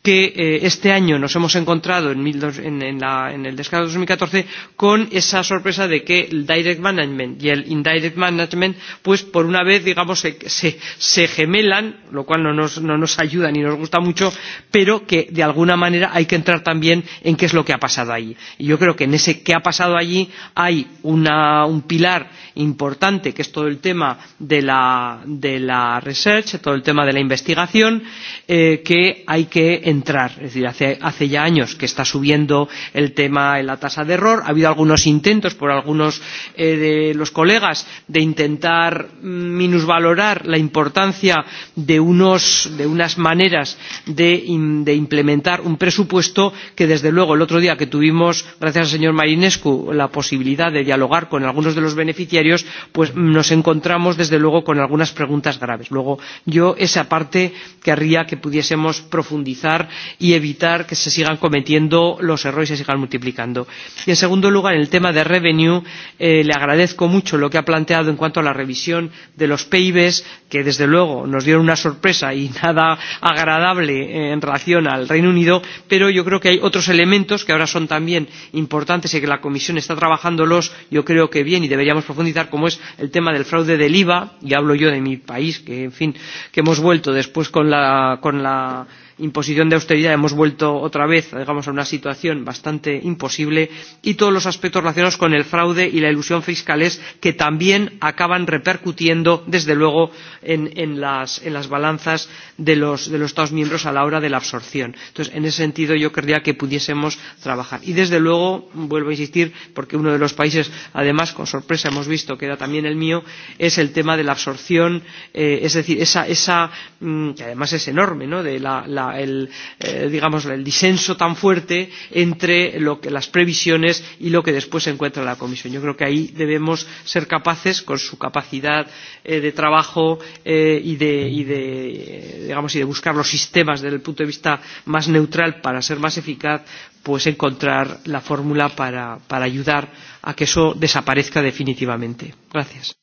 Speaker 14: que eh, este año nos hemos encontrado en, mil dos, en, en, la, en el descargo de 2014 con esa sorpresa de que el direct management y el indirect management pues por una vez digamos se, se, se gemelan lo cual no nos, no nos ayuda ni nos gusta mucho pero que de alguna manera hay que entrar también en qué es lo que ha pasado allí y yo creo que en ese qué ha pasado allí hay una, un pilar importante que es todo el tema de la, de la research todo el tema de la investigación eh, que hay que entrar. Es decir, hace, hace ya años que está subiendo el tema en la tasa de error. Ha habido algunos intentos por algunos eh, de los colegas de intentar minusvalorar la importancia de, unos, de unas maneras de, de implementar un presupuesto que, desde luego, el otro día que tuvimos, gracias al señor Marinescu, la posibilidad de dialogar con algunos de los beneficiarios, pues nos encontramos, desde luego, con algunas preguntas graves. Luego, yo esa parte querría que pudiésemos profundizar y evitar que se sigan cometiendo los errores y se sigan multiplicando. Y en segundo lugar, en el tema de revenue, eh, le agradezco mucho lo que ha planteado en cuanto a la revisión de los PIB, que desde luego nos dieron una sorpresa y nada agradable eh, en relación al Reino Unido, pero yo creo que hay otros elementos que ahora son también importantes y que la Comisión está trabajándolos, yo creo que bien y deberíamos profundizar, como es el tema del fraude del IVA, y hablo yo de mi país, que en fin, que hemos vuelto después con la, con la imposición de austeridad hemos vuelto otra vez digamos, a una situación bastante imposible y todos los aspectos relacionados con el fraude y la elusión fiscales que también acaban repercutiendo desde luego en, en, las, en las balanzas de los, de los estados miembros a la hora de la absorción. entonces en ese sentido yo querría que pudiésemos trabajar. y desde luego vuelvo a insistir porque uno de los países además con sorpresa hemos visto que era también el mío es el tema de la absorción eh, es decir esa, esa, mm, que además es enorme ¿no? de la, la la, el, eh, digamos, el disenso tan fuerte entre lo que, las previsiones y lo que después encuentra la Comisión. Yo creo que ahí debemos ser capaces, con su capacidad eh, de trabajo eh, y, de, y, de, eh, digamos, y de buscar los sistemas desde el punto de vista más neutral para ser más eficaz, pues encontrar la fórmula para, para ayudar a que eso desaparezca definitivamente. Gracias.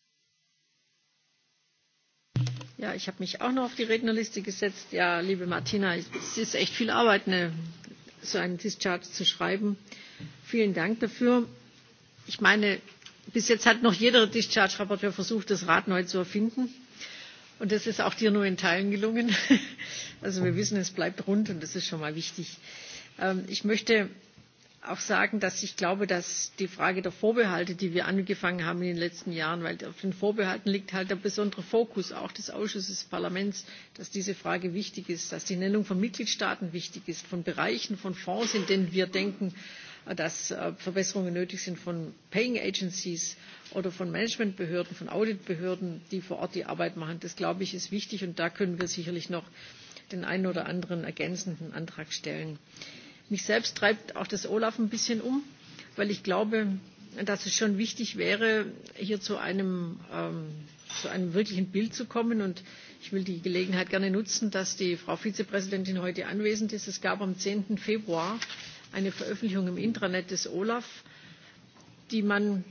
Speaker 1: Ja, ich habe mich auch noch auf die Rednerliste gesetzt. Ja, liebe Martina, es ist echt viel Arbeit, eine, so einen Discharge zu schreiben. Vielen Dank dafür. Ich meine, bis jetzt hat noch jeder Discharge Rapporteur versucht, das Rad neu zu erfinden. Und das ist auch dir nur in Teilen gelungen. [laughs] Also wir wissen, es bleibt rund und das ist schon mal wichtig. Ähm, ich möchte auch sagen, dass ich glaube, dass die Frage der Vorbehalte, die wir angefangen haben in den letzten Jahren, weil auf den Vorbehalten liegt halt der besondere Fokus auch des Ausschusses des Parlaments, dass diese Frage wichtig ist, dass die Nennung von Mitgliedstaaten wichtig ist, von Bereichen, von Fonds, in denen wir denken, äh, dass äh, Verbesserungen nötig sind von Paying Agencies oder von Managementbehörden, von Auditbehörden, die vor Ort die Arbeit machen. Das, glaube ich, ist wichtig und da können wir sicherlich noch den einen oder anderen ergänzenden Antrag stellen. Mich selbst treibt auch das Olaf ein bisschen um, weil ich glaube, dass es schon wichtig wäre, hier zu einem, ähm, zu einem wirklichen Bild zu kommen. Und ich will die Gelegenheit gerne nutzen, dass die Frau Vizepräsidentin heute anwesend ist. Es gab am 10. Februar eine Veröffentlichung im Intranet des Olaf, die man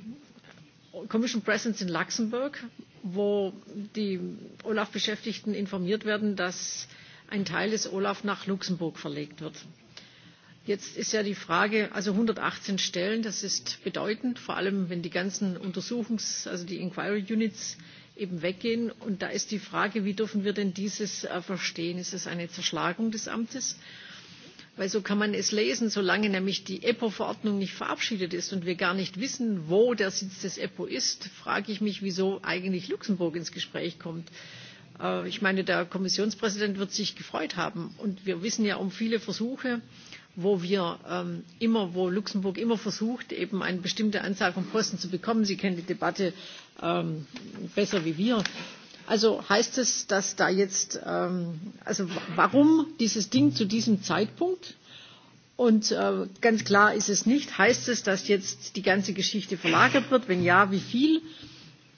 Speaker 1: Commission Presence in Luxemburg, wo die Olaf-Beschäftigten informiert werden, dass ein Teil des Olaf nach Luxemburg verlegt wird. Jetzt ist ja die Frage, also 118 Stellen, das ist bedeutend, vor allem wenn die ganzen Untersuchungs-, also die Inquiry Units eben weggehen. Und da ist die Frage, wie dürfen wir denn dieses äh, verstehen? Ist es eine Zerschlagung des Amtes? Weil so kann man es lesen, solange nämlich die EPO-Verordnung nicht verabschiedet ist und wir gar nicht wissen, wo der Sitz des EPO ist, frage ich mich, wieso eigentlich Luxemburg ins Gespräch kommt. Äh, ich meine, der Kommissionspräsident wird sich gefreut haben. Und wir wissen ja um viele Versuche, wo wir ähm, immer, wo Luxemburg immer versucht, eben eine bestimmte Anzahl von Posten zu bekommen. Sie kennen die Debatte ähm, besser wie wir. Also heißt es, dass da jetzt, ähm, also warum dieses Ding zu diesem Zeitpunkt? Und äh, ganz klar ist es nicht. Heißt es, dass jetzt die ganze Geschichte verlagert wird? Wenn ja, wie viel?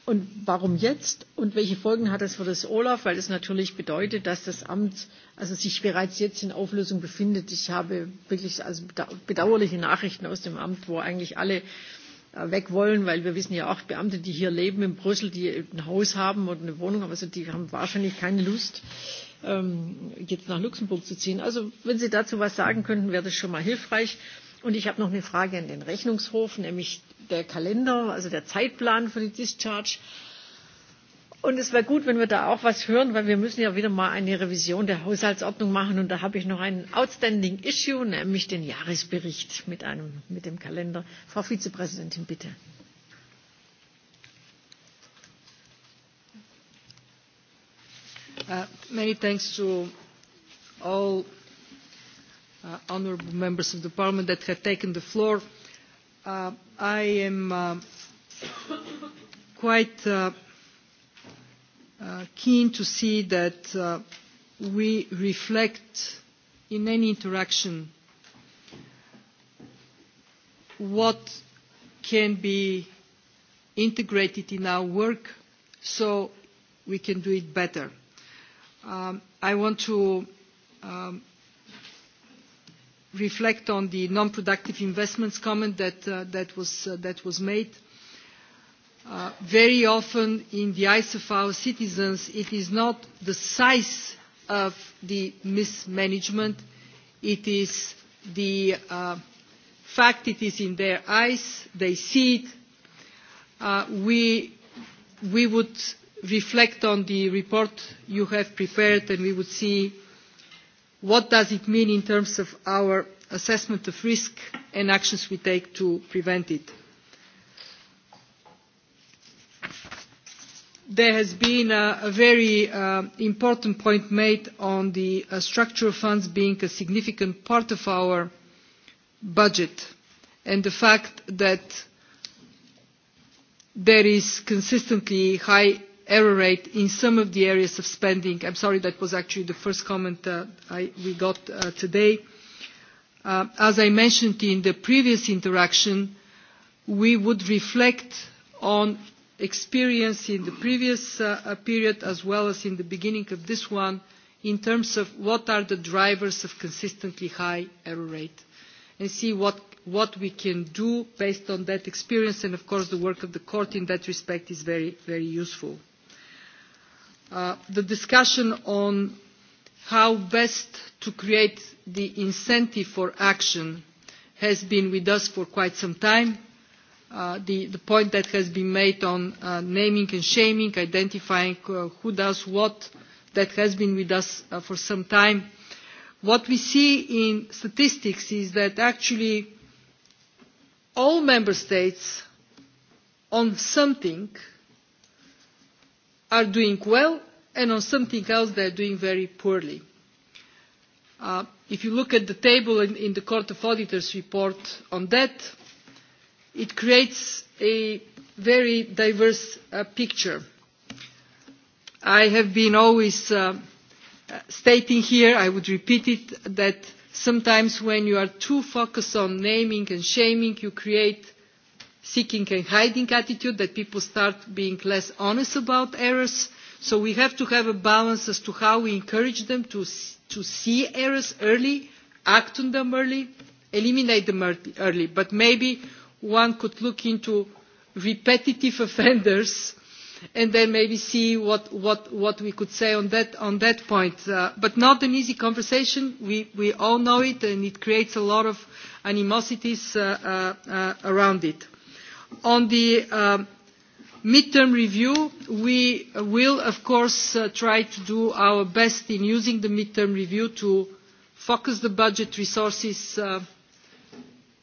Speaker 1: Und warum jetzt und welche Folgen hat das für das Olaf? Weil es natürlich bedeutet, dass das Amt also sich bereits jetzt in Auflösung befindet. Ich habe wirklich also bedauerliche Nachrichten aus dem Amt, wo eigentlich alle äh, weg wollen, weil wir wissen ja auch, Beamte, die hier leben in Brüssel, die ein Haus haben oder eine Wohnung, also die haben wahrscheinlich keine Lust, ähm, jetzt nach Luxemburg zu ziehen. Also wenn Sie dazu was sagen könnten, wäre das schon mal hilfreich. Und ich habe noch eine Frage an den Rechnungshof, nämlich der Kalender, also der Zeitplan für die Discharge. Und es wäre gut, wenn wir da auch was hören, weil wir müssen ja wieder mal eine Revision der Haushaltsordnung machen. Und da habe ich noch ein outstanding issue, nämlich den Jahresbericht mit, einem, mit dem Kalender. Frau
Speaker 3: Vizepräsidentin, bitte. Uh, many thanks to all uh, honourable members of the Parliament that have taken the floor. Uh, I am uh, quite uh, uh, keen to see that uh, we reflect in any interaction what can be integrated in our work so we can do it better. Um, I want to um, reflect on the non-productive investments comment that, uh, that, was, uh, that was made. Uh, very often in the eyes of our citizens, it is not the size of the mismanagement, it is the uh, fact it is in their eyes, they see it. Uh, we, we would reflect on the report you have prepared and we would see what does it mean in terms of our assessment of risk and actions we take to prevent it. There has been a, a very uh, important point made on the uh, structural funds being a significant part of our budget and the fact that there is consistently high error rate in some of the areas of spending. I am sorry, that was actually the first comment uh, we got uh, today. Uh, as I mentioned in the previous interaction, we would reflect on experience in the previous period as well as in the beginning of this one in terms of what are the drivers of consistently high error rate and see what, what we can do based on that experience and of course the work of the court in that respect is very, very useful. Uh, the discussion on how best to create the incentive for action has been with us for quite some time. Uh, the, the point that has been made on uh, naming and shaming, identifying uh, who does what, that has been with us uh, for some time. What we see in statistics is that actually all member states on something uh, are doing well and on something else they are doing very poorly. Uh, if you look at the table in, in the Court of Auditors report on that, it creates a very diverse uh, picture. I have been always uh, stating here, I would repeat it, that sometimes when you are too focused on naming and shaming, you create seeking and hiding attitude that people start being less honest about errors. So we have to have a balance as to how we encourage them to, to see errors early, act on them early, eliminate them early. But maybe one could look into repetitive [laughs] offenders and then maybe see what, what, what we could say on that, on that point. Uh, but not an easy conversation. We, we all know it and it creates a lot of animosities uh, uh, uh, around it. On the mid uh, midterm review, we will, of course, uh, try to do our best in using the midterm review to focus the budget resources uh,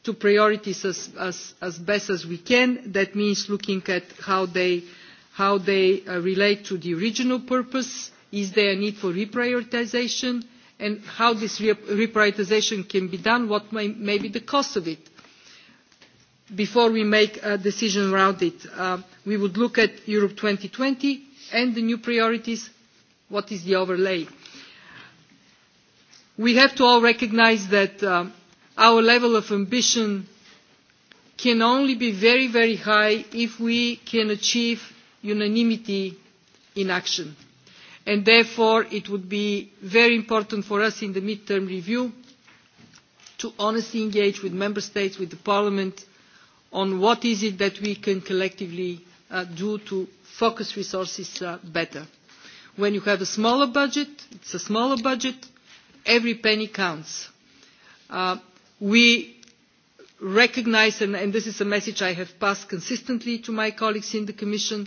Speaker 3: to priorities as, as, as best as we can. That means looking at how they, how they uh, relate to the original purpose, is there a need for reprioritisation, and how this re reprioritisation can be done, what may, may be the cost of it before we make a decision around it. Uh, we would look at Europe 2020 and the new priorities, what is the overlay. We have to all recognize that uh, our level of ambition can only be very, very high if we can achieve unanimity in action. And therefore, it would be very important for us in the midterm review to honestly engage with member states, with the parliament, on what is it that we can collectively uh, do to focus resources uh, better. When you have a smaller budget, it's a smaller budget, every penny counts. Uh, we recognise and, and this is a message I have passed consistently to my colleagues in the Commission,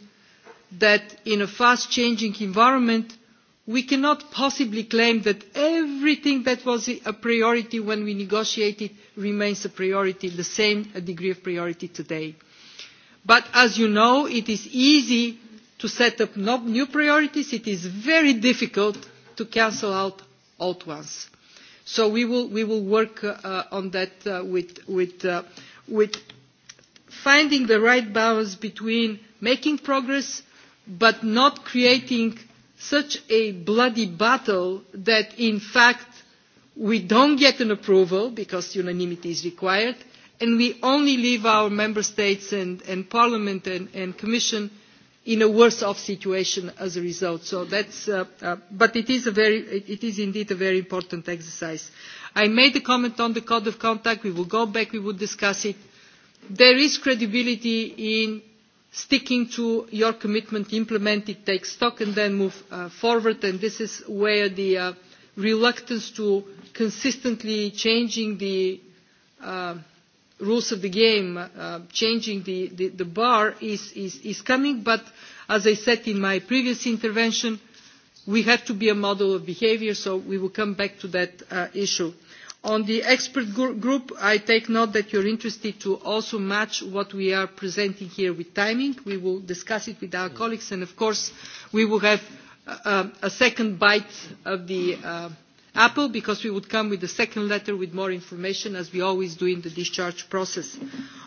Speaker 3: that in a fast changing environment, we cannot possibly claim that everything that was a priority when we negotiated remains a priority, the same degree of priority today. But as you know, it is easy to set up no, new priorities. It is very difficult to cancel out old ones. So we will, we will work uh, uh on that uh, with, with, uh, with finding the right balance between making progress but not creating such a bloody battle that in fact we don't get an approval because unanimity is required and we only leave our member states and, and parliament and, and commission in a worse off situation as a result. So that's, uh, uh, but it is, a very, it is indeed a very important exercise. I made a comment on the code of conduct. We will go back. We will discuss it. There is credibility in sticking to your commitment to implement it take stock and then move uh, forward and this is where the uh, reluctance to consistently changing the uh, rules of the game, uh, changing the, the, the bar is, is, is coming. But as I said in my previous intervention, we have to be a model of behavior, so we will come back to that uh, issue on the expert group i take note that you are interested to also match what we are presenting here with timing. we will discuss it with our mm. colleagues and of course we will have a, second bite of the uh, apple because we would come with a second letter with more information as we always do in the discharge process.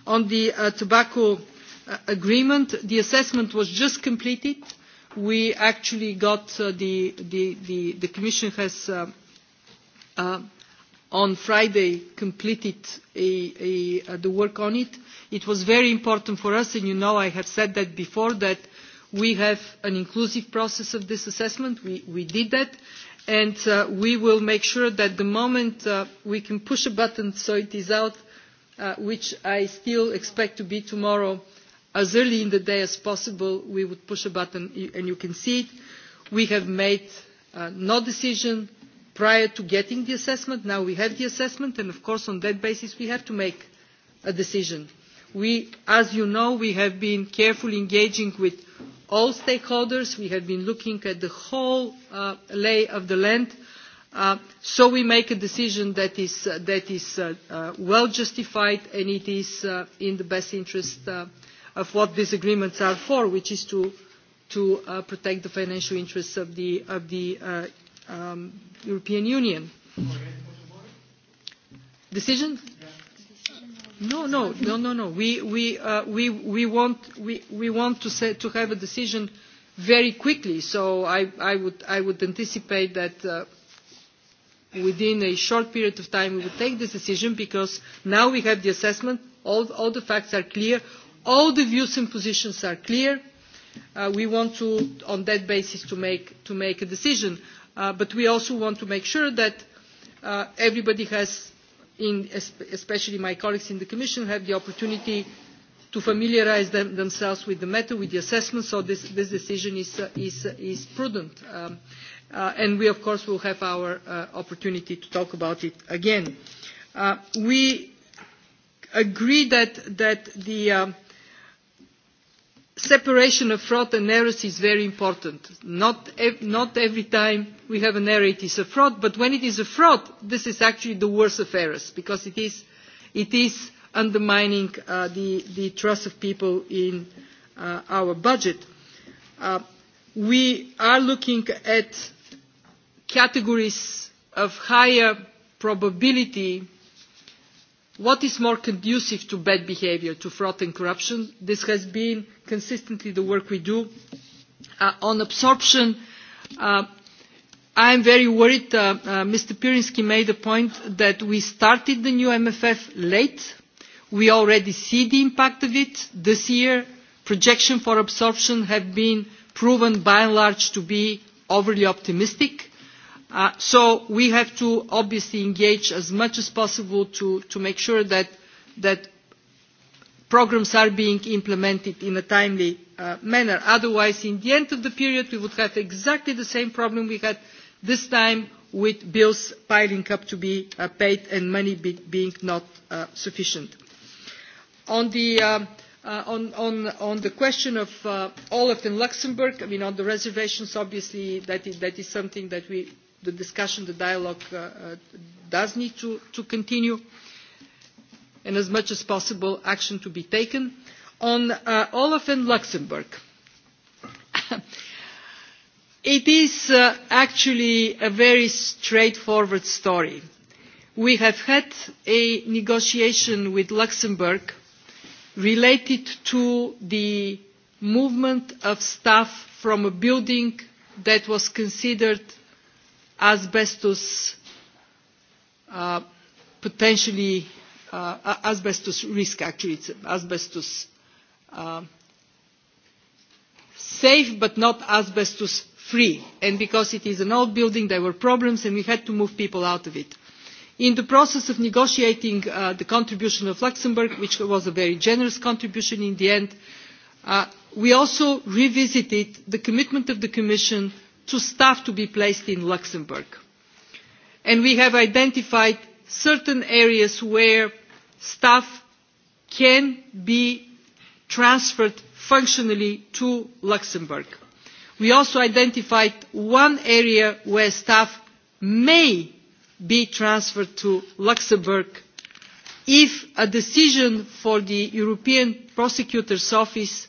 Speaker 3: on the uh, tobacco uh, agreement the assessment was just completed. we actually got the, the, the, the commission has on Friday completed a, a, uh, the work on it. It was very important for us, and you know I have said that before, that we have an inclusive process of this assessment. We, we did that. And uh, we will make sure that the moment uh, we can push a button so it is out, uh, which I still expect to be tomorrow, as early in the day as possible, we would push a button and you can see it. We have made uh, no decision prior to getting the assessment. Now we have the assessment, and of course on that basis we have to make a decision. We, as you know, we have been carefully engaging with all stakeholders. We have been looking at the whole uh, lay of the land. Uh, so we make a decision that is, uh, that is uh, uh, well justified and it is uh, in the best interest uh, of what these agreements are for, which is to, to uh, protect the financial interests of the, of the uh, um, European Union. Decision? No, no, no, no, no. We, we, uh, we, we want, we, we want to, say, to have a decision very quickly. So I, I, would, I would anticipate that uh, within a short period of time we will take this decision because now we have the assessment, all, all the facts are clear, all the views and positions are clear. Uh, we want to, on that basis, to make, to make a decision. Uh, but we also want to make sure that uh, everybody has, in, especially my colleagues in the Commission, have the opportunity to familiarise them, themselves with the matter, with the assessment, so this, this decision is, uh, is, uh, is prudent. Um, uh, and we, of course, will have our uh, opportunity to talk about it again. Uh, we agree that, that the... Uh, separation of fraud and errors is very important. Not, every time we have an error it is a fraud, but when it is a fraud, this is actually the worst of errors because it is, undermining uh, the, trust of people in uh, our budget. Uh, we are looking at categories of higher probability What is more conducive to bad behaviour, to fraud and corruption? This has been consistently the work we do. Uh, on absorption, uh, I am very worried. Uh, Mr. Pirinski made a point that we started the new MFF late. We already see the impact of it this year. Projections for absorption have been proven by and large to be overly optimistic Uh, so we have to obviously engage as much as possible to, to make sure that, that programs are being implemented in a timely uh, manner. Otherwise, in the end of the period, we would have exactly the same problem we had this time with bills piling up to be uh, paid and money be, being not uh, sufficient. On the, uh, uh, on, on, on the question of uh, Olaf and Luxembourg, I mean, on the reservations, obviously, that is, that is something that we the discussion, the dialogue uh, uh, does need to, to continue and as much as possible action to be taken. On uh, Olaf and Luxembourg, [laughs] it is uh, actually a very straightforward story. We have had a negotiation with Luxembourg related to the movement of staff from a building that was considered asbestos uh, potentially uh, asbestos risk actually it's asbestos uh, safe but not asbestos free and because it is an old building there were problems and we had to move people out of it in the process of negotiating uh, the contribution of luxembourg which was a very generous contribution in the end uh, we also revisited the commitment of the commission to staff to be placed in Luxembourg. And we have identified certain areas where staff can be transferred functionally to Luxembourg. We also identified one area where staff may be transferred to Luxembourg if a decision for the European Prosecutor's Office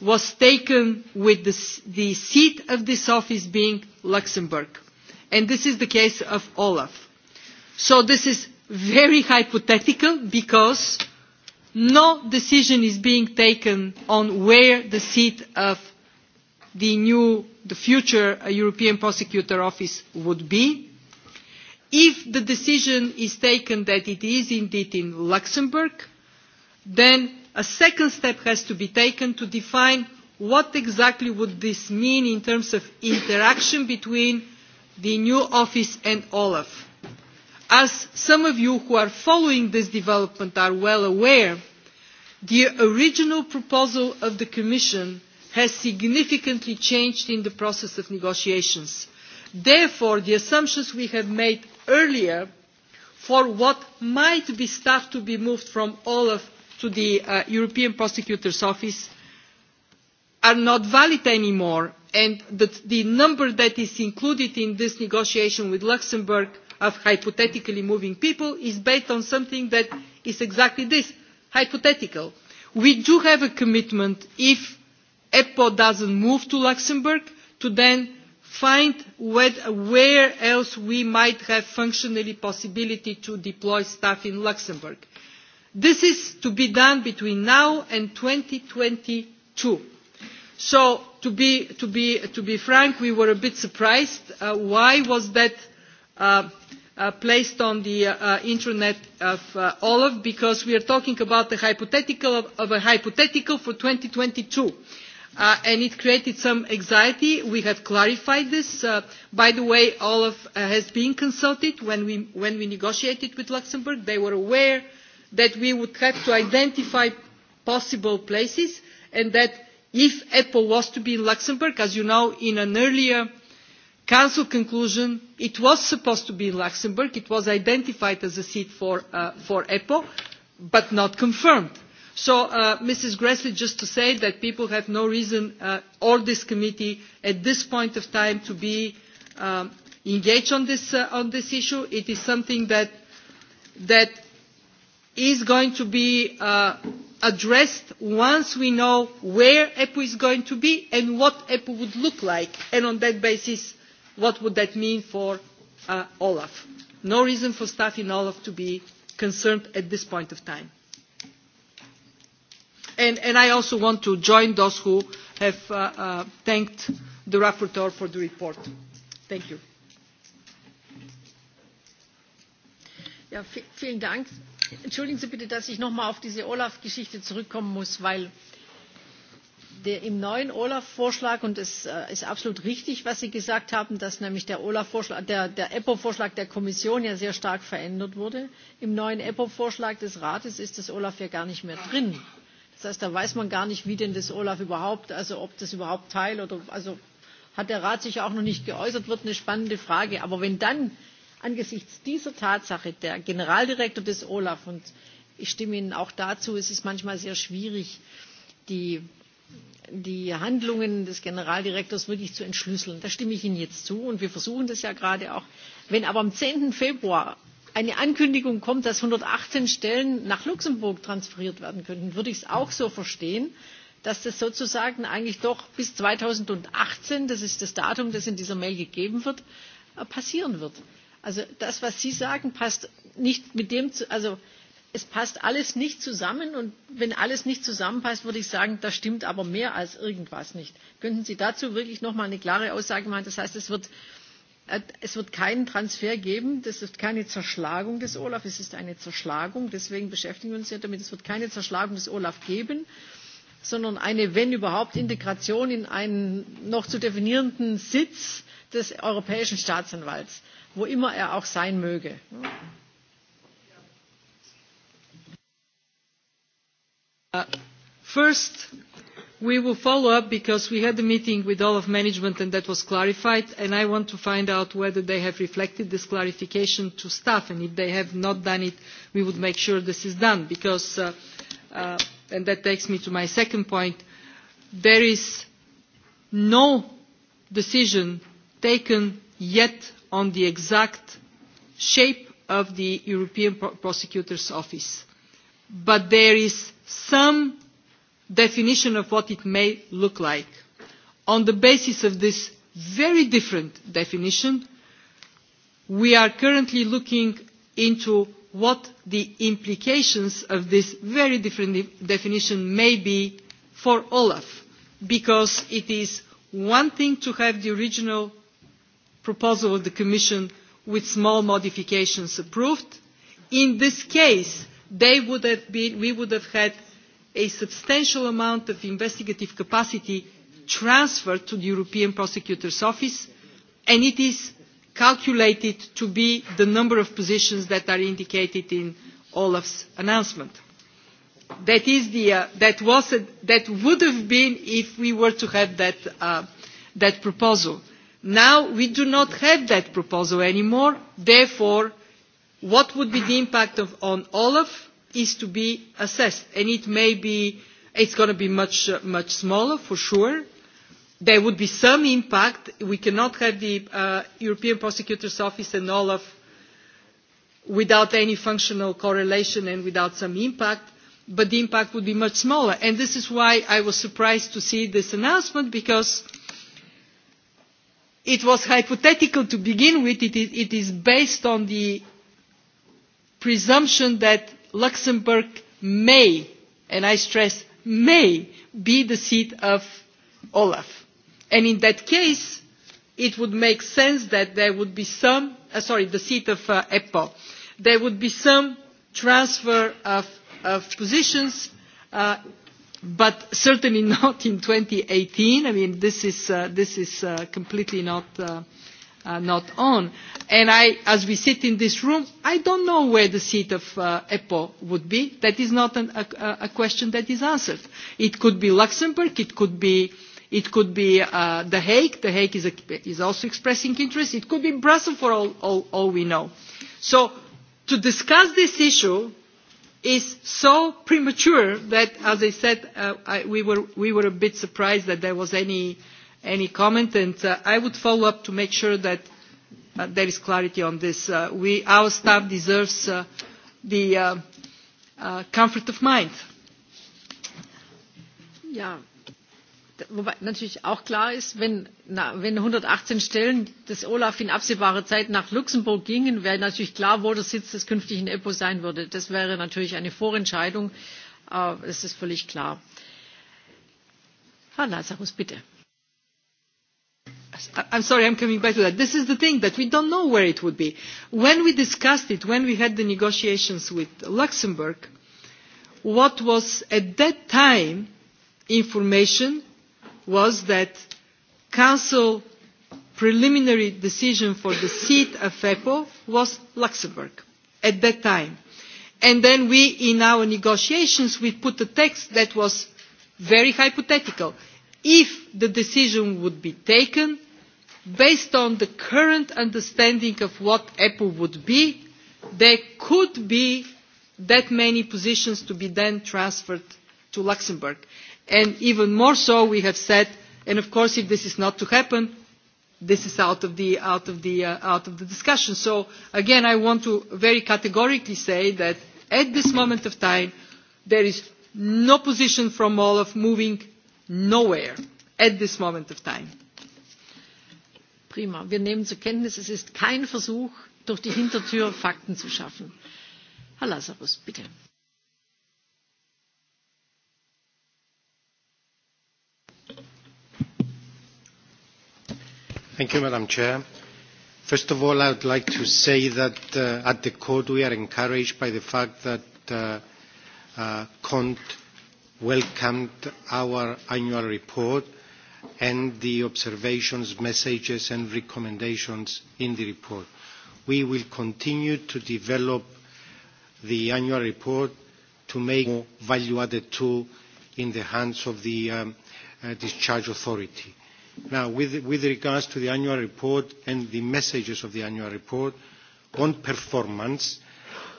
Speaker 3: was taken with the, the seat of this office being Luxembourg. And this is the case of Olaf. So this is very hypothetical because no decision is being taken on where the seat of the new, the future uh, European Prosecutor Office would be. If the decision is taken that it is indeed in Luxembourg, then a second step has to be taken to define what exactly would this mean in terms of interaction between the new office and olaf. as some of you who are following this development are well aware the original proposal of the commission has significantly changed in the process of negotiations. therefore the assumptions we have made earlier for what might be staff to be moved from olaf to the uh, European Prosecutor's Office are not valid anymore and that the number that is included in this negotiation with Luxembourg of hypothetically moving people is based on something that is exactly this, hypothetical. We do have a commitment if EPO doesn't move to Luxembourg to then find where else we might have functionally possibility to deploy staff in Luxembourg This is to be done between now and twenty two. So to be, to, be, to be frank, we were a bit surprised. Uh, why was that uh, uh, placed on the uh, uh intranet of uh, Olaf? Because we are talking about the hypothetical of, of a hypothetical for 2022. Uh, and it created some anxiety. We have clarified this. Uh, by the way, Olaf uh, has been consulted when we, when we negotiated with Luxembourg. They were aware that we would have to identify possible places and that if Apple was to be in Luxembourg, as you know, in an earlier council conclusion, it was supposed to be in Luxembourg. It was identified as a seat for, uh, for EPO, but not confirmed. So, uh, Mrs. just to say that people have no reason, uh, or this committee, at this point of time, to be um, engaged on this, uh, on this issue. It is something that, that is going to be uh, addressed once we know where EPU is going to be and what EPU would look like, and on that basis, what would that mean for uh, Olaf. No reason for staff in Olaf to be concerned at this point of time. And, and I also want to join those who have uh, uh, thanked the rapporteur for the report. Thank you.
Speaker 1: Ja, vielen Dank entschuldigen sie bitte dass ich noch einmal auf diese olaf geschichte zurückkommen muss weil im neuen olaf vorschlag und es äh, ist absolut richtig was sie gesagt haben dass nämlich der vorschlag der, der eppo vorschlag der kommission ja sehr stark verändert wurde im neuen eppo vorschlag des rates ist das olaf ja gar nicht mehr drin. das heißt da weiß man gar nicht wie denn das olaf überhaupt also ob das überhaupt teil oder also hat der rat sich auch noch nicht geäußert wird eine spannende frage. aber wenn dann angesichts dieser Tatsache, der Generaldirektor des Olaf, und ich stimme Ihnen auch dazu, es ist manchmal sehr schwierig, die, die Handlungen des Generaldirektors wirklich zu entschlüsseln. Da stimme ich Ihnen jetzt zu und wir versuchen das ja gerade auch. Wenn aber am 10. Februar eine Ankündigung kommt, dass 118 Stellen nach Luxemburg transferiert werden könnten, würde ich es auch so verstehen, dass das sozusagen eigentlich doch bis 2018, das ist das Datum, das in dieser Mail gegeben wird, äh, passieren wird. Also das, was Sie sagen, passt nicht mit dem zu, also es passt alles nicht zusammen und wenn alles nicht zusammenpasst, würde ich sagen, da stimmt aber mehr als irgendwas nicht. Könnten Sie dazu wirklich noch mal eine klare Aussage machen? Das heißt, es wird, äh, es wird keinen Transfer geben, das wird keine Zerschlagung des Olaf, es ist eine Zerschlagung, deswegen beschäftigen wir uns ja damit, es wird keine Zerschlagung des Olaf geben, sondern eine, wenn überhaupt, Integration in einen noch zu definierenden Sitz des europäischen Staatsanwalts wo immer er auch sein möge.
Speaker 3: Uh, first, we will follow up because we had a meeting with all of management and that was clarified and i want to find out whether they have reflected this clarification to staff and if they have not done it we would make sure this is done because uh, uh, and that takes me to my second point there is no decision taken yet on the exact shape of the European Prosecutor's Office. But there is some definition of what it may look like. On the basis of this very different definition, we are currently looking into what the implications of this very different definition may be for Olaf, because it is one thing to have the original proposal of the Commission with small modifications approved. In this case, they would have been, we would have had a substantial amount of investigative capacity transferred to the European Prosecutor's Office, and it is calculated to be the number of positions that are indicated in Olaf's announcement. That, is the, uh, that, was a, that would have been if we were to have that, uh, that proposal. Now we do not have that proposal anymore. Therefore, what would be the impact of, on Olaf is to be assessed. And it may be, it's going to be much, uh, much smaller for sure. There would be some impact. We cannot have the uh, European Prosecutor's Office and Olaf without any functional correlation and without some impact but the impact would be much smaller. And this is why I was surprised to see this announcement because It was hypothetical to begin with. It is, it is based on the presumption that Luxembourg may, and I stress may, be the seat of Olaf. And in that case, it would make sense that there would be some, uh, sorry, the seat of uh, EPO, there would be some transfer of, of positions uh, but certainly [laughs] not in 2018. I mean, this is, uh, this is uh, completely not, uh, uh, not on. And I, as we sit in this room, I don't know where the seat of uh, EPO would be. That is not an, a, a question that is answered. It could be Luxembourg, it could be It could be uh, The Hague. The Hague is, a, is also expressing interest. It could be Brussels for all, all, all we know. So to discuss this issue is so premature that, as I said, uh, I, we, were, we were a bit surprised that there was any, any comment, and uh, I would follow up to make sure that uh, there is clarity on this. Uh, we, our staff deserves uh, the uh, uh, comfort of mind.
Speaker 1: Yeah wobei natürlich auch klar ist, wenn, na, wenn 118 Stellen des Olaf in absehbarer Zeit nach Luxemburg gingen, wäre natürlich klar, wo der Sitz des künftigen EPO sein würde. Das wäre natürlich eine Vorentscheidung. Äh, das ist völlig klar.
Speaker 3: Herr Lazarus, bitte. I'm sorry, I'm coming back to that. This is the thing that we don't know where it would be. When we discussed it, when we had the negotiations with Luxembourg, what was at that time information was that council preliminary decision for the seat of EPO was Luxembourg at that time. And then we, in our negotiations, we put a text that was very hypothetical. If the decision would be taken, based on the current understanding of what apple would be there could be that many positions to be then transferred to luxembourg and even more so we have said and of course if this is not to happen this is out of the out of the uh, out of the discussion so again i want to very categorically say that at this moment of time there is no position from olaf moving nowhere at this moment of time
Speaker 1: prima wir nehmen zur kenntnis es ist kein versuch durch die hintertür fakten zu schaffen herr lazarou bitte
Speaker 5: Thank you, Madam Chair. First of all, I would like to say that uh, at the court we are encouraged by the fact that uh, uh, CONT welcomed our annual report and the observations, messages and recommendations in the report. We will continue to develop the annual report to make more value added tool in the hands of the um, uh, discharge authority. Now, with, with regards to the annual report and the messages of the annual report on performance,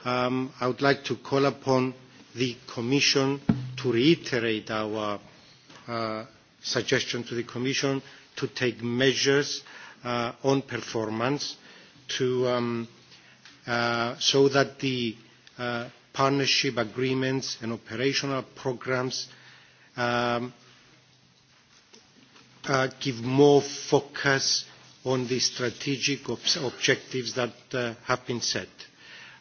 Speaker 5: um, I would like to call upon the Commission to reiterate our uh, suggestion to the Commission to take measures uh, on performance to, um, uh, so that the uh, partnership agreements and operational programs um, Uh, give more focus on the strategic ob objectives that uh, have been set.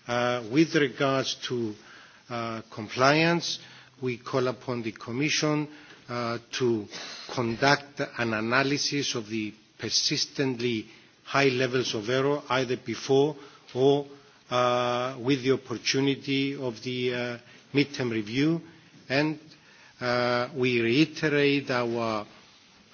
Speaker 5: Uh, with regards to uh, compliance, we call upon the Commission uh, to conduct an analysis of the persistently high levels of error either before or uh, with the opportunity of the uh, midterm review and uh, we reiterate our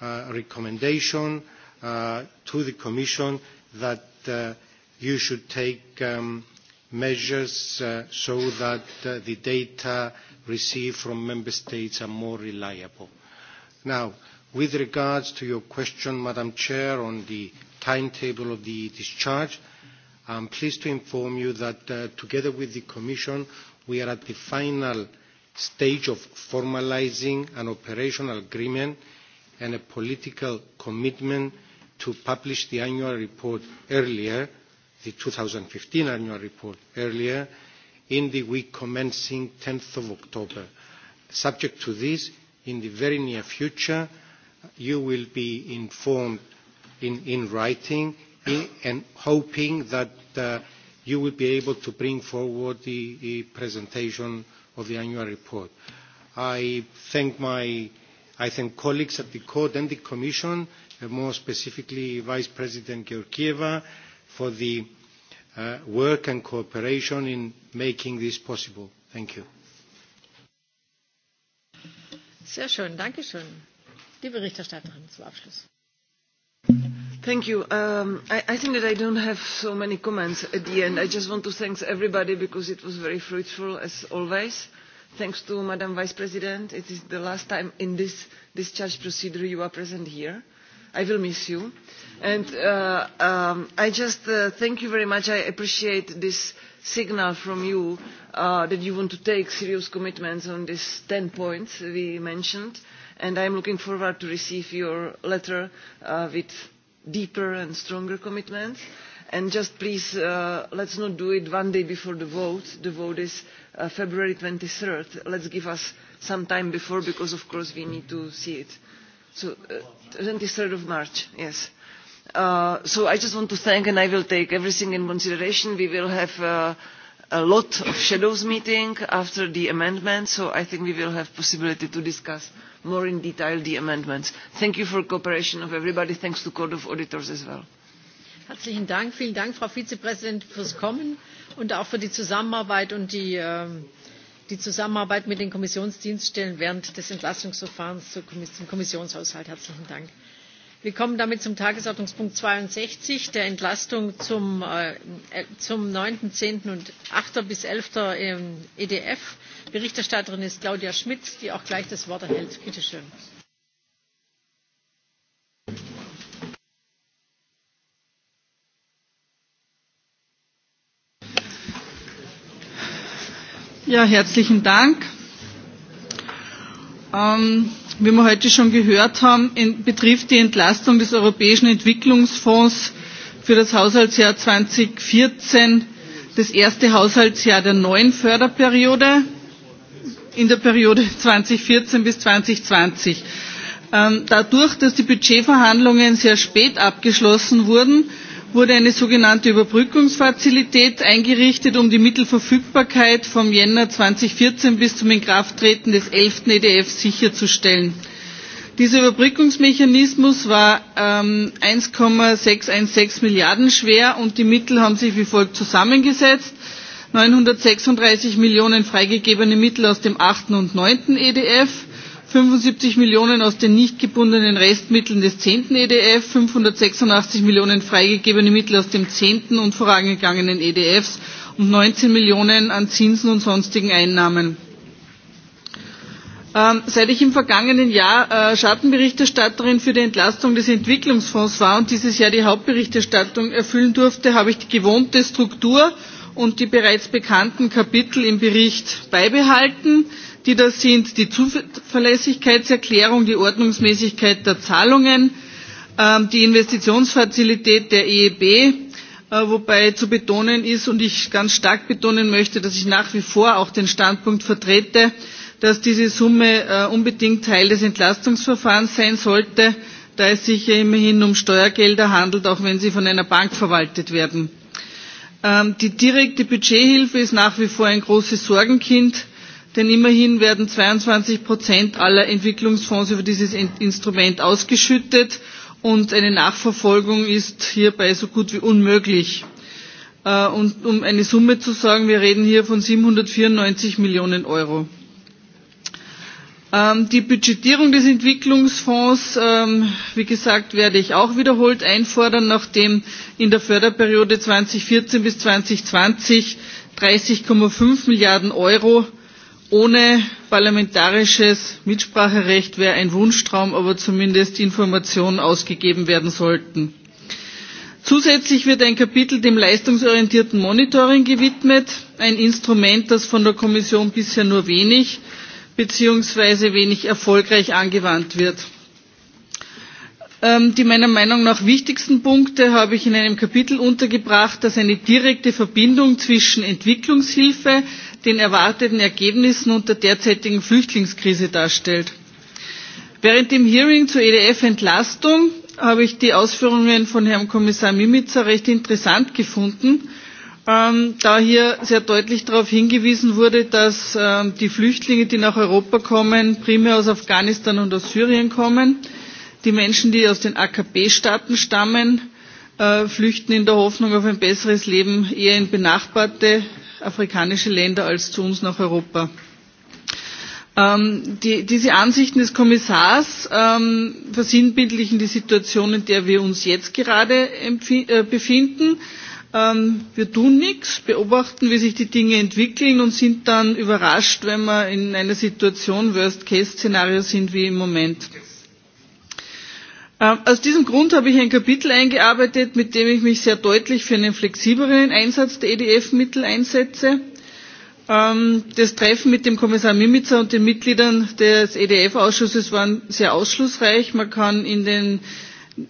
Speaker 5: Uh, recommendation uh, to the Commission that uh, you should take um, measures uh, so that uh, the data received from Member States are more reliable. Now, with regards to your question, Madam Chair, on the timetable of the discharge, I am pleased to inform you that uh, together with the Commission, we are at the final stage of formalising an operational agreement and a political commitment to publish the annual report earlier, the 2015 annual report earlier, in the week commencing 10th of October. Subject to this, in the very near future, you will be informed in, in writing in, and hoping that uh, you will be able to bring forward the, the presentation of the annual report. I thank my i thank colleagues at the Court and the Commission, and more specifically Vice President Georgieva, for the uh, work and cooperation in making this possible. Thank you.
Speaker 4: Sehr schön, danke schön. Die Berichterstatterin zum Abschluss. Thank you. Um, I, I think that I don't have so many comments at the end. I just want to thank everybody because it was very fruitful as always thanks to Madam Vice President. It is the last time in this discharge procedure you are present here. I will miss you. And uh, um, I just uh, thank you very much. I appreciate this signal from you uh, that you want to take serious commitments on these 10 points we mentioned. And I'm looking forward to receive your letter uh, with deeper and stronger commitments and just please uh, let's not do it one day before the vote the vote is uh, february 23rd let's give us some time before because of course we need to see it so uh, 23rd of march yes uh, so i just want to thank and i will take everything in consideration we will have uh, a lot of shadows meeting after the amendments so i think we will have the possibility to discuss more in detail the amendments. thank you for the cooperation of everybody thanks to the court of auditors as well.
Speaker 1: Herzlichen Dank. Vielen Dank, Frau Vizepräsidentin, fürs Kommen und auch für die Zusammenarbeit und die, ähm, Zusammenarbeit mit den Kommissionsdienststellen während des Entlastungsverfahrens zum Kommissionshaushalt. Herzlichen Dank. Wir kommen damit zum Tagesordnungspunkt zweiundsechzig der Entlastung zum, äh, neun zehn und acht bis elf EDF. Berichterstatterin ist Claudia Schmidt, die auch gleich das Wort erhält. Bitte schön.
Speaker 17: Ja, herzlichen Dank. Ähm, wie wir heute schon gehört haben, in, betrifft die Entlastung des Europäischen Entwicklungsfonds für das Haushaltsjahr 2014 das erste Haushaltsjahr der neuen Förderperiode in der Periode 2014 bis 2020. Ähm, dadurch, dass die Budgetverhandlungen sehr spät abgeschlossen wurden, wurde eine sogenannte Überbrückungsfazilität eingerichtet, um die Mittelverfügbarkeit vom Jänner 2014 bis zum Inkrafttreten des 11. EDF sicherzustellen. Dieser Überbrückungsmechanismus war ähm, 1,616 Milliarden schwer und die Mittel haben sich wie folgt zusammengesetzt. 936 Millionen freigegebene Mittel aus dem 8. und 9. EDF, fünfundsiebzig Millionen aus den nicht gebundenen Restmitteln des zehnten EDF, 586 Millionen freigegebene Mittel aus dem zehnten und vorangegangenen EDFs und 19 Millionen an Zinsen und sonstigen Einnahmen. Ähm, seit ich im vergangenen Jahr äh, Schattenberichterstatterin für die Entlastung des Entwicklungsfonds war und dieses Jahr die Hauptberichterstattung erfüllen durfte, habe ich die gewohnte Struktur und die bereits bekannten Kapitel im Bericht beibehalten die da sind, die Zuverlässigkeitserklärung, die Ordnungsmäßigkeit der Zahlungen, ähm, die Investitionsfazilität der EIB, e äh, wobei zu betonen ist und ich ganz stark betonen möchte, dass ich nach wie vor auch den Standpunkt vertrete, dass diese Summe äh, unbedingt Teil des Entlastungsverfahrens sein sollte, da es sich ja immerhin um Steuergelder handelt, auch wenn sie von einer Bank verwaltet werden. Ähm, die direkte Budgethilfe ist nach wie vor ein großes Sorgenkind denn immerhin werden zweiundzwanzig Prozent aller Entwicklungsfonds über dieses Instrument ausgeschüttet und eine Nachverfolgung ist hierbei so gut wie unmöglich. Äh, und um eine Summe zu sagen, wir reden hier von 794 Millionen Euro. Ähm, die Budgetierung des Entwicklungsfonds, ähm, wie gesagt, werde ich auch wiederholt einfordern, nachdem in der Förderperiode 2014 bis 2020 30,5 Milliarden Euro Ohne parlamentarisches Mitspracherecht wäre ein Wunschtraum, aber zumindest Informationen ausgegeben werden sollten. Zusätzlich wird ein Kapitel dem leistungsorientierten Monitoring gewidmet, ein Instrument, das von der Kommission bisher nur wenig bzw. wenig erfolgreich angewandt wird. Ähm, die meiner Meinung nach wichtigsten Punkte habe ich in einem Kapitel untergebracht, das eine direkte Verbindung zwischen Entwicklungshilfe, den erwarteten Ergebnissen und der derzeitigen Flüchtlingskrise darstellt. Während dem Hearing zur EDF-Entlastung habe ich die Ausführungen von Herrn Kommissar Mimica recht interessant gefunden, ähm, da hier sehr deutlich darauf hingewiesen wurde, dass ähm, die Flüchtlinge, die nach Europa kommen, primär aus Afghanistan und aus Syrien kommen. Die Menschen, die aus den AKP-Staaten stammen, äh, flüchten in der Hoffnung auf ein besseres Leben eher in benachbarte afrikanische Länder als zu uns nach Europa. Ähm, die, diese Ansichten des Kommissars ähm, versinnbildlichen die Situation, in der wir uns jetzt gerade äh, befinden. Ähm, wir tun nichts, beobachten, wie sich die Dinge entwickeln und sind dann überrascht, wenn wir in einer Situation Worst-Case-Szenario sind wie im Moment. Ähm, aus diesem Grund habe ich ein Kapitel eingearbeitet, mit dem ich mich sehr deutlich für einen flexibleren Einsatz der EDF-Mittel einsetze. Ähm, das Treffen mit dem Kommissar Mimica und den Mitgliedern des EDF-Ausschusses war sehr ausschlussreich. Man kann in den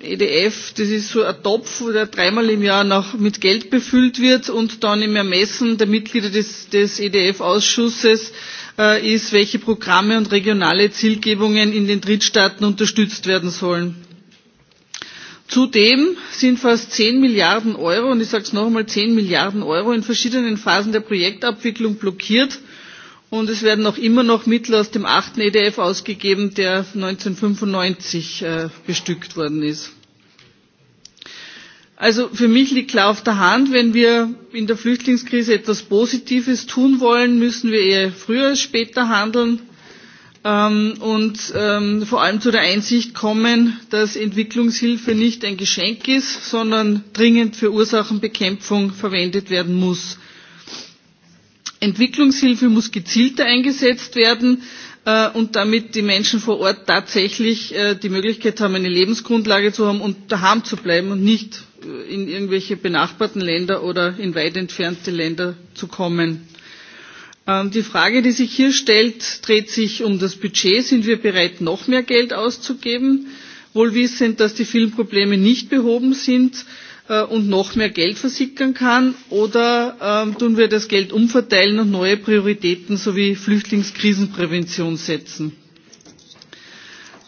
Speaker 17: EDF, das ist so ein Topf, der dreimal im Jahr noch mit Geld befüllt wird und dann im Ermessen der Mitglieder des, des EDF-Ausschusses äh, ist, welche Programme und regionale Zielgebungen in den Drittstaaten unterstützt werden sollen. Zudem sind fast 10 Milliarden Euro, und ich sage es noch einmal, 10 Milliarden Euro in verschiedenen Phasen der Projektabwicklung blockiert. Und es werden auch immer noch Mittel aus dem achten EDF ausgegeben, der 1995 äh, bestückt worden ist. Also für mich liegt klar auf der Hand, wenn wir in der Flüchtlingskrise etwas Positives tun wollen, müssen wir eher früher als später handeln ähm, und ähm, vor allem zu der Einsicht kommen, dass Entwicklungshilfe nicht ein Geschenk ist, sondern dringend für Ursachenbekämpfung verwendet werden muss. Entwicklungshilfe muss gezielter eingesetzt werden äh, und damit die Menschen vor Ort tatsächlich äh, die Möglichkeit haben, eine Lebensgrundlage zu haben und daheim zu bleiben und nicht äh, in irgendwelche benachbarten Länder oder in weit entfernte Länder zu kommen. Ähm, die Frage, die sich hier stellt, dreht sich um das Budget. Sind wir bereit, noch mehr Geld auszugeben, wohl wissend, dass die vielen Probleme nicht behoben sind äh, und noch mehr Geld versickern kann? Oder ähm, tun wir das Geld umverteilen und neue Prioritäten sowie Flüchtlingskrisenprävention setzen?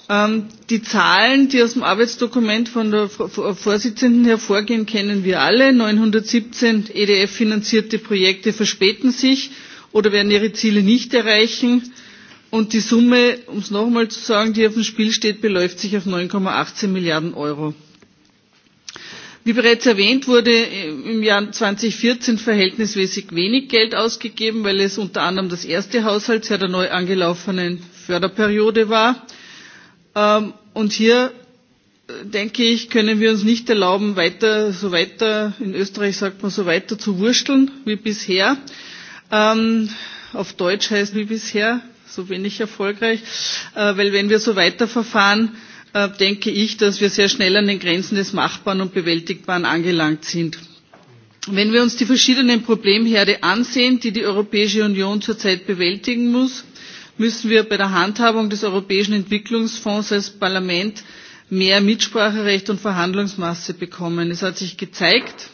Speaker 17: Ähm, die Zahlen, die aus dem Arbeitsdokument von der Vorsitzenden hervorgehen, kennen wir alle. 917 EDF-finanzierte Projekte verspäten sich oder werden ihre Ziele nicht erreichen. Und die Summe, um es nochmal zu sagen, die auf dem Spiel steht, beläuft sich auf 9,18 Milliarden Euro. Wie bereits erwähnt, wurde äh, im Jahr 2014 verhältnismäßig wenig Geld ausgegeben, weil es unter anderem das erste Haushaltsjahr der neu angelaufenen Förderperiode war. Ähm, und hier, äh, denke ich, können wir uns nicht erlauben, weiter, so weiter, in Österreich sagt man so weiter zu wursteln wie bisher, Ähm, auf Deutsch heißt wie bisher, so wenig erfolgreich, äh, weil wenn wir so weiterverfahren, äh, denke ich, dass wir sehr schnell an den Grenzen des Machbaren und Bewältigbaren angelangt sind. Wenn wir uns die verschiedenen Problemherde ansehen, die die Europäische Union zurzeit bewältigen muss, müssen wir bei der Handhabung des Europäischen Entwicklungsfonds als Parlament mehr Mitspracherecht und Verhandlungsmasse bekommen. Es hat sich gezeigt,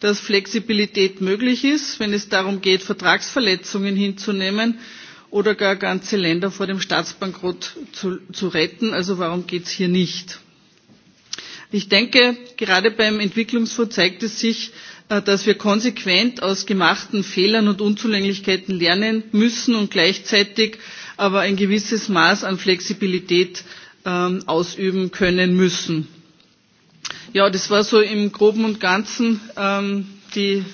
Speaker 17: dass Flexibilität möglich ist, wenn es darum geht, Vertragsverletzungen hinzunehmen oder gar ganze Länder vor dem Staatsbankrott zu, zu retten. Also warum geht es hier nicht? Ich denke, gerade beim Entwicklungsfonds zeigt es sich, äh, dass wir konsequent aus gemachten Fehlern und Unzulänglichkeiten lernen müssen und gleichzeitig aber ein gewisses Maß an Flexibilität ähm, ausüben können müssen. Ja, das war so im Groben und Ganzen ähm, die,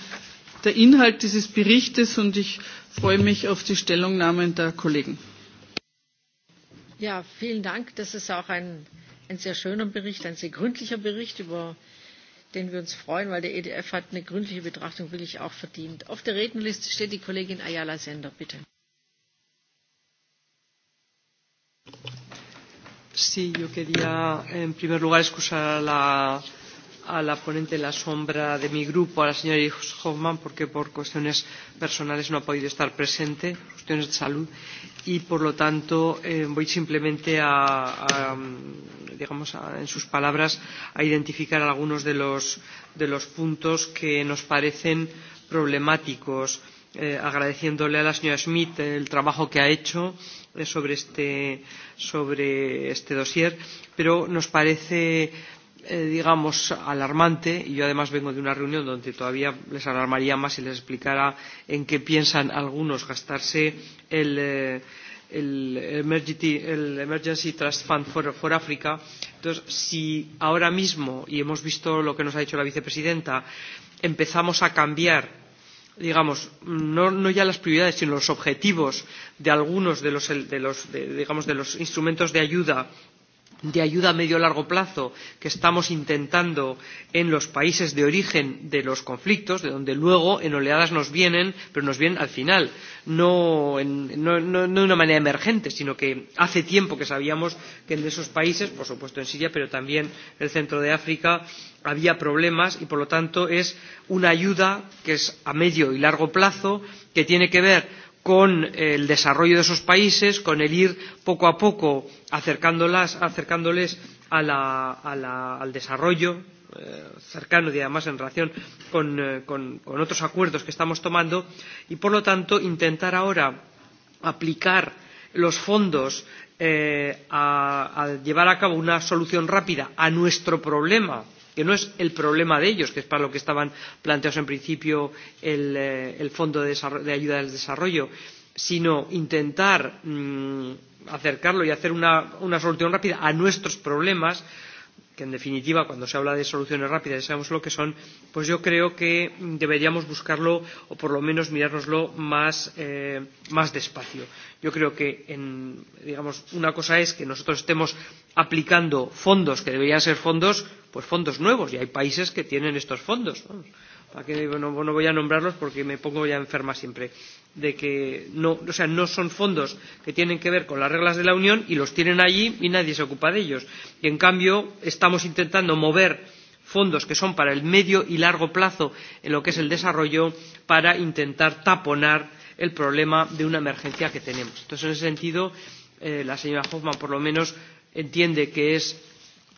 Speaker 17: der Inhalt dieses Berichtes und ich freue mich auf die Stellungnahmen der Kollegen.
Speaker 1: Ja, vielen Dank. Das ist auch ein, ein sehr schöner Bericht, ein sehr gründlicher Bericht, über den wir uns freuen, weil der EDF hat eine gründliche Betrachtung wirklich auch verdient. Auf der Rednerliste steht die Kollegin Ayala Sender, bitte.
Speaker 14: Sí, yo quería en primer lugar excusar a la, a la ponente en la sombra de mi grupo, a la señora Hoffman, porque por cuestiones personales no ha podido estar presente, cuestiones de salud, y por lo tanto eh, voy simplemente a, a digamos, a, en sus palabras, a identificar algunos de los, de los puntos que nos parecen problemáticos eh, agradeciéndole a la señora Schmidt el trabajo que ha hecho eh, sobre este, sobre este dossier, pero nos parece eh, digamos, alarmante, y yo además vengo de una reunión donde todavía les alarmaría más si les explicara en qué piensan algunos gastarse el, eh, el, Emergency, el Emergency Trust Fund for, for Africa. Entonces, si ahora mismo, y hemos visto lo que nos ha dicho la vicepresidenta, empezamos a cambiar digamos, no, no ya las prioridades, sino los objetivos de algunos de los, de los, de, digamos, de los instrumentos de ayuda de ayuda a medio y largo plazo que estamos intentando en los países de origen de los conflictos, de donde luego en oleadas nos vienen, pero nos vienen al final, no, en, no, no, no de una manera emergente, sino que hace tiempo que sabíamos que en esos países, por supuesto en Siria, pero también en el centro de África, había problemas y, por lo tanto, es una ayuda que es a medio y largo plazo, que tiene que ver con el desarrollo de esos países, con el ir poco a poco acercándolas, acercándoles a la, a la, al desarrollo eh, cercano y además en relación con, eh, con, con otros acuerdos que estamos tomando y por lo tanto intentar ahora aplicar los fondos eh, a, a llevar a cabo una solución rápida a nuestro problema eh, que no es el problema de ellos, que es para lo que estaban planteados en principio el, eh, el Fondo de, de Ayuda al Desarrollo, sino intentar mmm, acercarlo y hacer una, una solución rápida a nuestros problemas, que en definitiva cuando se habla de soluciones rápidas ya sabemos lo que son, pues yo creo que deberíamos buscarlo o por lo menos mirárnoslo más, eh, más despacio. Yo creo que en, digamos, una cosa es que nosotros estemos aplicando fondos que deberían ser fondos pues fondos nuevos y hay países que tienen estos fondos. ¿no? Para que Bueno, no voy a nombrarlos porque me pongo ya enferma siempre de que no, o sea, no son fondos que tienen que ver con las reglas de la Unión y los tienen allí y nadie se ocupa de ellos. Y en cambio estamos intentando mover fondos que son para el medio y largo plazo en lo que es el desarrollo para intentar taponar el problema de una emergencia que tenemos. Entonces, en ese sentido, eh, la señora Hoffman por lo menos entiende que es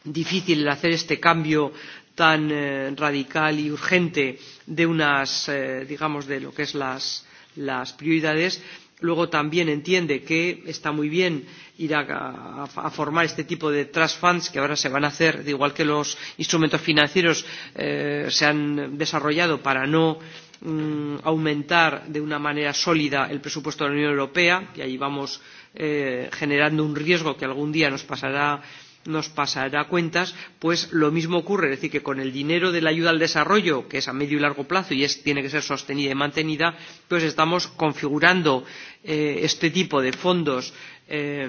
Speaker 14: difícil el hacer este cambio tan eh, radical y urgente de unas, eh, digamos, de lo que es las, las prioridades. Luego también entiende que está muy bien ir a, a, a formar este tipo de trust funds que ahora se van a hacer, igual que los instrumentos financieros eh, se han desarrollado para no mm, aumentar de una manera sólida el presupuesto de la Unión Europea, y ahí vamos eh, generando un riesgo que algún día nos pasará eh, nos pasará cuentas, pues lo mismo ocurre, es decir, que con el dinero de la ayuda al desarrollo, que es a medio y largo plazo y es, tiene que ser sostenida y mantenida, pues estamos configurando eh, este tipo de fondos eh,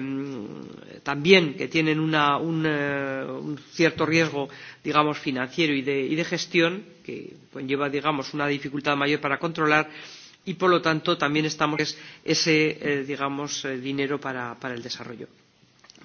Speaker 14: también que tienen una, un, eh, un cierto riesgo, digamos, financiero y de, y de gestión, que conlleva, digamos, una dificultad mayor para controlar, y por lo tanto también estamos ese, eh, digamos, eh, dinero para, para el desarrollo.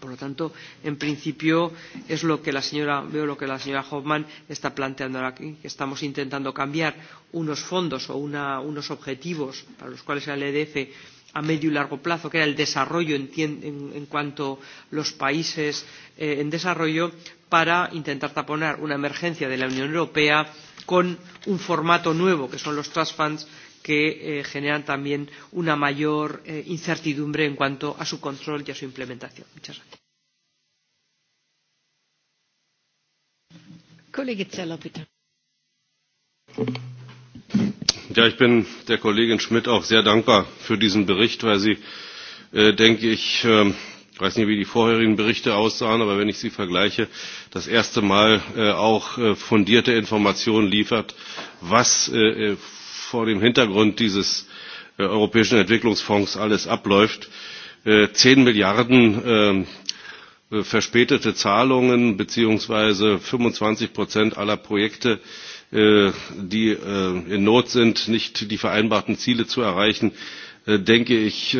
Speaker 14: Por lo tanto, en principio es lo que la señora, veo lo que la señora Hoffman está planteando ahora aquí, que estamos intentando cambiar unos fondos o una, unos objetivos para los cuales el EDF a medio y largo plazo, que era el desarrollo en, en, en cuanto a los países eh, en desarrollo, para intentar taponar una emergencia de la Unión Europea con un formato nuevo, que son los trust funds, que eh, generan también una mayor eh, incertidumbre en cuanto a su control y a su implementación. Muchas gracias.
Speaker 1: Kollege Zeller, bitte.
Speaker 15: Ja, ich bin der Kollegin Schmidt auch sehr dankbar für diesen Bericht, weil sie, äh, denke ich, äh, Ich weiß nicht, wie die vorherigen Berichte aussahen, aber wenn ich sie vergleiche, das erste Mal äh, auch äh, fundierte Informationen liefert, was äh, äh vor dem Hintergrund dieses äh, Europäischen Entwicklungsfonds alles abläuft. Äh, zehn Milliarden ähm, äh, verspätete Zahlungen beziehungsweise 25 Prozent aller Projekte, die in Not sind, nicht die vereinbarten Ziele zu erreichen, denke ich,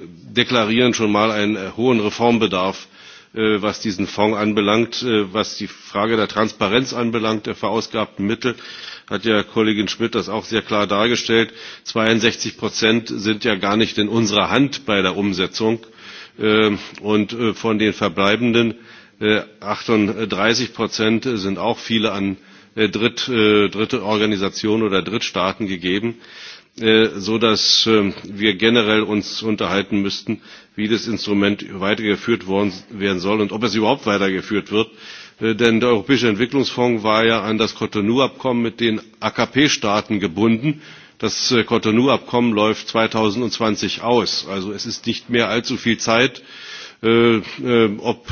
Speaker 15: deklarieren schon mal einen hohen Reformbedarf Äh, was diesen Fonds anbelangt. Äh, was die Frage der Transparenz anbelangt, der verausgabten Mittel, hat ja Kollegin Schmidt das auch sehr klar dargestellt. 62 Prozent sind ja gar nicht in unserer Hand bei der Umsetzung. Äh, und von den verbleibenden 38 Prozent sind auch viele an Dritt, dritte Organisationen oder Drittstaaten gegeben. Äh, so dass ähm, wir generell unterhalten müssten, wie das Instrument weitergeführt worden, werden soll und ob es überhaupt weitergeführt wird. Äh, denn der Europäische Entwicklungsfonds war ja an das Cotonou-Abkommen mit den AKP-Staaten gebunden. Das äh, Cotonou-Abkommen läuft zweitausendzwanzig aus. Also es ist nicht mehr allzu viel Zeit, ob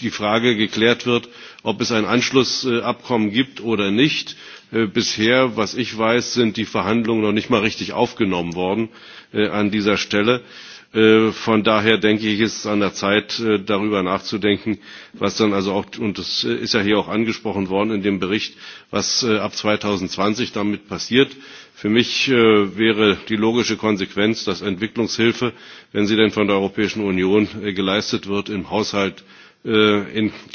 Speaker 15: die Frage geklärt wird, ob es ein Anschlussabkommen gibt oder nicht Äh, bisher, was ich weiß, sind die Verhandlungen noch nicht mal richtig aufgenommen worden äh, an dieser Stelle. Äh, von daher denke ich, ist es an der Zeit, darüber nachzudenken, was dann also auch, und das ist ja hier auch angesprochen worden in dem Bericht, was ab 2020 damit passiert. Für mich wäre die logische Konsequenz, dass Entwicklungshilfe, wenn sie denn von der Europäischen Union geleistet wird, im Haushalt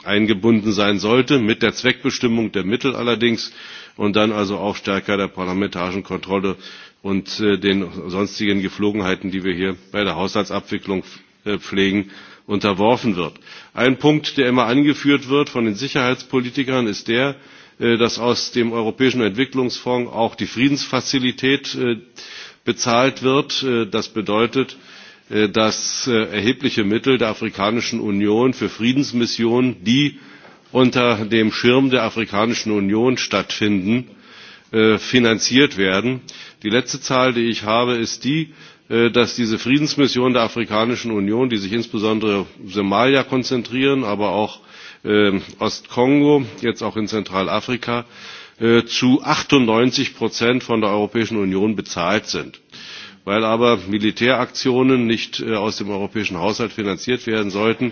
Speaker 15: eingebunden sein sollte, mit der Zweckbestimmung der Mittel allerdings und dann also auch stärker der parlamentarischen Kontrolle und äh, den sonstigen Geflogenheiten, die wir hier bei der Haushaltsabwicklung äh, pflegen, unterworfen wird. Ein Punkt, der immer angeführt wird von den Sicherheitspolitikern, ist der, äh, dass aus dem Europäischen Entwicklungsfonds auch die Friedensfazilität bezahlt wird. Das bedeutet, dass erhebliche Mittel der Afrikanischen Union für Friedensmissionen, die unter dem Schirm der Afrikanischen Union stattfinden, äh, finanziert werden. Die letzte Zahl, die ich habe, ist die, äh, dass diese Friedensmission der Afrikanischen Union, die sich insbesondere auf Somalia konzentrieren, aber auch äh, Ostkongo, jetzt auch in Zentralafrika, zu 98 Prozent von der Europäischen Union bezahlt sind. Weil aber Militäraktionen nicht aus dem europäischen Haushalt finanziert werden sollten,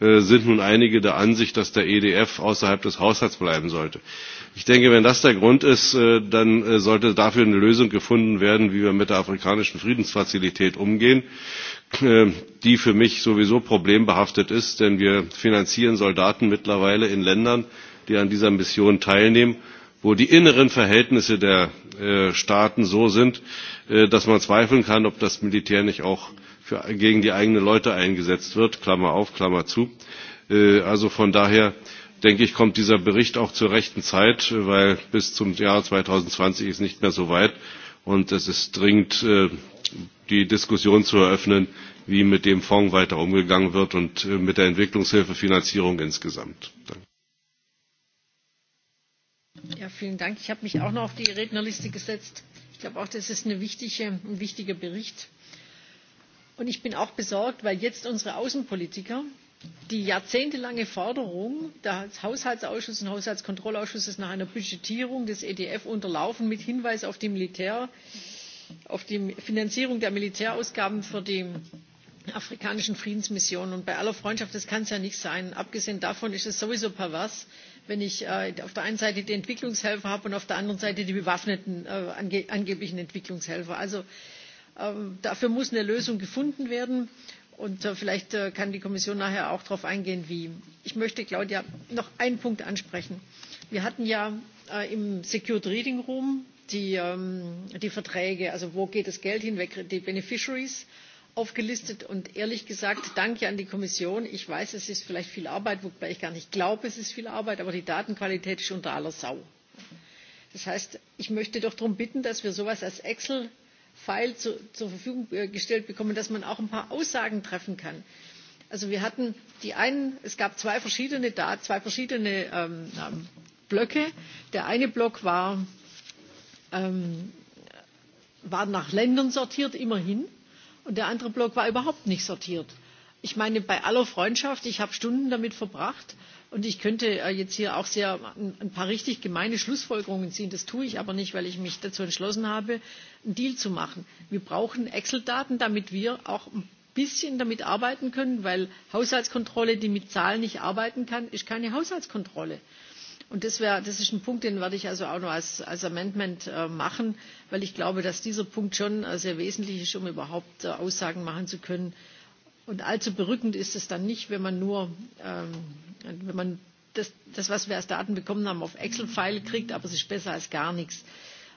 Speaker 15: Äh, sind nun einige der Ansicht, dass der EDF außerhalb des Haushalts bleiben sollte. Ich denke, wenn das der Grund ist, äh, dann äh, sollte dafür eine Lösung gefunden werden, wie wir mit der afrikanischen Friedensfazilität umgehen, die für mich sowieso problembehaftet ist, denn wir finanzieren Soldaten mittlerweile in Ländern, die an dieser Mission teilnehmen, wo die inneren Verhältnisse der Staaten so sind, dass man zweifeln kann, ob das Militär nicht auch für, gegen die eigenen Leute eingesetzt wird, Klammer auf, Klammer zu. Äh, also von daher denke ich, kommt dieser Bericht auch zur rechten Zeit, weil bis zum Jahr 2020 ist nicht mehr so weit und es ist dringend, äh, die Diskussion zu eröffnen, wie mit dem Fonds weiter umgegangen wird und äh, mit der Entwicklungshilfefinanzierung insgesamt. Danke.
Speaker 1: Ja, vielen Dank. Ich habe mich auch noch auf die Rednerliste gesetzt. Ich glaube auch, das ist eine wichtige, ein wichtiger Bericht und ich bin auch besorgt weil jetzt unsere außenpolitiker die jahrzehntelange forderung des haushaltsausschusses und haushaltskontrollausschusses nach einer budgetierung des edf unterlaufen mit hinweis auf die, Militär, auf die finanzierung der militärausgaben für die afrikanischen friedensmissionen. Und bei aller freundschaft das kann es ja nicht sein. abgesehen davon ist es sowieso pervers wenn ich äh, auf der einen seite die entwicklungshelfer habe und auf der anderen seite die bewaffneten äh, angeblichen entwicklungshelfer. also Ähm, dafür muss eine lösung gefunden werden und äh, vielleicht äh, kann die kommission nachher auch darauf eingehen wie. ich möchte claudia noch einen punkt ansprechen wir hatten ja äh, im secured reading room ähm, die, verträge also wo geht das geld hin die beneficiaries aufgelistet und ehrlich gesagt danke an die kommission ich weiß es ist vielleicht viel arbeit wobei ich gar nicht glaube es ist viel arbeit aber die datenqualität ist unter aller sau. das heißt ich möchte doch darum bitten dass wir so etwas als excel Pfeil zu, zur verfügung äh, gestellt bekommen dass man auch ein paar aussagen treffen kann. also wir hatten die einen es gab zwei verschiedene, da, zwei verschiedene ähm, blöcke. der eine block war, ähm, war nach ländern sortiert immerhin und der andere block war überhaupt nicht sortiert. ich meine bei aller freundschaft ich habe stunden damit verbracht Und ich könnte äh, jetzt hier auch sehr ähm, ein paar richtig gemeine Schlussfolgerungen ziehen. Das tue ich aber nicht, weil ich mich dazu entschlossen habe, einen Deal zu machen. Wir brauchen Excel-Daten, damit wir auch ein bisschen damit arbeiten können, weil Haushaltskontrolle, die mit Zahlen nicht arbeiten kann, ist keine Haushaltskontrolle. Und das, wär, das ist ein Punkt, den werde ich also auch noch als, als Amendment äh, machen, weil ich glaube, dass dieser Punkt schon äh, sehr wesentlich ist, um überhaupt äh, Aussagen machen zu können, äh, Und allzu berückend ist es dann nicht, wenn man nur, ähm, wenn man das, das, was wir als Daten bekommen haben, auf Excel-File kriegt, aber es ist besser als gar nichts.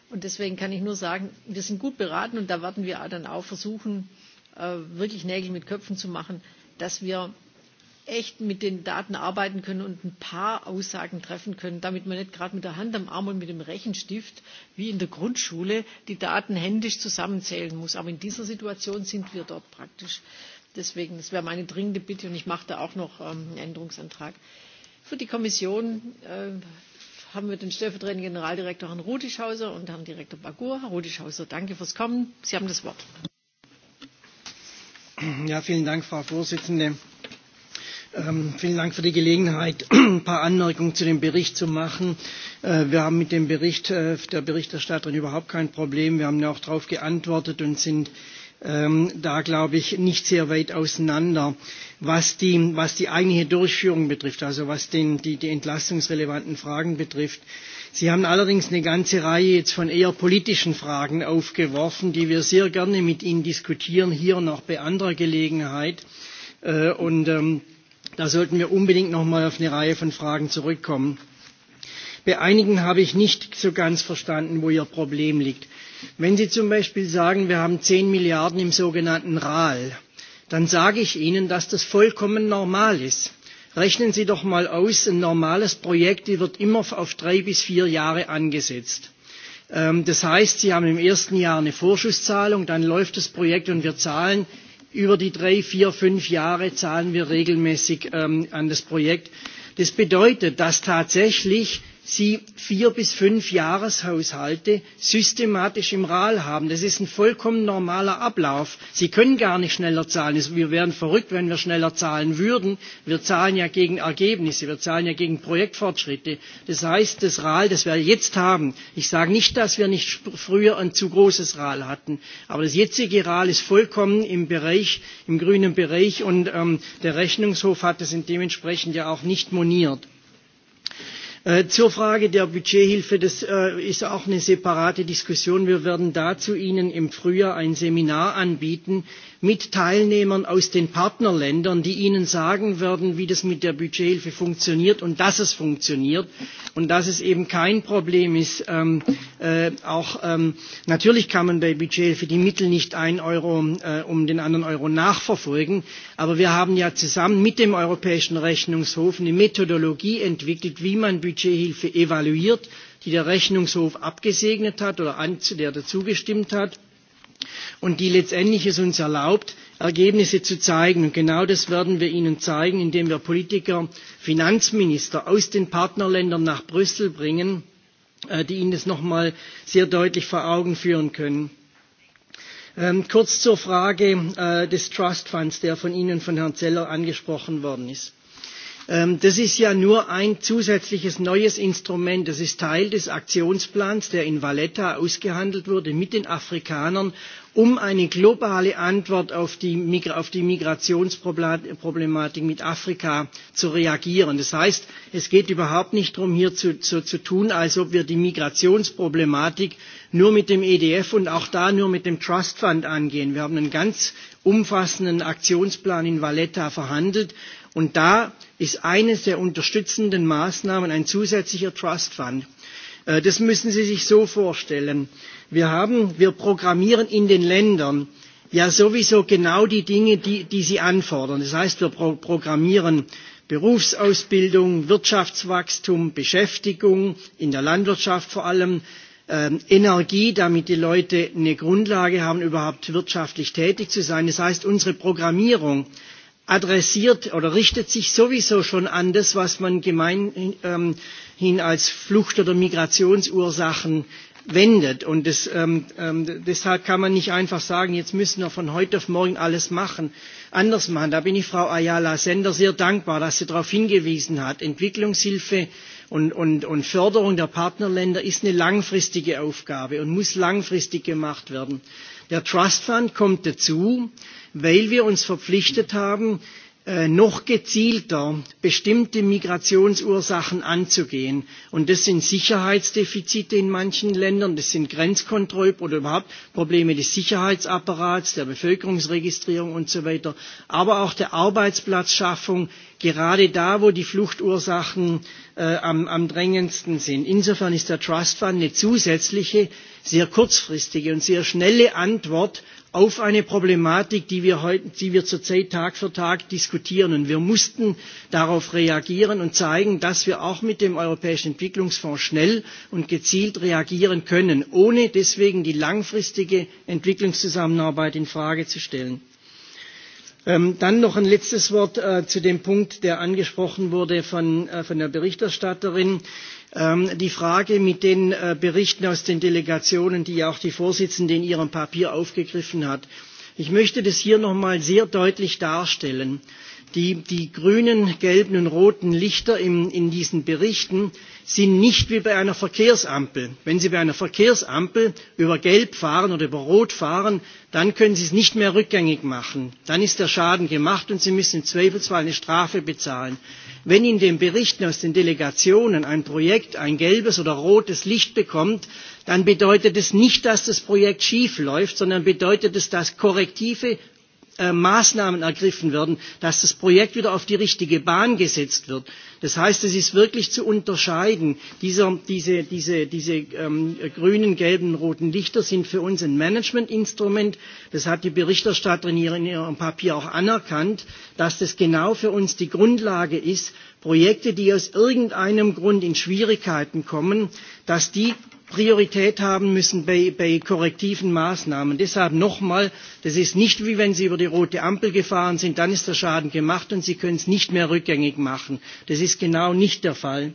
Speaker 1: Und deswegen kann ich nur sagen, wir sind gut beraten und da werden wir dann auch versuchen, äh, wirklich Nägel mit Köpfen zu machen, dass wir echt mit den Daten arbeiten können und ein paar Aussagen treffen können, damit man nicht gerade mit der Hand am Arm und mit dem Rechenstift wie in der Grundschule die Daten händisch zusammenzählen muss. Aber in dieser Situation sind wir dort praktisch. Deswegen, das wäre meine dringende Bitte und ich mache da auch noch ähm, einen Änderungsantrag. Für die Kommission äh, haben wir den stellvertretenden Generaldirektor Herrn Rudischhauser und Herrn Direktor Bagur. Herr Rudischhauser, danke fürs Kommen. Sie haben das Wort.
Speaker 6: Ja, vielen Dank, Frau Vorsitzende. Ähm, vielen Dank für die Gelegenheit, [clears throat] ein paar Anmerkungen zu dem Bericht zu machen. Äh, wir haben mit dem Bericht äh, der Berichterstatterin überhaupt kein Problem. Wir haben ja auch darauf geantwortet und sind ähm, da glaube ich nicht sehr weit auseinander. Was die, was die eigentliche Durchführung betrifft, also was den, die, die entlastungsrelevanten Fragen betrifft. Sie haben allerdings eine ganze Reihe jetzt von eher politischen Fragen aufgeworfen, die wir sehr gerne mit Ihnen diskutieren, hier noch bei anderer Gelegenheit. Äh, und ähm, da sollten wir unbedingt noch mal auf eine Reihe von Fragen zurückkommen. Bei einigen habe ich nicht so ganz verstanden, wo Ihr Problem liegt. Wenn Sie zum Beispiel sagen, wir haben 10 Milliarden im sogenannten RAL, dann sage ich Ihnen, dass das vollkommen normal ist. Rechnen Sie doch mal aus, ein normales Projekt wird immer auf drei bis vier Jahre angesetzt. Ähm, das heißt, Sie haben im ersten Jahr eine Vorschusszahlung, dann läuft das Projekt und wir zahlen über die drei, vier, fünf Jahre zahlen wir regelmäßig ähm, an das Projekt. Das bedeutet, dass tatsächlich sie vier bis fünf Jahreshaushalte systematisch im RAL haben. Das ist ein vollkommen normaler Ablauf. Sie können gar nicht schneller zahlen. Wir wären verrückt, wenn wir schneller zahlen würden. Wir zahlen ja gegen Ergebnisse, wir zahlen ja gegen Projektfortschritte. Das heißt, das RAL, das wir jetzt haben, ich sage nicht, dass wir nicht früher ein zu großes RAL hatten, aber das jetzige RAL ist vollkommen im Bereich, im grünen Bereich und ähm, der Rechnungshof hat es dementsprechend ja auch nicht moniert. Äh, zur Frage der Budgethilfe, das äh, ist auch eine separate Diskussion. Wir werden dazu Ihnen im Frühjahr ein Seminar anbieten mit Teilnehmern aus den Partnerländern, die ihnen sagen werden, wie das mit der Budgethilfe funktioniert und dass es funktioniert und dass es eben kein Problem ist. Ähm, äh, auch ähm, natürlich kann man bei Budgethilfe die Mittel nicht ein Euro äh, um den anderen Euro nachverfolgen, aber wir haben ja zusammen mit dem Europäischen Rechnungshof eine Methodologie entwickelt, wie man Budgethilfe evaluiert, die der Rechnungshof abgesegnet hat oder an, der dazugestimmt hat und die letztendlich es uns erlaubt, Ergebnisse zu zeigen. Und genau das werden wir Ihnen zeigen, indem wir Politiker, Finanzminister aus den Partnerländern nach Brüssel bringen, äh, die Ihnen das noch einmal sehr deutlich vor Augen führen können. Ähm, kurz zur Frage äh, des Trust Funds, der von Ihnen, von Herrn Zeller angesprochen worden ist. Ähm, das ist ja nur ein zusätzliches neues Instrument. Das ist Teil des Aktionsplans, der in Valletta ausgehandelt wurde mit den Afrikanern um eine globale Antwort auf die, Migrationsproblematik mit Afrika zu reagieren. Das heißt, es geht überhaupt nicht darum, hier zu, zu, zu tun, als ob wir die Migrationsproblematik nur mit dem EDF und auch da nur mit dem Trust Fund angehen. Wir haben einen ganz umfassenden Aktionsplan in Valletta verhandelt und da ist eines der unterstützenden Maßnahmen ein zusätzlicher Trust Fund Äh, das müssen Sie sich so vorstellen. Wir, haben, wir programmieren in den Ländern ja sowieso genau die Dinge, die, die sie anfordern. Das heißt, wir pro programmieren Berufsausbildung, Wirtschaftswachstum, Beschäftigung, in der Landwirtschaft vor allem, ähm, Energie, damit die Leute eine Grundlage haben, überhaupt wirtschaftlich tätig zu sein. Das heißt, unsere Programmierung adressiert oder richtet sich sowieso schon an das, was man gemein, ähm, hin als Flucht- oder Migrationsursachen wendet. Und das, ähm, ähm, deshalb kann man nicht einfach sagen, jetzt müssen wir von heute auf morgen alles machen, anders machen. Da bin ich Frau Ayala Sender sehr dankbar, dass sie darauf hingewiesen hat. Entwicklungshilfe und, und, und Förderung der Partnerländer ist eine langfristige Aufgabe und muss langfristig gemacht werden. Der Trust Fund kommt dazu, weil wir uns verpflichtet haben, Äh, noch gezielter bestimmte Migrationsursachen anzugehen. Und das sind Sicherheitsdefizite in manchen Ländern, das sind Grenzkontrollen oder überhaupt Probleme des Sicherheitsapparats, der Bevölkerungsregistrierung und so weiter, aber auch der Arbeitsplatzschaffung, gerade da, wo die Fluchtursachen äh, am, am drängendsten sind. Insofern ist der Trust Fund eine zusätzliche, sehr kurzfristige und sehr schnelle Antwort auf eine Problematik, die wir, heute, die wir zurzeit Tag für Tag diskutieren. Und wir mussten darauf reagieren und zeigen, dass wir auch mit dem Europäischen Entwicklungsfonds schnell und gezielt reagieren können, ohne deswegen die langfristige Entwicklungszusammenarbeit in Frage zu stellen. Ähm, dann noch ein letztes Wort äh, zu dem Punkt, der angesprochen wurde von, äh, von der Berichterstatterin. Ähm, die Frage mit den äh, Berichten aus den Delegationen, die auch die Vorsitzende in ihrem Papier aufgegriffen hat. Ich möchte das hier noch einmal sehr deutlich darstellen. Die, grünen, gelben und roten Lichter in, diesen Berichten sind nicht wie bei einer Verkehrsampel. Wenn Sie bei einer Verkehrsampel über Gelb fahren oder über Rot fahren, dann können Sie es nicht mehr rückgängig machen. Dann ist der Schaden gemacht und Sie müssen im Zweifelsfall eine Strafe bezahlen. Wenn in den Berichten aus den Delegationen ein Projekt ein gelbes oder rotes Licht bekommt, dann bedeutet es nicht, dass das Projekt schiefläuft, sondern bedeutet es, dass korrektive Äh, Maßnahmen ergriffen werden, dass das Projekt wieder auf die richtige Bahn gesetzt wird. Das heißt, es ist wirklich zu unterscheiden. diese diese, diese ähm, grünen, gelben, roten Lichter sind für uns ein Managementinstrument. Das hat die Berichterstatterin in ihrem Papier auch anerkannt, dass das genau für uns die Grundlage ist, Projekte, die aus irgendeinem Grund in Schwierigkeiten kommen, dass die Priorität haben müssen bei, korrektiven Maßnahmen. Deshalb nochmal, das ist nicht wie wenn Sie über die rote Ampel gefahren sind, dann ist der Schaden gemacht und Sie können es nicht mehr rückgängig machen. Das ist genau nicht der Fall.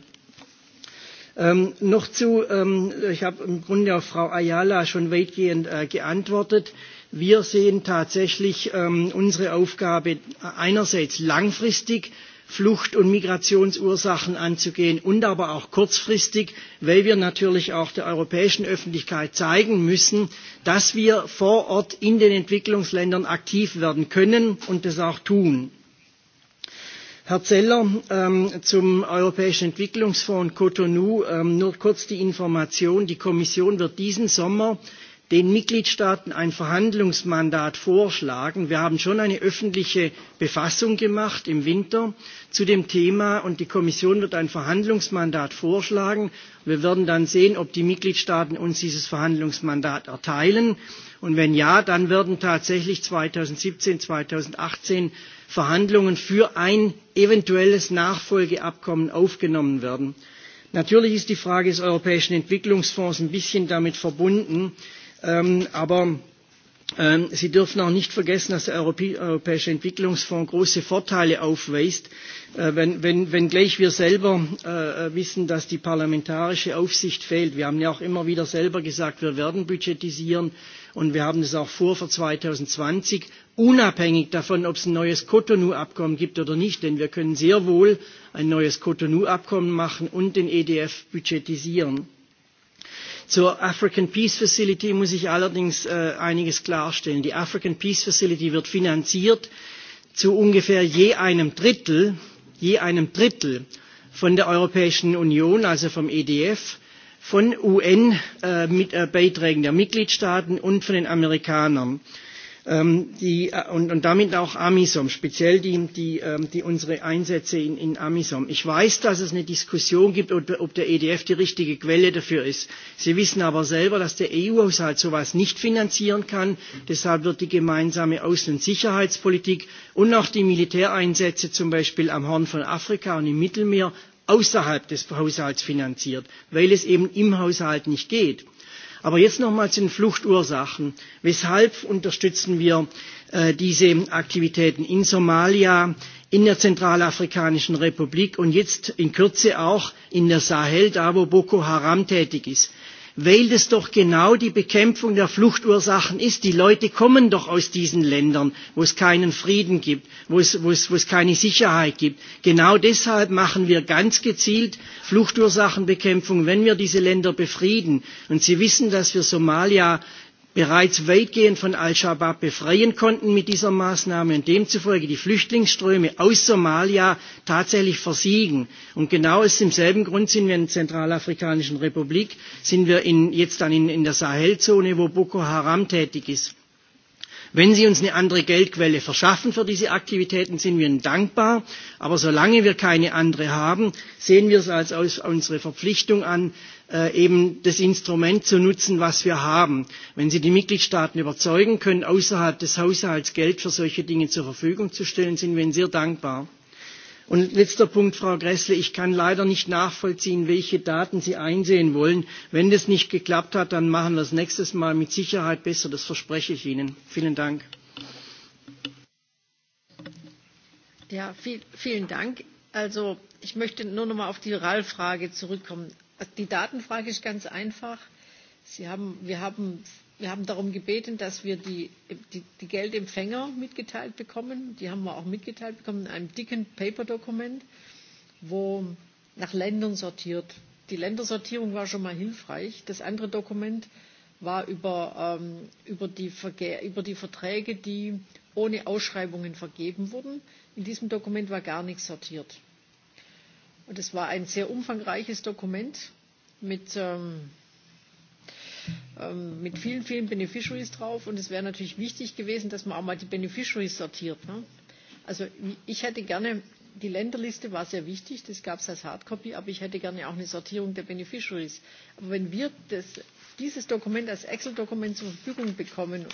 Speaker 6: Ähm, noch zu, ähm, ich habe im Grunde auf Frau Ayala schon weitgehend äh, geantwortet. Wir sehen tatsächlich ähm, unsere Aufgabe einerseits langfristig, Flucht- und Migrationsursachen anzugehen und aber auch kurzfristig, weil wir natürlich auch der europäischen Öffentlichkeit zeigen müssen, dass wir vor Ort in den Entwicklungsländern aktiv werden können und das auch tun. Herr Zeller, ähm, zum Europäischen Entwicklungsfonds Cotonou ähm, nur kurz die Information. Die Kommission wird diesen Sommer den Mitgliedstaaten ein Verhandlungsmandat vorschlagen. Wir haben schon eine öffentliche Befassung gemacht im Winter zu dem Thema und die Kommission wird ein Verhandlungsmandat vorschlagen. Wir werden dann sehen, ob die Mitgliedstaaten uns dieses Verhandlungsmandat erteilen. Und wenn ja, dann werden tatsächlich 2017, 2018 Verhandlungen für ein eventuelles Nachfolgeabkommen aufgenommen werden. Natürlich ist die Frage des Europäischen Entwicklungsfonds ein bisschen damit verbunden. Ähm, aber ähm, Sie dürfen auch nicht vergessen, dass der Europäische Entwicklungsfonds große Vorteile aufweist, äh, wenn, wenn, wenngleich wir selber äh, äh, wissen, dass die parlamentarische Aufsicht fehlt. Wir haben ja auch immer wieder selber gesagt, wir werden budgetisieren und wir haben es auch vor für 2020, unabhängig davon, ob es ein neues Cotonou-Abkommen gibt oder nicht, denn wir können sehr wohl ein neues Cotonou-Abkommen machen und den EDF budgetisieren. Zur African Peace Facility muss ich allerdings äh, einiges klarstellen. Die African Peace Facility wird finanziert zu ungefähr je einem Drittel, je einem Drittel von der Europäischen Union, also vom EDF, von UN-Beiträgen äh, äh, der Mitgliedstaaten und von den Amerikanern. Äh, ähm, die, äh, und, und damit auch Amisom, speziell die, die, ähm, die unsere Einsätze in, in Amisom. Ich weiß, dass es eine Diskussion gibt, ob, ob der EDF die richtige Quelle dafür ist. Sie wissen aber selber, dass der EU-Haushalt sowas nicht finanzieren kann. Deshalb wird die gemeinsame Außen- und Sicherheitspolitik und auch die Militäreinsätze zum Beispiel am Horn von Afrika und im Mittelmeer außerhalb des Haushalts finanziert, weil es eben im Haushalt nicht geht. Aber jetzt nochmal zu den Fluchtursachen. Weshalb unterstützen wir äh, diese Aktivitäten in Somalia, in der Zentralafrikanischen Republik und jetzt in Kürze auch in der Sahel, da wo Boko Haram tätig ist? weil das doch genau die Bekämpfung der Fluchtursachen ist. Die Leute kommen doch aus diesen Ländern, wo es keinen Frieden gibt, wo es, wo es, wo es keine Sicherheit gibt. Genau deshalb machen wir ganz gezielt Fluchtursachenbekämpfung, wenn wir diese Länder befrieden. Und Sie wissen, dass wir Somalia bereits weitgehend von Al-Shabaab befreien konnten mit dieser Maßnahme und demzufolge die Flüchtlingsströme aus Somalia tatsächlich versiegen. Und genau aus demselben Grund sind wir in der Zentralafrikanischen Republik, sind wir in, jetzt dann in, in der Sahelzone, wo Boko Haram tätig ist. Wenn Sie uns eine andere Geldquelle verschaffen für diese Aktivitäten, sind wir Ihnen dankbar. Aber solange wir keine andere haben, sehen wir es als unsere Verpflichtung an, Äh, eben das Instrument zu nutzen, was wir haben. Wenn Sie die Mitgliedstaaten überzeugen können, außerhalb des Haushalts Geld für solche Dinge zur Verfügung zu stellen, sind wir Ihnen sehr dankbar. Und letzter Punkt, Frau Gressle, ich kann leider nicht nachvollziehen, welche Daten Sie einsehen wollen. Wenn das nicht geklappt hat, dann machen wir das nächstes Mal mit Sicherheit besser, das verspreche ich Ihnen. Vielen Dank.
Speaker 1: Ja, viel, vielen Dank. Also ich möchte nur noch mal auf die RAL frage zurückkommen Die Datenfrage ist ganz einfach. Sie haben, wir, haben, wir haben darum gebeten, dass wir die, die, die Geldempfänger mitgeteilt bekommen. Die haben wir auch mitgeteilt bekommen in einem dicken Paper-Dokument, wo nach Ländern sortiert. Die Ländersortierung war schon mal hilfreich. Das andere Dokument war über, ähm, über, die über die Verträge, die ohne Ausschreibungen vergeben wurden. In diesem Dokument war gar nichts sortiert. Und es war ein sehr umfangreiches Dokument mit, ähm, ähm, mit vielen, vielen Beneficiaries drauf. Und es wäre natürlich wichtig gewesen, dass man auch mal die Beneficiaries sortiert. Ne? Also ich hätte gerne, die Länderliste war sehr wichtig, das gab es als Hardcopy, aber ich hätte gerne auch eine Sortierung der Beneficiaries. Aber wenn wir das, dieses Dokument als Excel-Dokument zur Verfügung bekommen,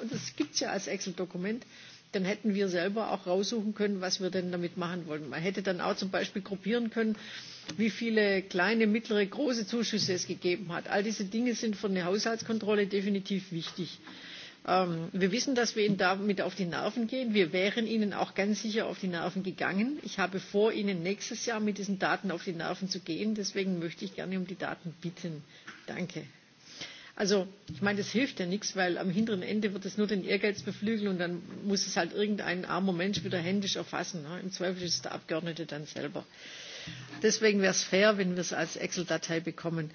Speaker 1: und das gibt es ja als Excel-Dokument, dann hätten wir selber auch raussuchen können, was wir denn damit machen wollen. Man hätte dann auch zum Beispiel gruppieren können, wie viele kleine, mittlere, große Zuschüsse es gegeben hat. All diese Dinge sind für eine Haushaltskontrolle definitiv wichtig. Ähm, wir wissen, dass wir Ihnen damit auf die Nerven gehen. Wir wären Ihnen auch ganz sicher auf die Nerven gegangen. Ich habe vor, Ihnen nächstes Jahr mit diesen Daten auf die Nerven zu gehen. Deswegen möchte ich gerne um die Daten bitten. Danke. Also ich meine, das hilft ja nichts, weil am hinteren Ende wird es nur den Ehrgeiz beflügeln und dann muss es halt irgendein armer Mensch wieder händisch erfassen. Ne? Im Zweifel ist es der Abgeordnete dann selber. Deswegen wäre es fair, wenn wir es als Excel-Datei bekommen.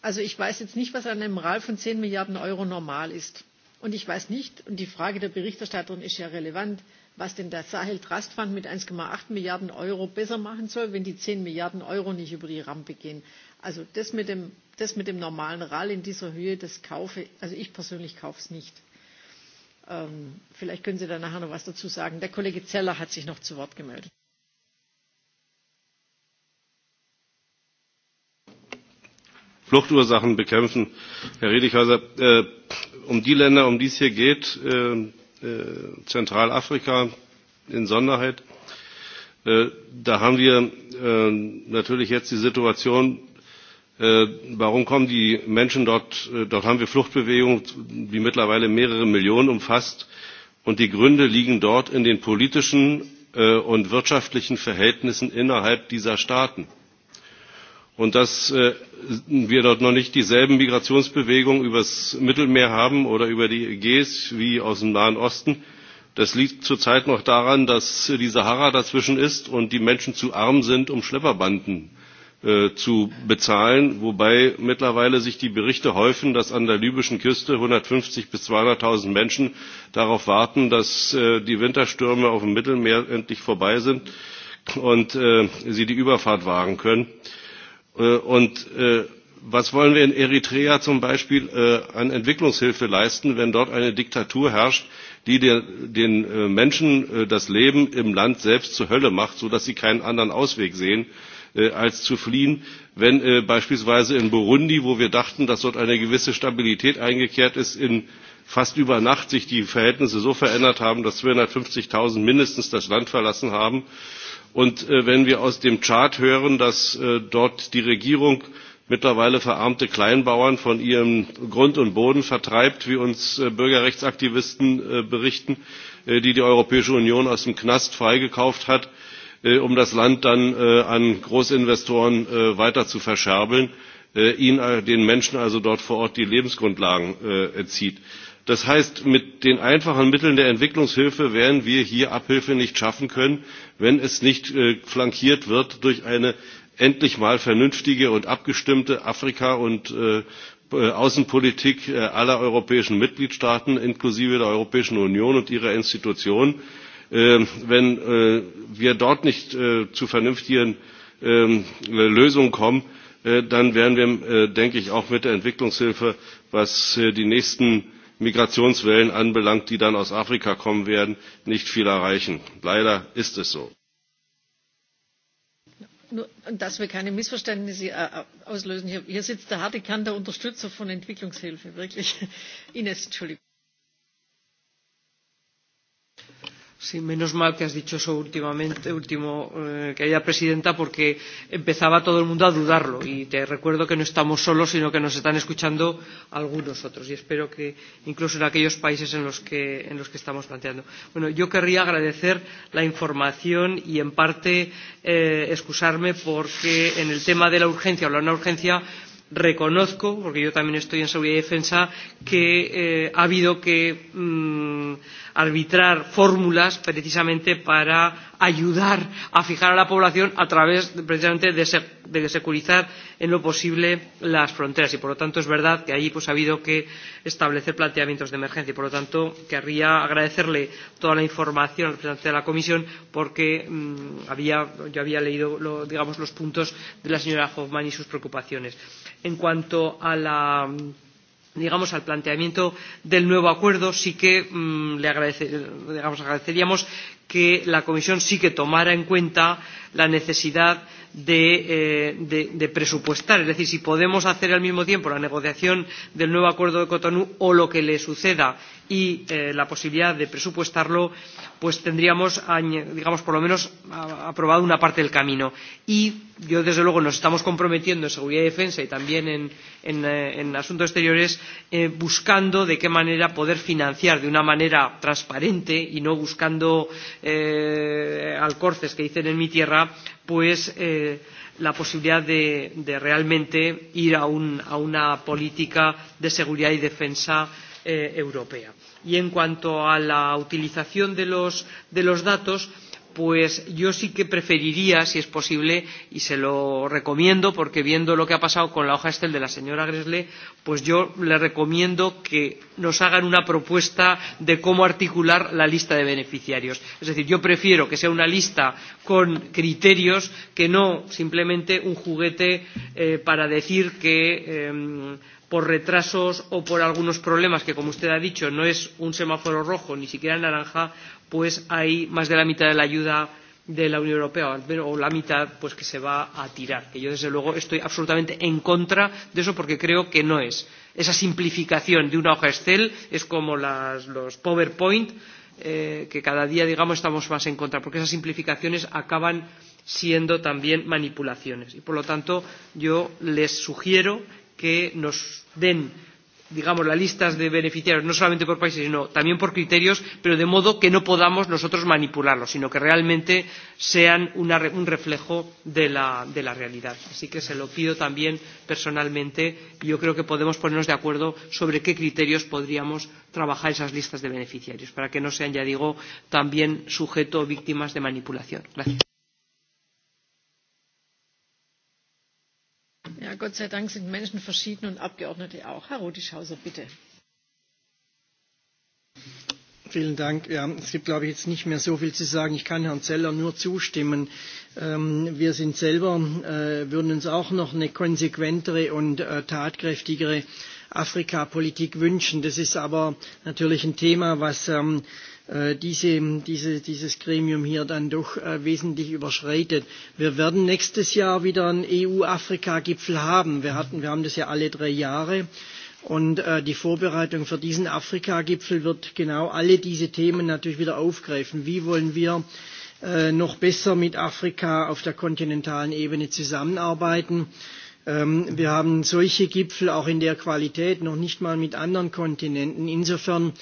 Speaker 1: Also ich weiß jetzt nicht, was an einem RAL von 10 Milliarden Euro normal ist. Und ich weiß nicht, und die Frage der Berichterstatterin ist ja relevant, was denn der Sahel Trust Fund mit 1,8 Milliarden Euro besser machen soll, wenn die 10 Milliarden Euro nicht über die Rampe gehen. Also das mit dem, das mit dem normalen Rall in dieser Höhe, das kaufe, also ich persönlich kaufe es nicht. Ähm, vielleicht können Sie da nachher noch was dazu sagen. Der Kollege Zeller hat sich noch zu Wort gemeldet.
Speaker 15: Fluchtursachen bekämpfen. Herr Redighäuser, äh, um die Länder, um die es hier geht, äh, äh, Zentralafrika in Sonderheit, äh, da haben wir äh, natürlich jetzt die Situation, Äh, warum kommen die Menschen dort, äh, dort haben wir Fluchtbewegungen, die mittlerweile mehrere Millionen umfasst. Und die Gründe liegen dort in den politischen äh, und wirtschaftlichen Verhältnissen innerhalb dieser Staaten. Und dass wir dort noch nicht dieselben Migrationsbewegungen übers Mittelmeer haben oder über die Ägäis wie aus dem Nahen Osten, das liegt zurzeit noch daran, dass die Sahara dazwischen ist und die Menschen zu arm sind, um Schlepperbanden Äh, zu bezahlen wobei mittlerweile sich die berichte häufen dass an der libyschen küste einhundertfünfzig bis zweihundert null menschen darauf warten dass äh, die winterstürme auf dem mittelmeer endlich vorbei sind und äh, sie die überfahrt wagen können. und was wollen wir in eritrea zum beispiel an entwicklungshilfe leisten wenn dort eine diktatur herrscht die den menschen das leben im land selbst zur hölle macht sodass sie keinen anderen ausweg sehen? Äh, als zu fliehen wenn äh, beispielsweise in burundi wo wir dachten dass dort eine gewisse stabilität eingekehrt ist fast über nacht die verhältnisse so verändert haben dass zweihundertfünfzig null mindestens das land verlassen haben und äh, wenn wir aus dem tschad hören dass dort die regierung mittlerweile verarmte kleinbauern von ihrem grund und boden vertreibt wie uns bürgerrechtsaktivisten berichten die die europäische union aus dem knast freigekauft hat Äh, um das Land dann äh, an Großinvestoren äh, weiter zu verscherbeln, ihnen, den Menschen also dort vor Ort die Lebensgrundlagen entzieht. Das heißt, mit den einfachen Mitteln der Entwicklungshilfe werden wir hier Abhilfe nicht schaffen können, wenn es nicht flankiert wird durch eine endlich mal vernünftige und abgestimmte Afrika- und Außenpolitik aller europäischen Mitgliedstaaten inklusive der Europäischen Union und ihrer Institutionen Ähm, wenn äh, wir dort nicht äh, zu vernünftigen ähm, lösungen kommen äh, dann werden wir denke ich auch mit der entwicklungshilfe was die nächsten migrationswellen anbelangt die dann aus afrika kommen werden nicht viel erreichen. leider ist es so.
Speaker 1: Nur, dass wir keine missverständnisse auslösen hier sitzt der harte kern der unterstützer von entwicklungshilfe wirklich. [laughs] ines entschuldigung.
Speaker 14: Sí, menos mal que has dicho eso últimamente, último, eh, querida presidenta, porque empezaba todo el mundo a dudarlo. Y te recuerdo que no estamos solos, sino que nos están escuchando algunos otros. Y espero que incluso en aquellos países en los que, en los que estamos planteando. Bueno, yo querría agradecer la información y, en parte, eh, excusarme porque en el tema de la urgencia, hablar de una urgencia, reconozco, porque yo también estoy en seguridad y defensa, que eh, ha habido que. Mmm, arbitrar fórmulas precisamente para ayudar a fijar a la población a través precisamente de, de securizar en lo posible las fronteras. Y por lo tanto es verdad que allí pues, ha habido que establecer planteamientos de emergencia. Y por lo tanto querría agradecerle toda la información al representante de la Comisión porque mmm, había, yo había leído lo, digamos, los puntos de la señora Hoffman y sus preocupaciones. En cuanto a la. Mmm, digamos al planteamiento del nuevo acuerdo sí que mmm, le digamos, agradeceríamos que la comisión sí que tomara en cuenta la necesidad de, eh, de, de presupuestar es decir si podemos hacer al mismo tiempo la negociación del nuevo acuerdo de cotonú o lo que le suceda y eh, la posibilidad de presupuestarlo, pues tendríamos, digamos, por lo menos aprobado una parte del camino. Y yo, desde luego, nos estamos comprometiendo en seguridad y defensa y también en, en, eh, en asuntos exteriores, eh, buscando de qué manera poder financiar de una manera transparente y no buscando eh, alcorces que dicen en mi tierra, pues. Eh, la posibilidad de, de realmente ir a, un, a una política de seguridad y defensa eh, eh, europea. Y en cuanto a la utilización de los, de los datos, pues yo sí que preferiría, si es posible, y se lo recomiendo, porque viendo lo que ha pasado con la hoja Estel de la señora Gresle, pues yo le recomiendo que nos hagan una propuesta de cómo articular la lista de beneficiarios. Es decir, yo prefiero que sea una lista con criterios que no simplemente un juguete eh, para decir que. Eh, por retrasos o por algunos problemas que, como usted ha dicho, no es un semáforo rojo, ni siquiera naranja, pues hay más de la mitad de la ayuda de la Unión Europea, o la mitad, pues que se va a tirar. Que yo, desde luego, estoy absolutamente en contra de eso porque creo que no es. Esa simplificación de una hoja Excel es como las, los PowerPoint, eh, que cada día, digamos, estamos más en contra, porque esas simplificaciones acaban siendo también manipulaciones. Y, por lo tanto, yo les sugiero que nos den digamos, las listas de beneficiarios, no solamente por países, sino también por criterios, pero de modo que no podamos nosotros manipularlos, sino que realmente sean una, un reflejo de la, de la realidad. Así que se lo pido también personalmente. y Yo creo que podemos ponernos de acuerdo sobre qué criterios podríamos trabajar esas listas de beneficiarios, para que no sean, ya digo, también sujeto o víctimas de manipulación. Gracias.
Speaker 1: Ja, Gott sei Dank sind Menschen verschieden und Abgeordnete auch. Herr Rodischhauser, bitte.
Speaker 6: Vielen Dank. Ja, es gibt, glaube ich, jetzt nicht mehr so viel zu sagen. Ich kann Herrn Zeller nur zustimmen. Ähm, wir sind selber, äh, würden uns auch noch eine konsequentere und äh, tatkräftigere Afrikapolitik wünschen. Das ist aber natürlich ein Thema, was ähm, Äh, diese, diese, dieses Gremium hier dann doch äh, wesentlich überschreitet. Wir werden nächstes Jahr wieder einen EU-Afrika-Gipfel haben. Wir, hatten, wir haben das ja alle drei Jahre. Und äh, die Vorbereitung für diesen Afrika-Gipfel wird genau alle diese Themen natürlich wieder aufgreifen. Wie wollen wir äh, noch besser mit Afrika auf der kontinentalen Ebene zusammenarbeiten? Ähm, wir haben solche Gipfel auch in der Qualität noch nicht mal mit anderen Kontinenten. Insofern äh,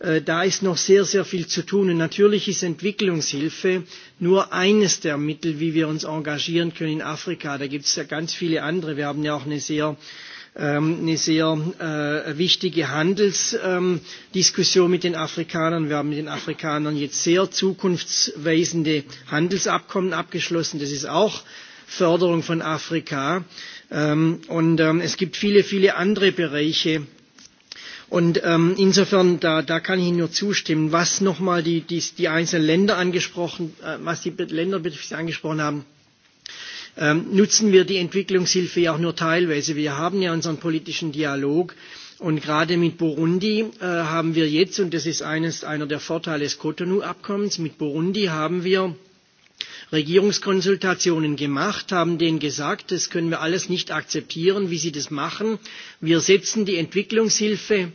Speaker 6: Äh, da ist noch sehr, sehr viel zu tun. Und natürlich ist Entwicklungshilfe nur eines der Mittel, wie wir uns engagieren können in Afrika. Da gibt es ja ganz viele andere. Wir haben ja auch eine sehr ähm, eine sehr äh, wichtige Handelsdiskussion ähm, mit den Afrikanern. Wir haben mit den Afrikanern jetzt sehr zukunftsweisende Handelsabkommen abgeschlossen. Das ist auch Förderung von Afrika. Ähm, und ähm, es gibt viele, viele andere Bereiche, Und ähm, insofern, da, da kann ich Ihnen nur zustimmen. Was nochmal die, die, die einzelnen Länder angesprochen, äh, was die Länder angesprochen haben, ähm, nutzen wir die Entwicklungshilfe ja auch nur teilweise. Wir haben ja unseren politischen Dialog. Und gerade mit Burundi äh, haben wir jetzt, und das ist eines, einer der Vorteile des Cotonou-Abkommens, mit Burundi haben wir Regierungskonsultationen gemacht, haben denen gesagt, das können wir alles nicht akzeptieren, wie sie das machen. Wir setzen die Entwicklungshilfe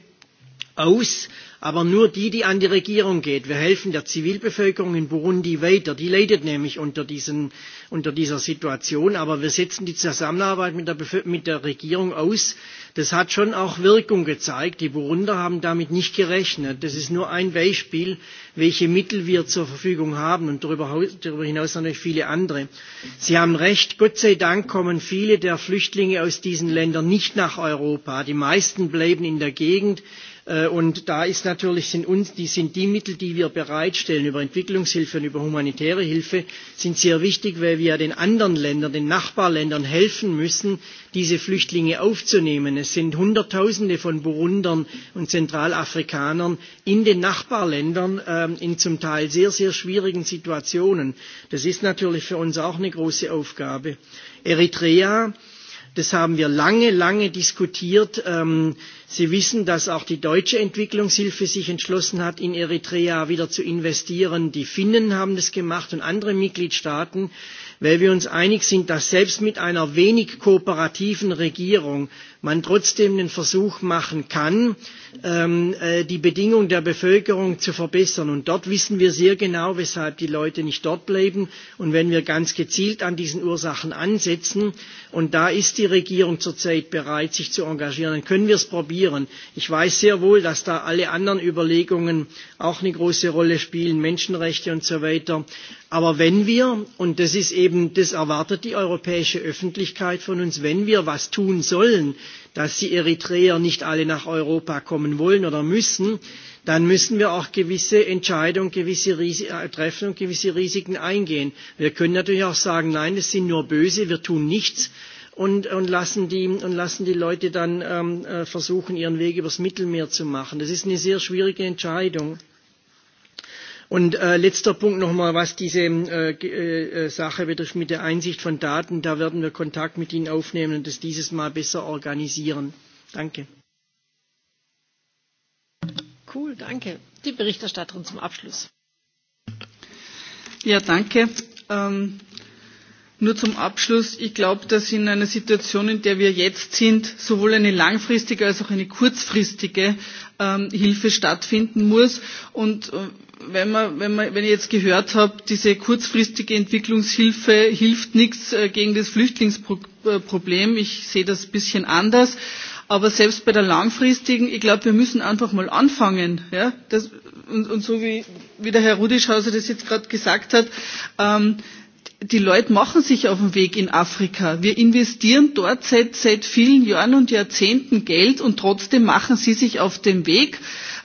Speaker 6: aus aber nur die, die an die Regierung geht. Wir helfen der Zivilbevölkerung in Burundi weiter. Die leidet nämlich unter, diesen, unter dieser Situation, aber wir setzen die Zusammenarbeit mit der, mit der Regierung aus. Das hat schon auch Wirkung gezeigt. Die Burunder haben damit nicht gerechnet. Das ist nur ein Beispiel, welche Mittel wir zur Verfügung haben und darüber, darüber hinaus natürlich viele andere. Sie haben recht, Gott sei Dank kommen viele der Flüchtlinge aus diesen Ländern nicht nach Europa. Die meisten bleiben in der Gegend Äh, und da ist natürlich, sind, uns, die, sind die Mittel, die wir bereitstellen über Entwicklungshilfe und über humanitäre Hilfe, sind sehr wichtig, weil wir den anderen Ländern, den Nachbarländern helfen müssen, diese Flüchtlinge aufzunehmen. Es sind Hunderttausende von Burundern und Zentralafrikanern in den Nachbarländern ähm, in zum Teil sehr, sehr schwierigen Situationen. Das ist natürlich für uns auch eine große Aufgabe. Eritrea Das haben wir lange, lange diskutiert. Ähm, Sie wissen, dass auch die deutsche Entwicklungshilfe sich entschlossen hat, in Eritrea wieder zu investieren. Die Finnen haben das gemacht und andere Mitgliedstaaten, weil wir uns einig sind, dass selbst mit einer wenig kooperativen Regierung man trotzdem den Versuch machen kann, Ähm, äh, die Bedingungen der Bevölkerung zu verbessern. Und dort wissen wir sehr genau, weshalb die Leute nicht dort bleiben. Und wenn wir ganz gezielt an diesen Ursachen ansetzen, und da ist die Regierung zurzeit bereit, sich zu engagieren, dann können wir es probieren. Ich weiß sehr wohl, dass da alle anderen Überlegungen auch eine große Rolle spielen, Menschenrechte und so weiter. Aber wenn wir, und das ist eben, das erwartet die europäische Öffentlichkeit von uns, wenn wir was tun sollen, dass die Eritreer nicht alle nach Europa kommen wollen oder müssen, dann müssen wir auch gewisse Entscheidungen gewisse äh, treffen und gewisse Risiken eingehen. Wir können natürlich auch sagen, nein, das sind nur Böse, wir tun nichts und, und, lassen, die, und lassen die Leute dann ähm, äh, versuchen, ihren Weg übers Mittelmeer zu machen. Das ist eine sehr schwierige Entscheidung. Und äh, letzter Punkt nochmal, was diese äh, äh, äh, Sache betrifft mit der Einsicht von Daten. Da werden wir Kontakt mit Ihnen aufnehmen und das dieses Mal besser organisieren.
Speaker 17: Danke.
Speaker 1: Cool, danke. Die Berichterstatterin
Speaker 17: zum Abschluss. Ja, danke. Ähm, nur zum Abschluss. Ich glaube, dass in einer Situation, in der wir jetzt sind, sowohl eine langfristige als auch eine kurzfristige ähm, Hilfe stattfinden muss. Und äh, wenn, man, wenn, man, wenn ich jetzt gehört habe, diese kurzfristige Entwicklungshilfe hilft nichts äh, gegen das Flüchtlingsproblem, äh, ich sehe das ein bisschen anders. Aber selbst bei der langfristigen, ich glaube, wir müssen einfach mal anfangen. Ja? Das, und, und so wie, wie der Herr Rudischhauser das jetzt gerade gesagt hat, ähm, die Leute machen sich auf den Weg in Afrika. Wir investieren dort seit, seit vielen Jahren und Jahrzehnten Geld und trotzdem machen sie sich auf den Weg.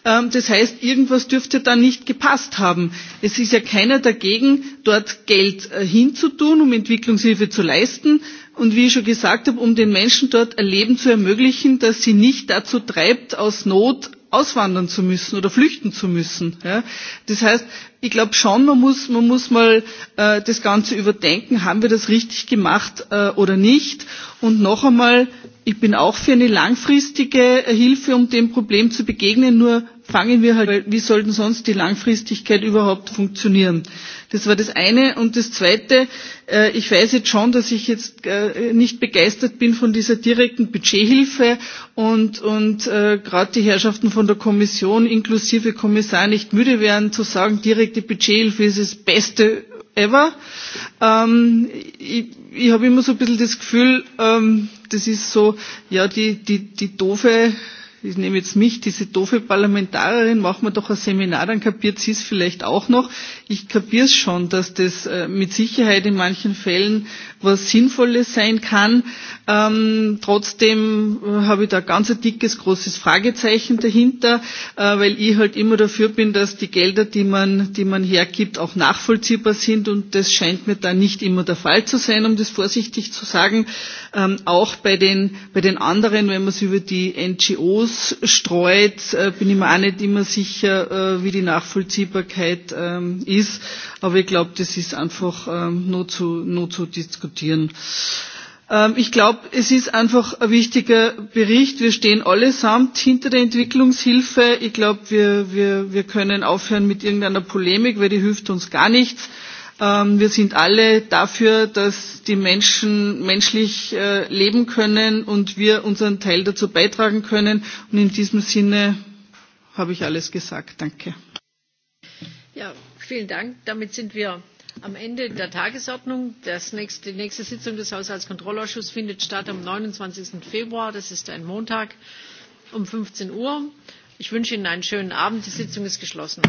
Speaker 17: Ähm, das heißt, irgendwas dürfte da nicht gepasst haben. Es ist ja keiner dagegen, dort Geld äh, hinzutun, um Entwicklungshilfe zu leisten. Und wie ich schon gesagt habe, um den Menschen dort ein Leben zu ermöglichen, das sie nicht dazu treibt, aus Not auswandern zu müssen oder flüchten zu müssen. Ja? Das heißt, ich glaube schon, man muss, man muss mal äh, das Ganze überdenken, haben wir das richtig gemacht äh, oder nicht. Und noch einmal, ich bin auch für eine langfristige Hilfe, um dem Problem zu begegnen, nur fangen wir halt, weil wie soll denn sonst die Langfristigkeit überhaupt funktionieren? Das war das eine. Und das zweite, äh, ich weiß jetzt schon, dass ich jetzt äh, nicht begeistert bin von dieser direkten Budgethilfe und, und äh, gerade die Herrschaften von der Kommission inklusive Kommissar nicht müde werden zu sagen, direkte Budgethilfe ist das Beste ever. Ähm, ich ich habe immer so ein bisschen das Gefühl, ähm, das ist so, ja, die, die, die doofe ich nehme jetzt mich, diese doofe Parlamentarierin, machen wir doch ein Seminar, dann kapiert sie es vielleicht auch noch ich kapiere es schon, dass das äh, mit Sicherheit in manchen Fällen was Sinnvolles sein kann. Ähm, trotzdem äh, habe ich da ganz ein dickes, großes Fragezeichen dahinter, äh, weil ich halt immer dafür bin, dass die Gelder, die man, die man hergibt, auch nachvollziehbar sind und das scheint mir da nicht immer der Fall zu sein, um das vorsichtig zu sagen. Ähm, auch bei den, bei den anderen, wenn man es über die NGOs streut, äh, bin ich mir auch nicht immer sicher, äh, wie die Nachvollziehbarkeit ähm, ist. Aber ich glaube, das ist einfach ähm, nur, zu, nur zu diskutieren. Ähm, ich glaube, es ist einfach ein wichtiger Bericht. Wir stehen allesamt hinter der Entwicklungshilfe. Ich glaube, wir, wir, wir können aufhören mit irgendeiner Polemik, weil die hilft uns gar nichts. Ähm, wir sind alle dafür, dass die Menschen menschlich äh, leben können und wir unseren Teil dazu beitragen können. Und in diesem Sinne habe ich alles gesagt. Danke.
Speaker 1: Vielen Dank. Damit sind wir am Ende der Tagesordnung. Das nächste, die nächste Sitzung des Haushaltskontrollausschusses findet statt am 29. Februar. Das ist ein Montag um 15 Uhr. Ich wünsche Ihnen einen schönen Abend. Die Sitzung ist geschlossen.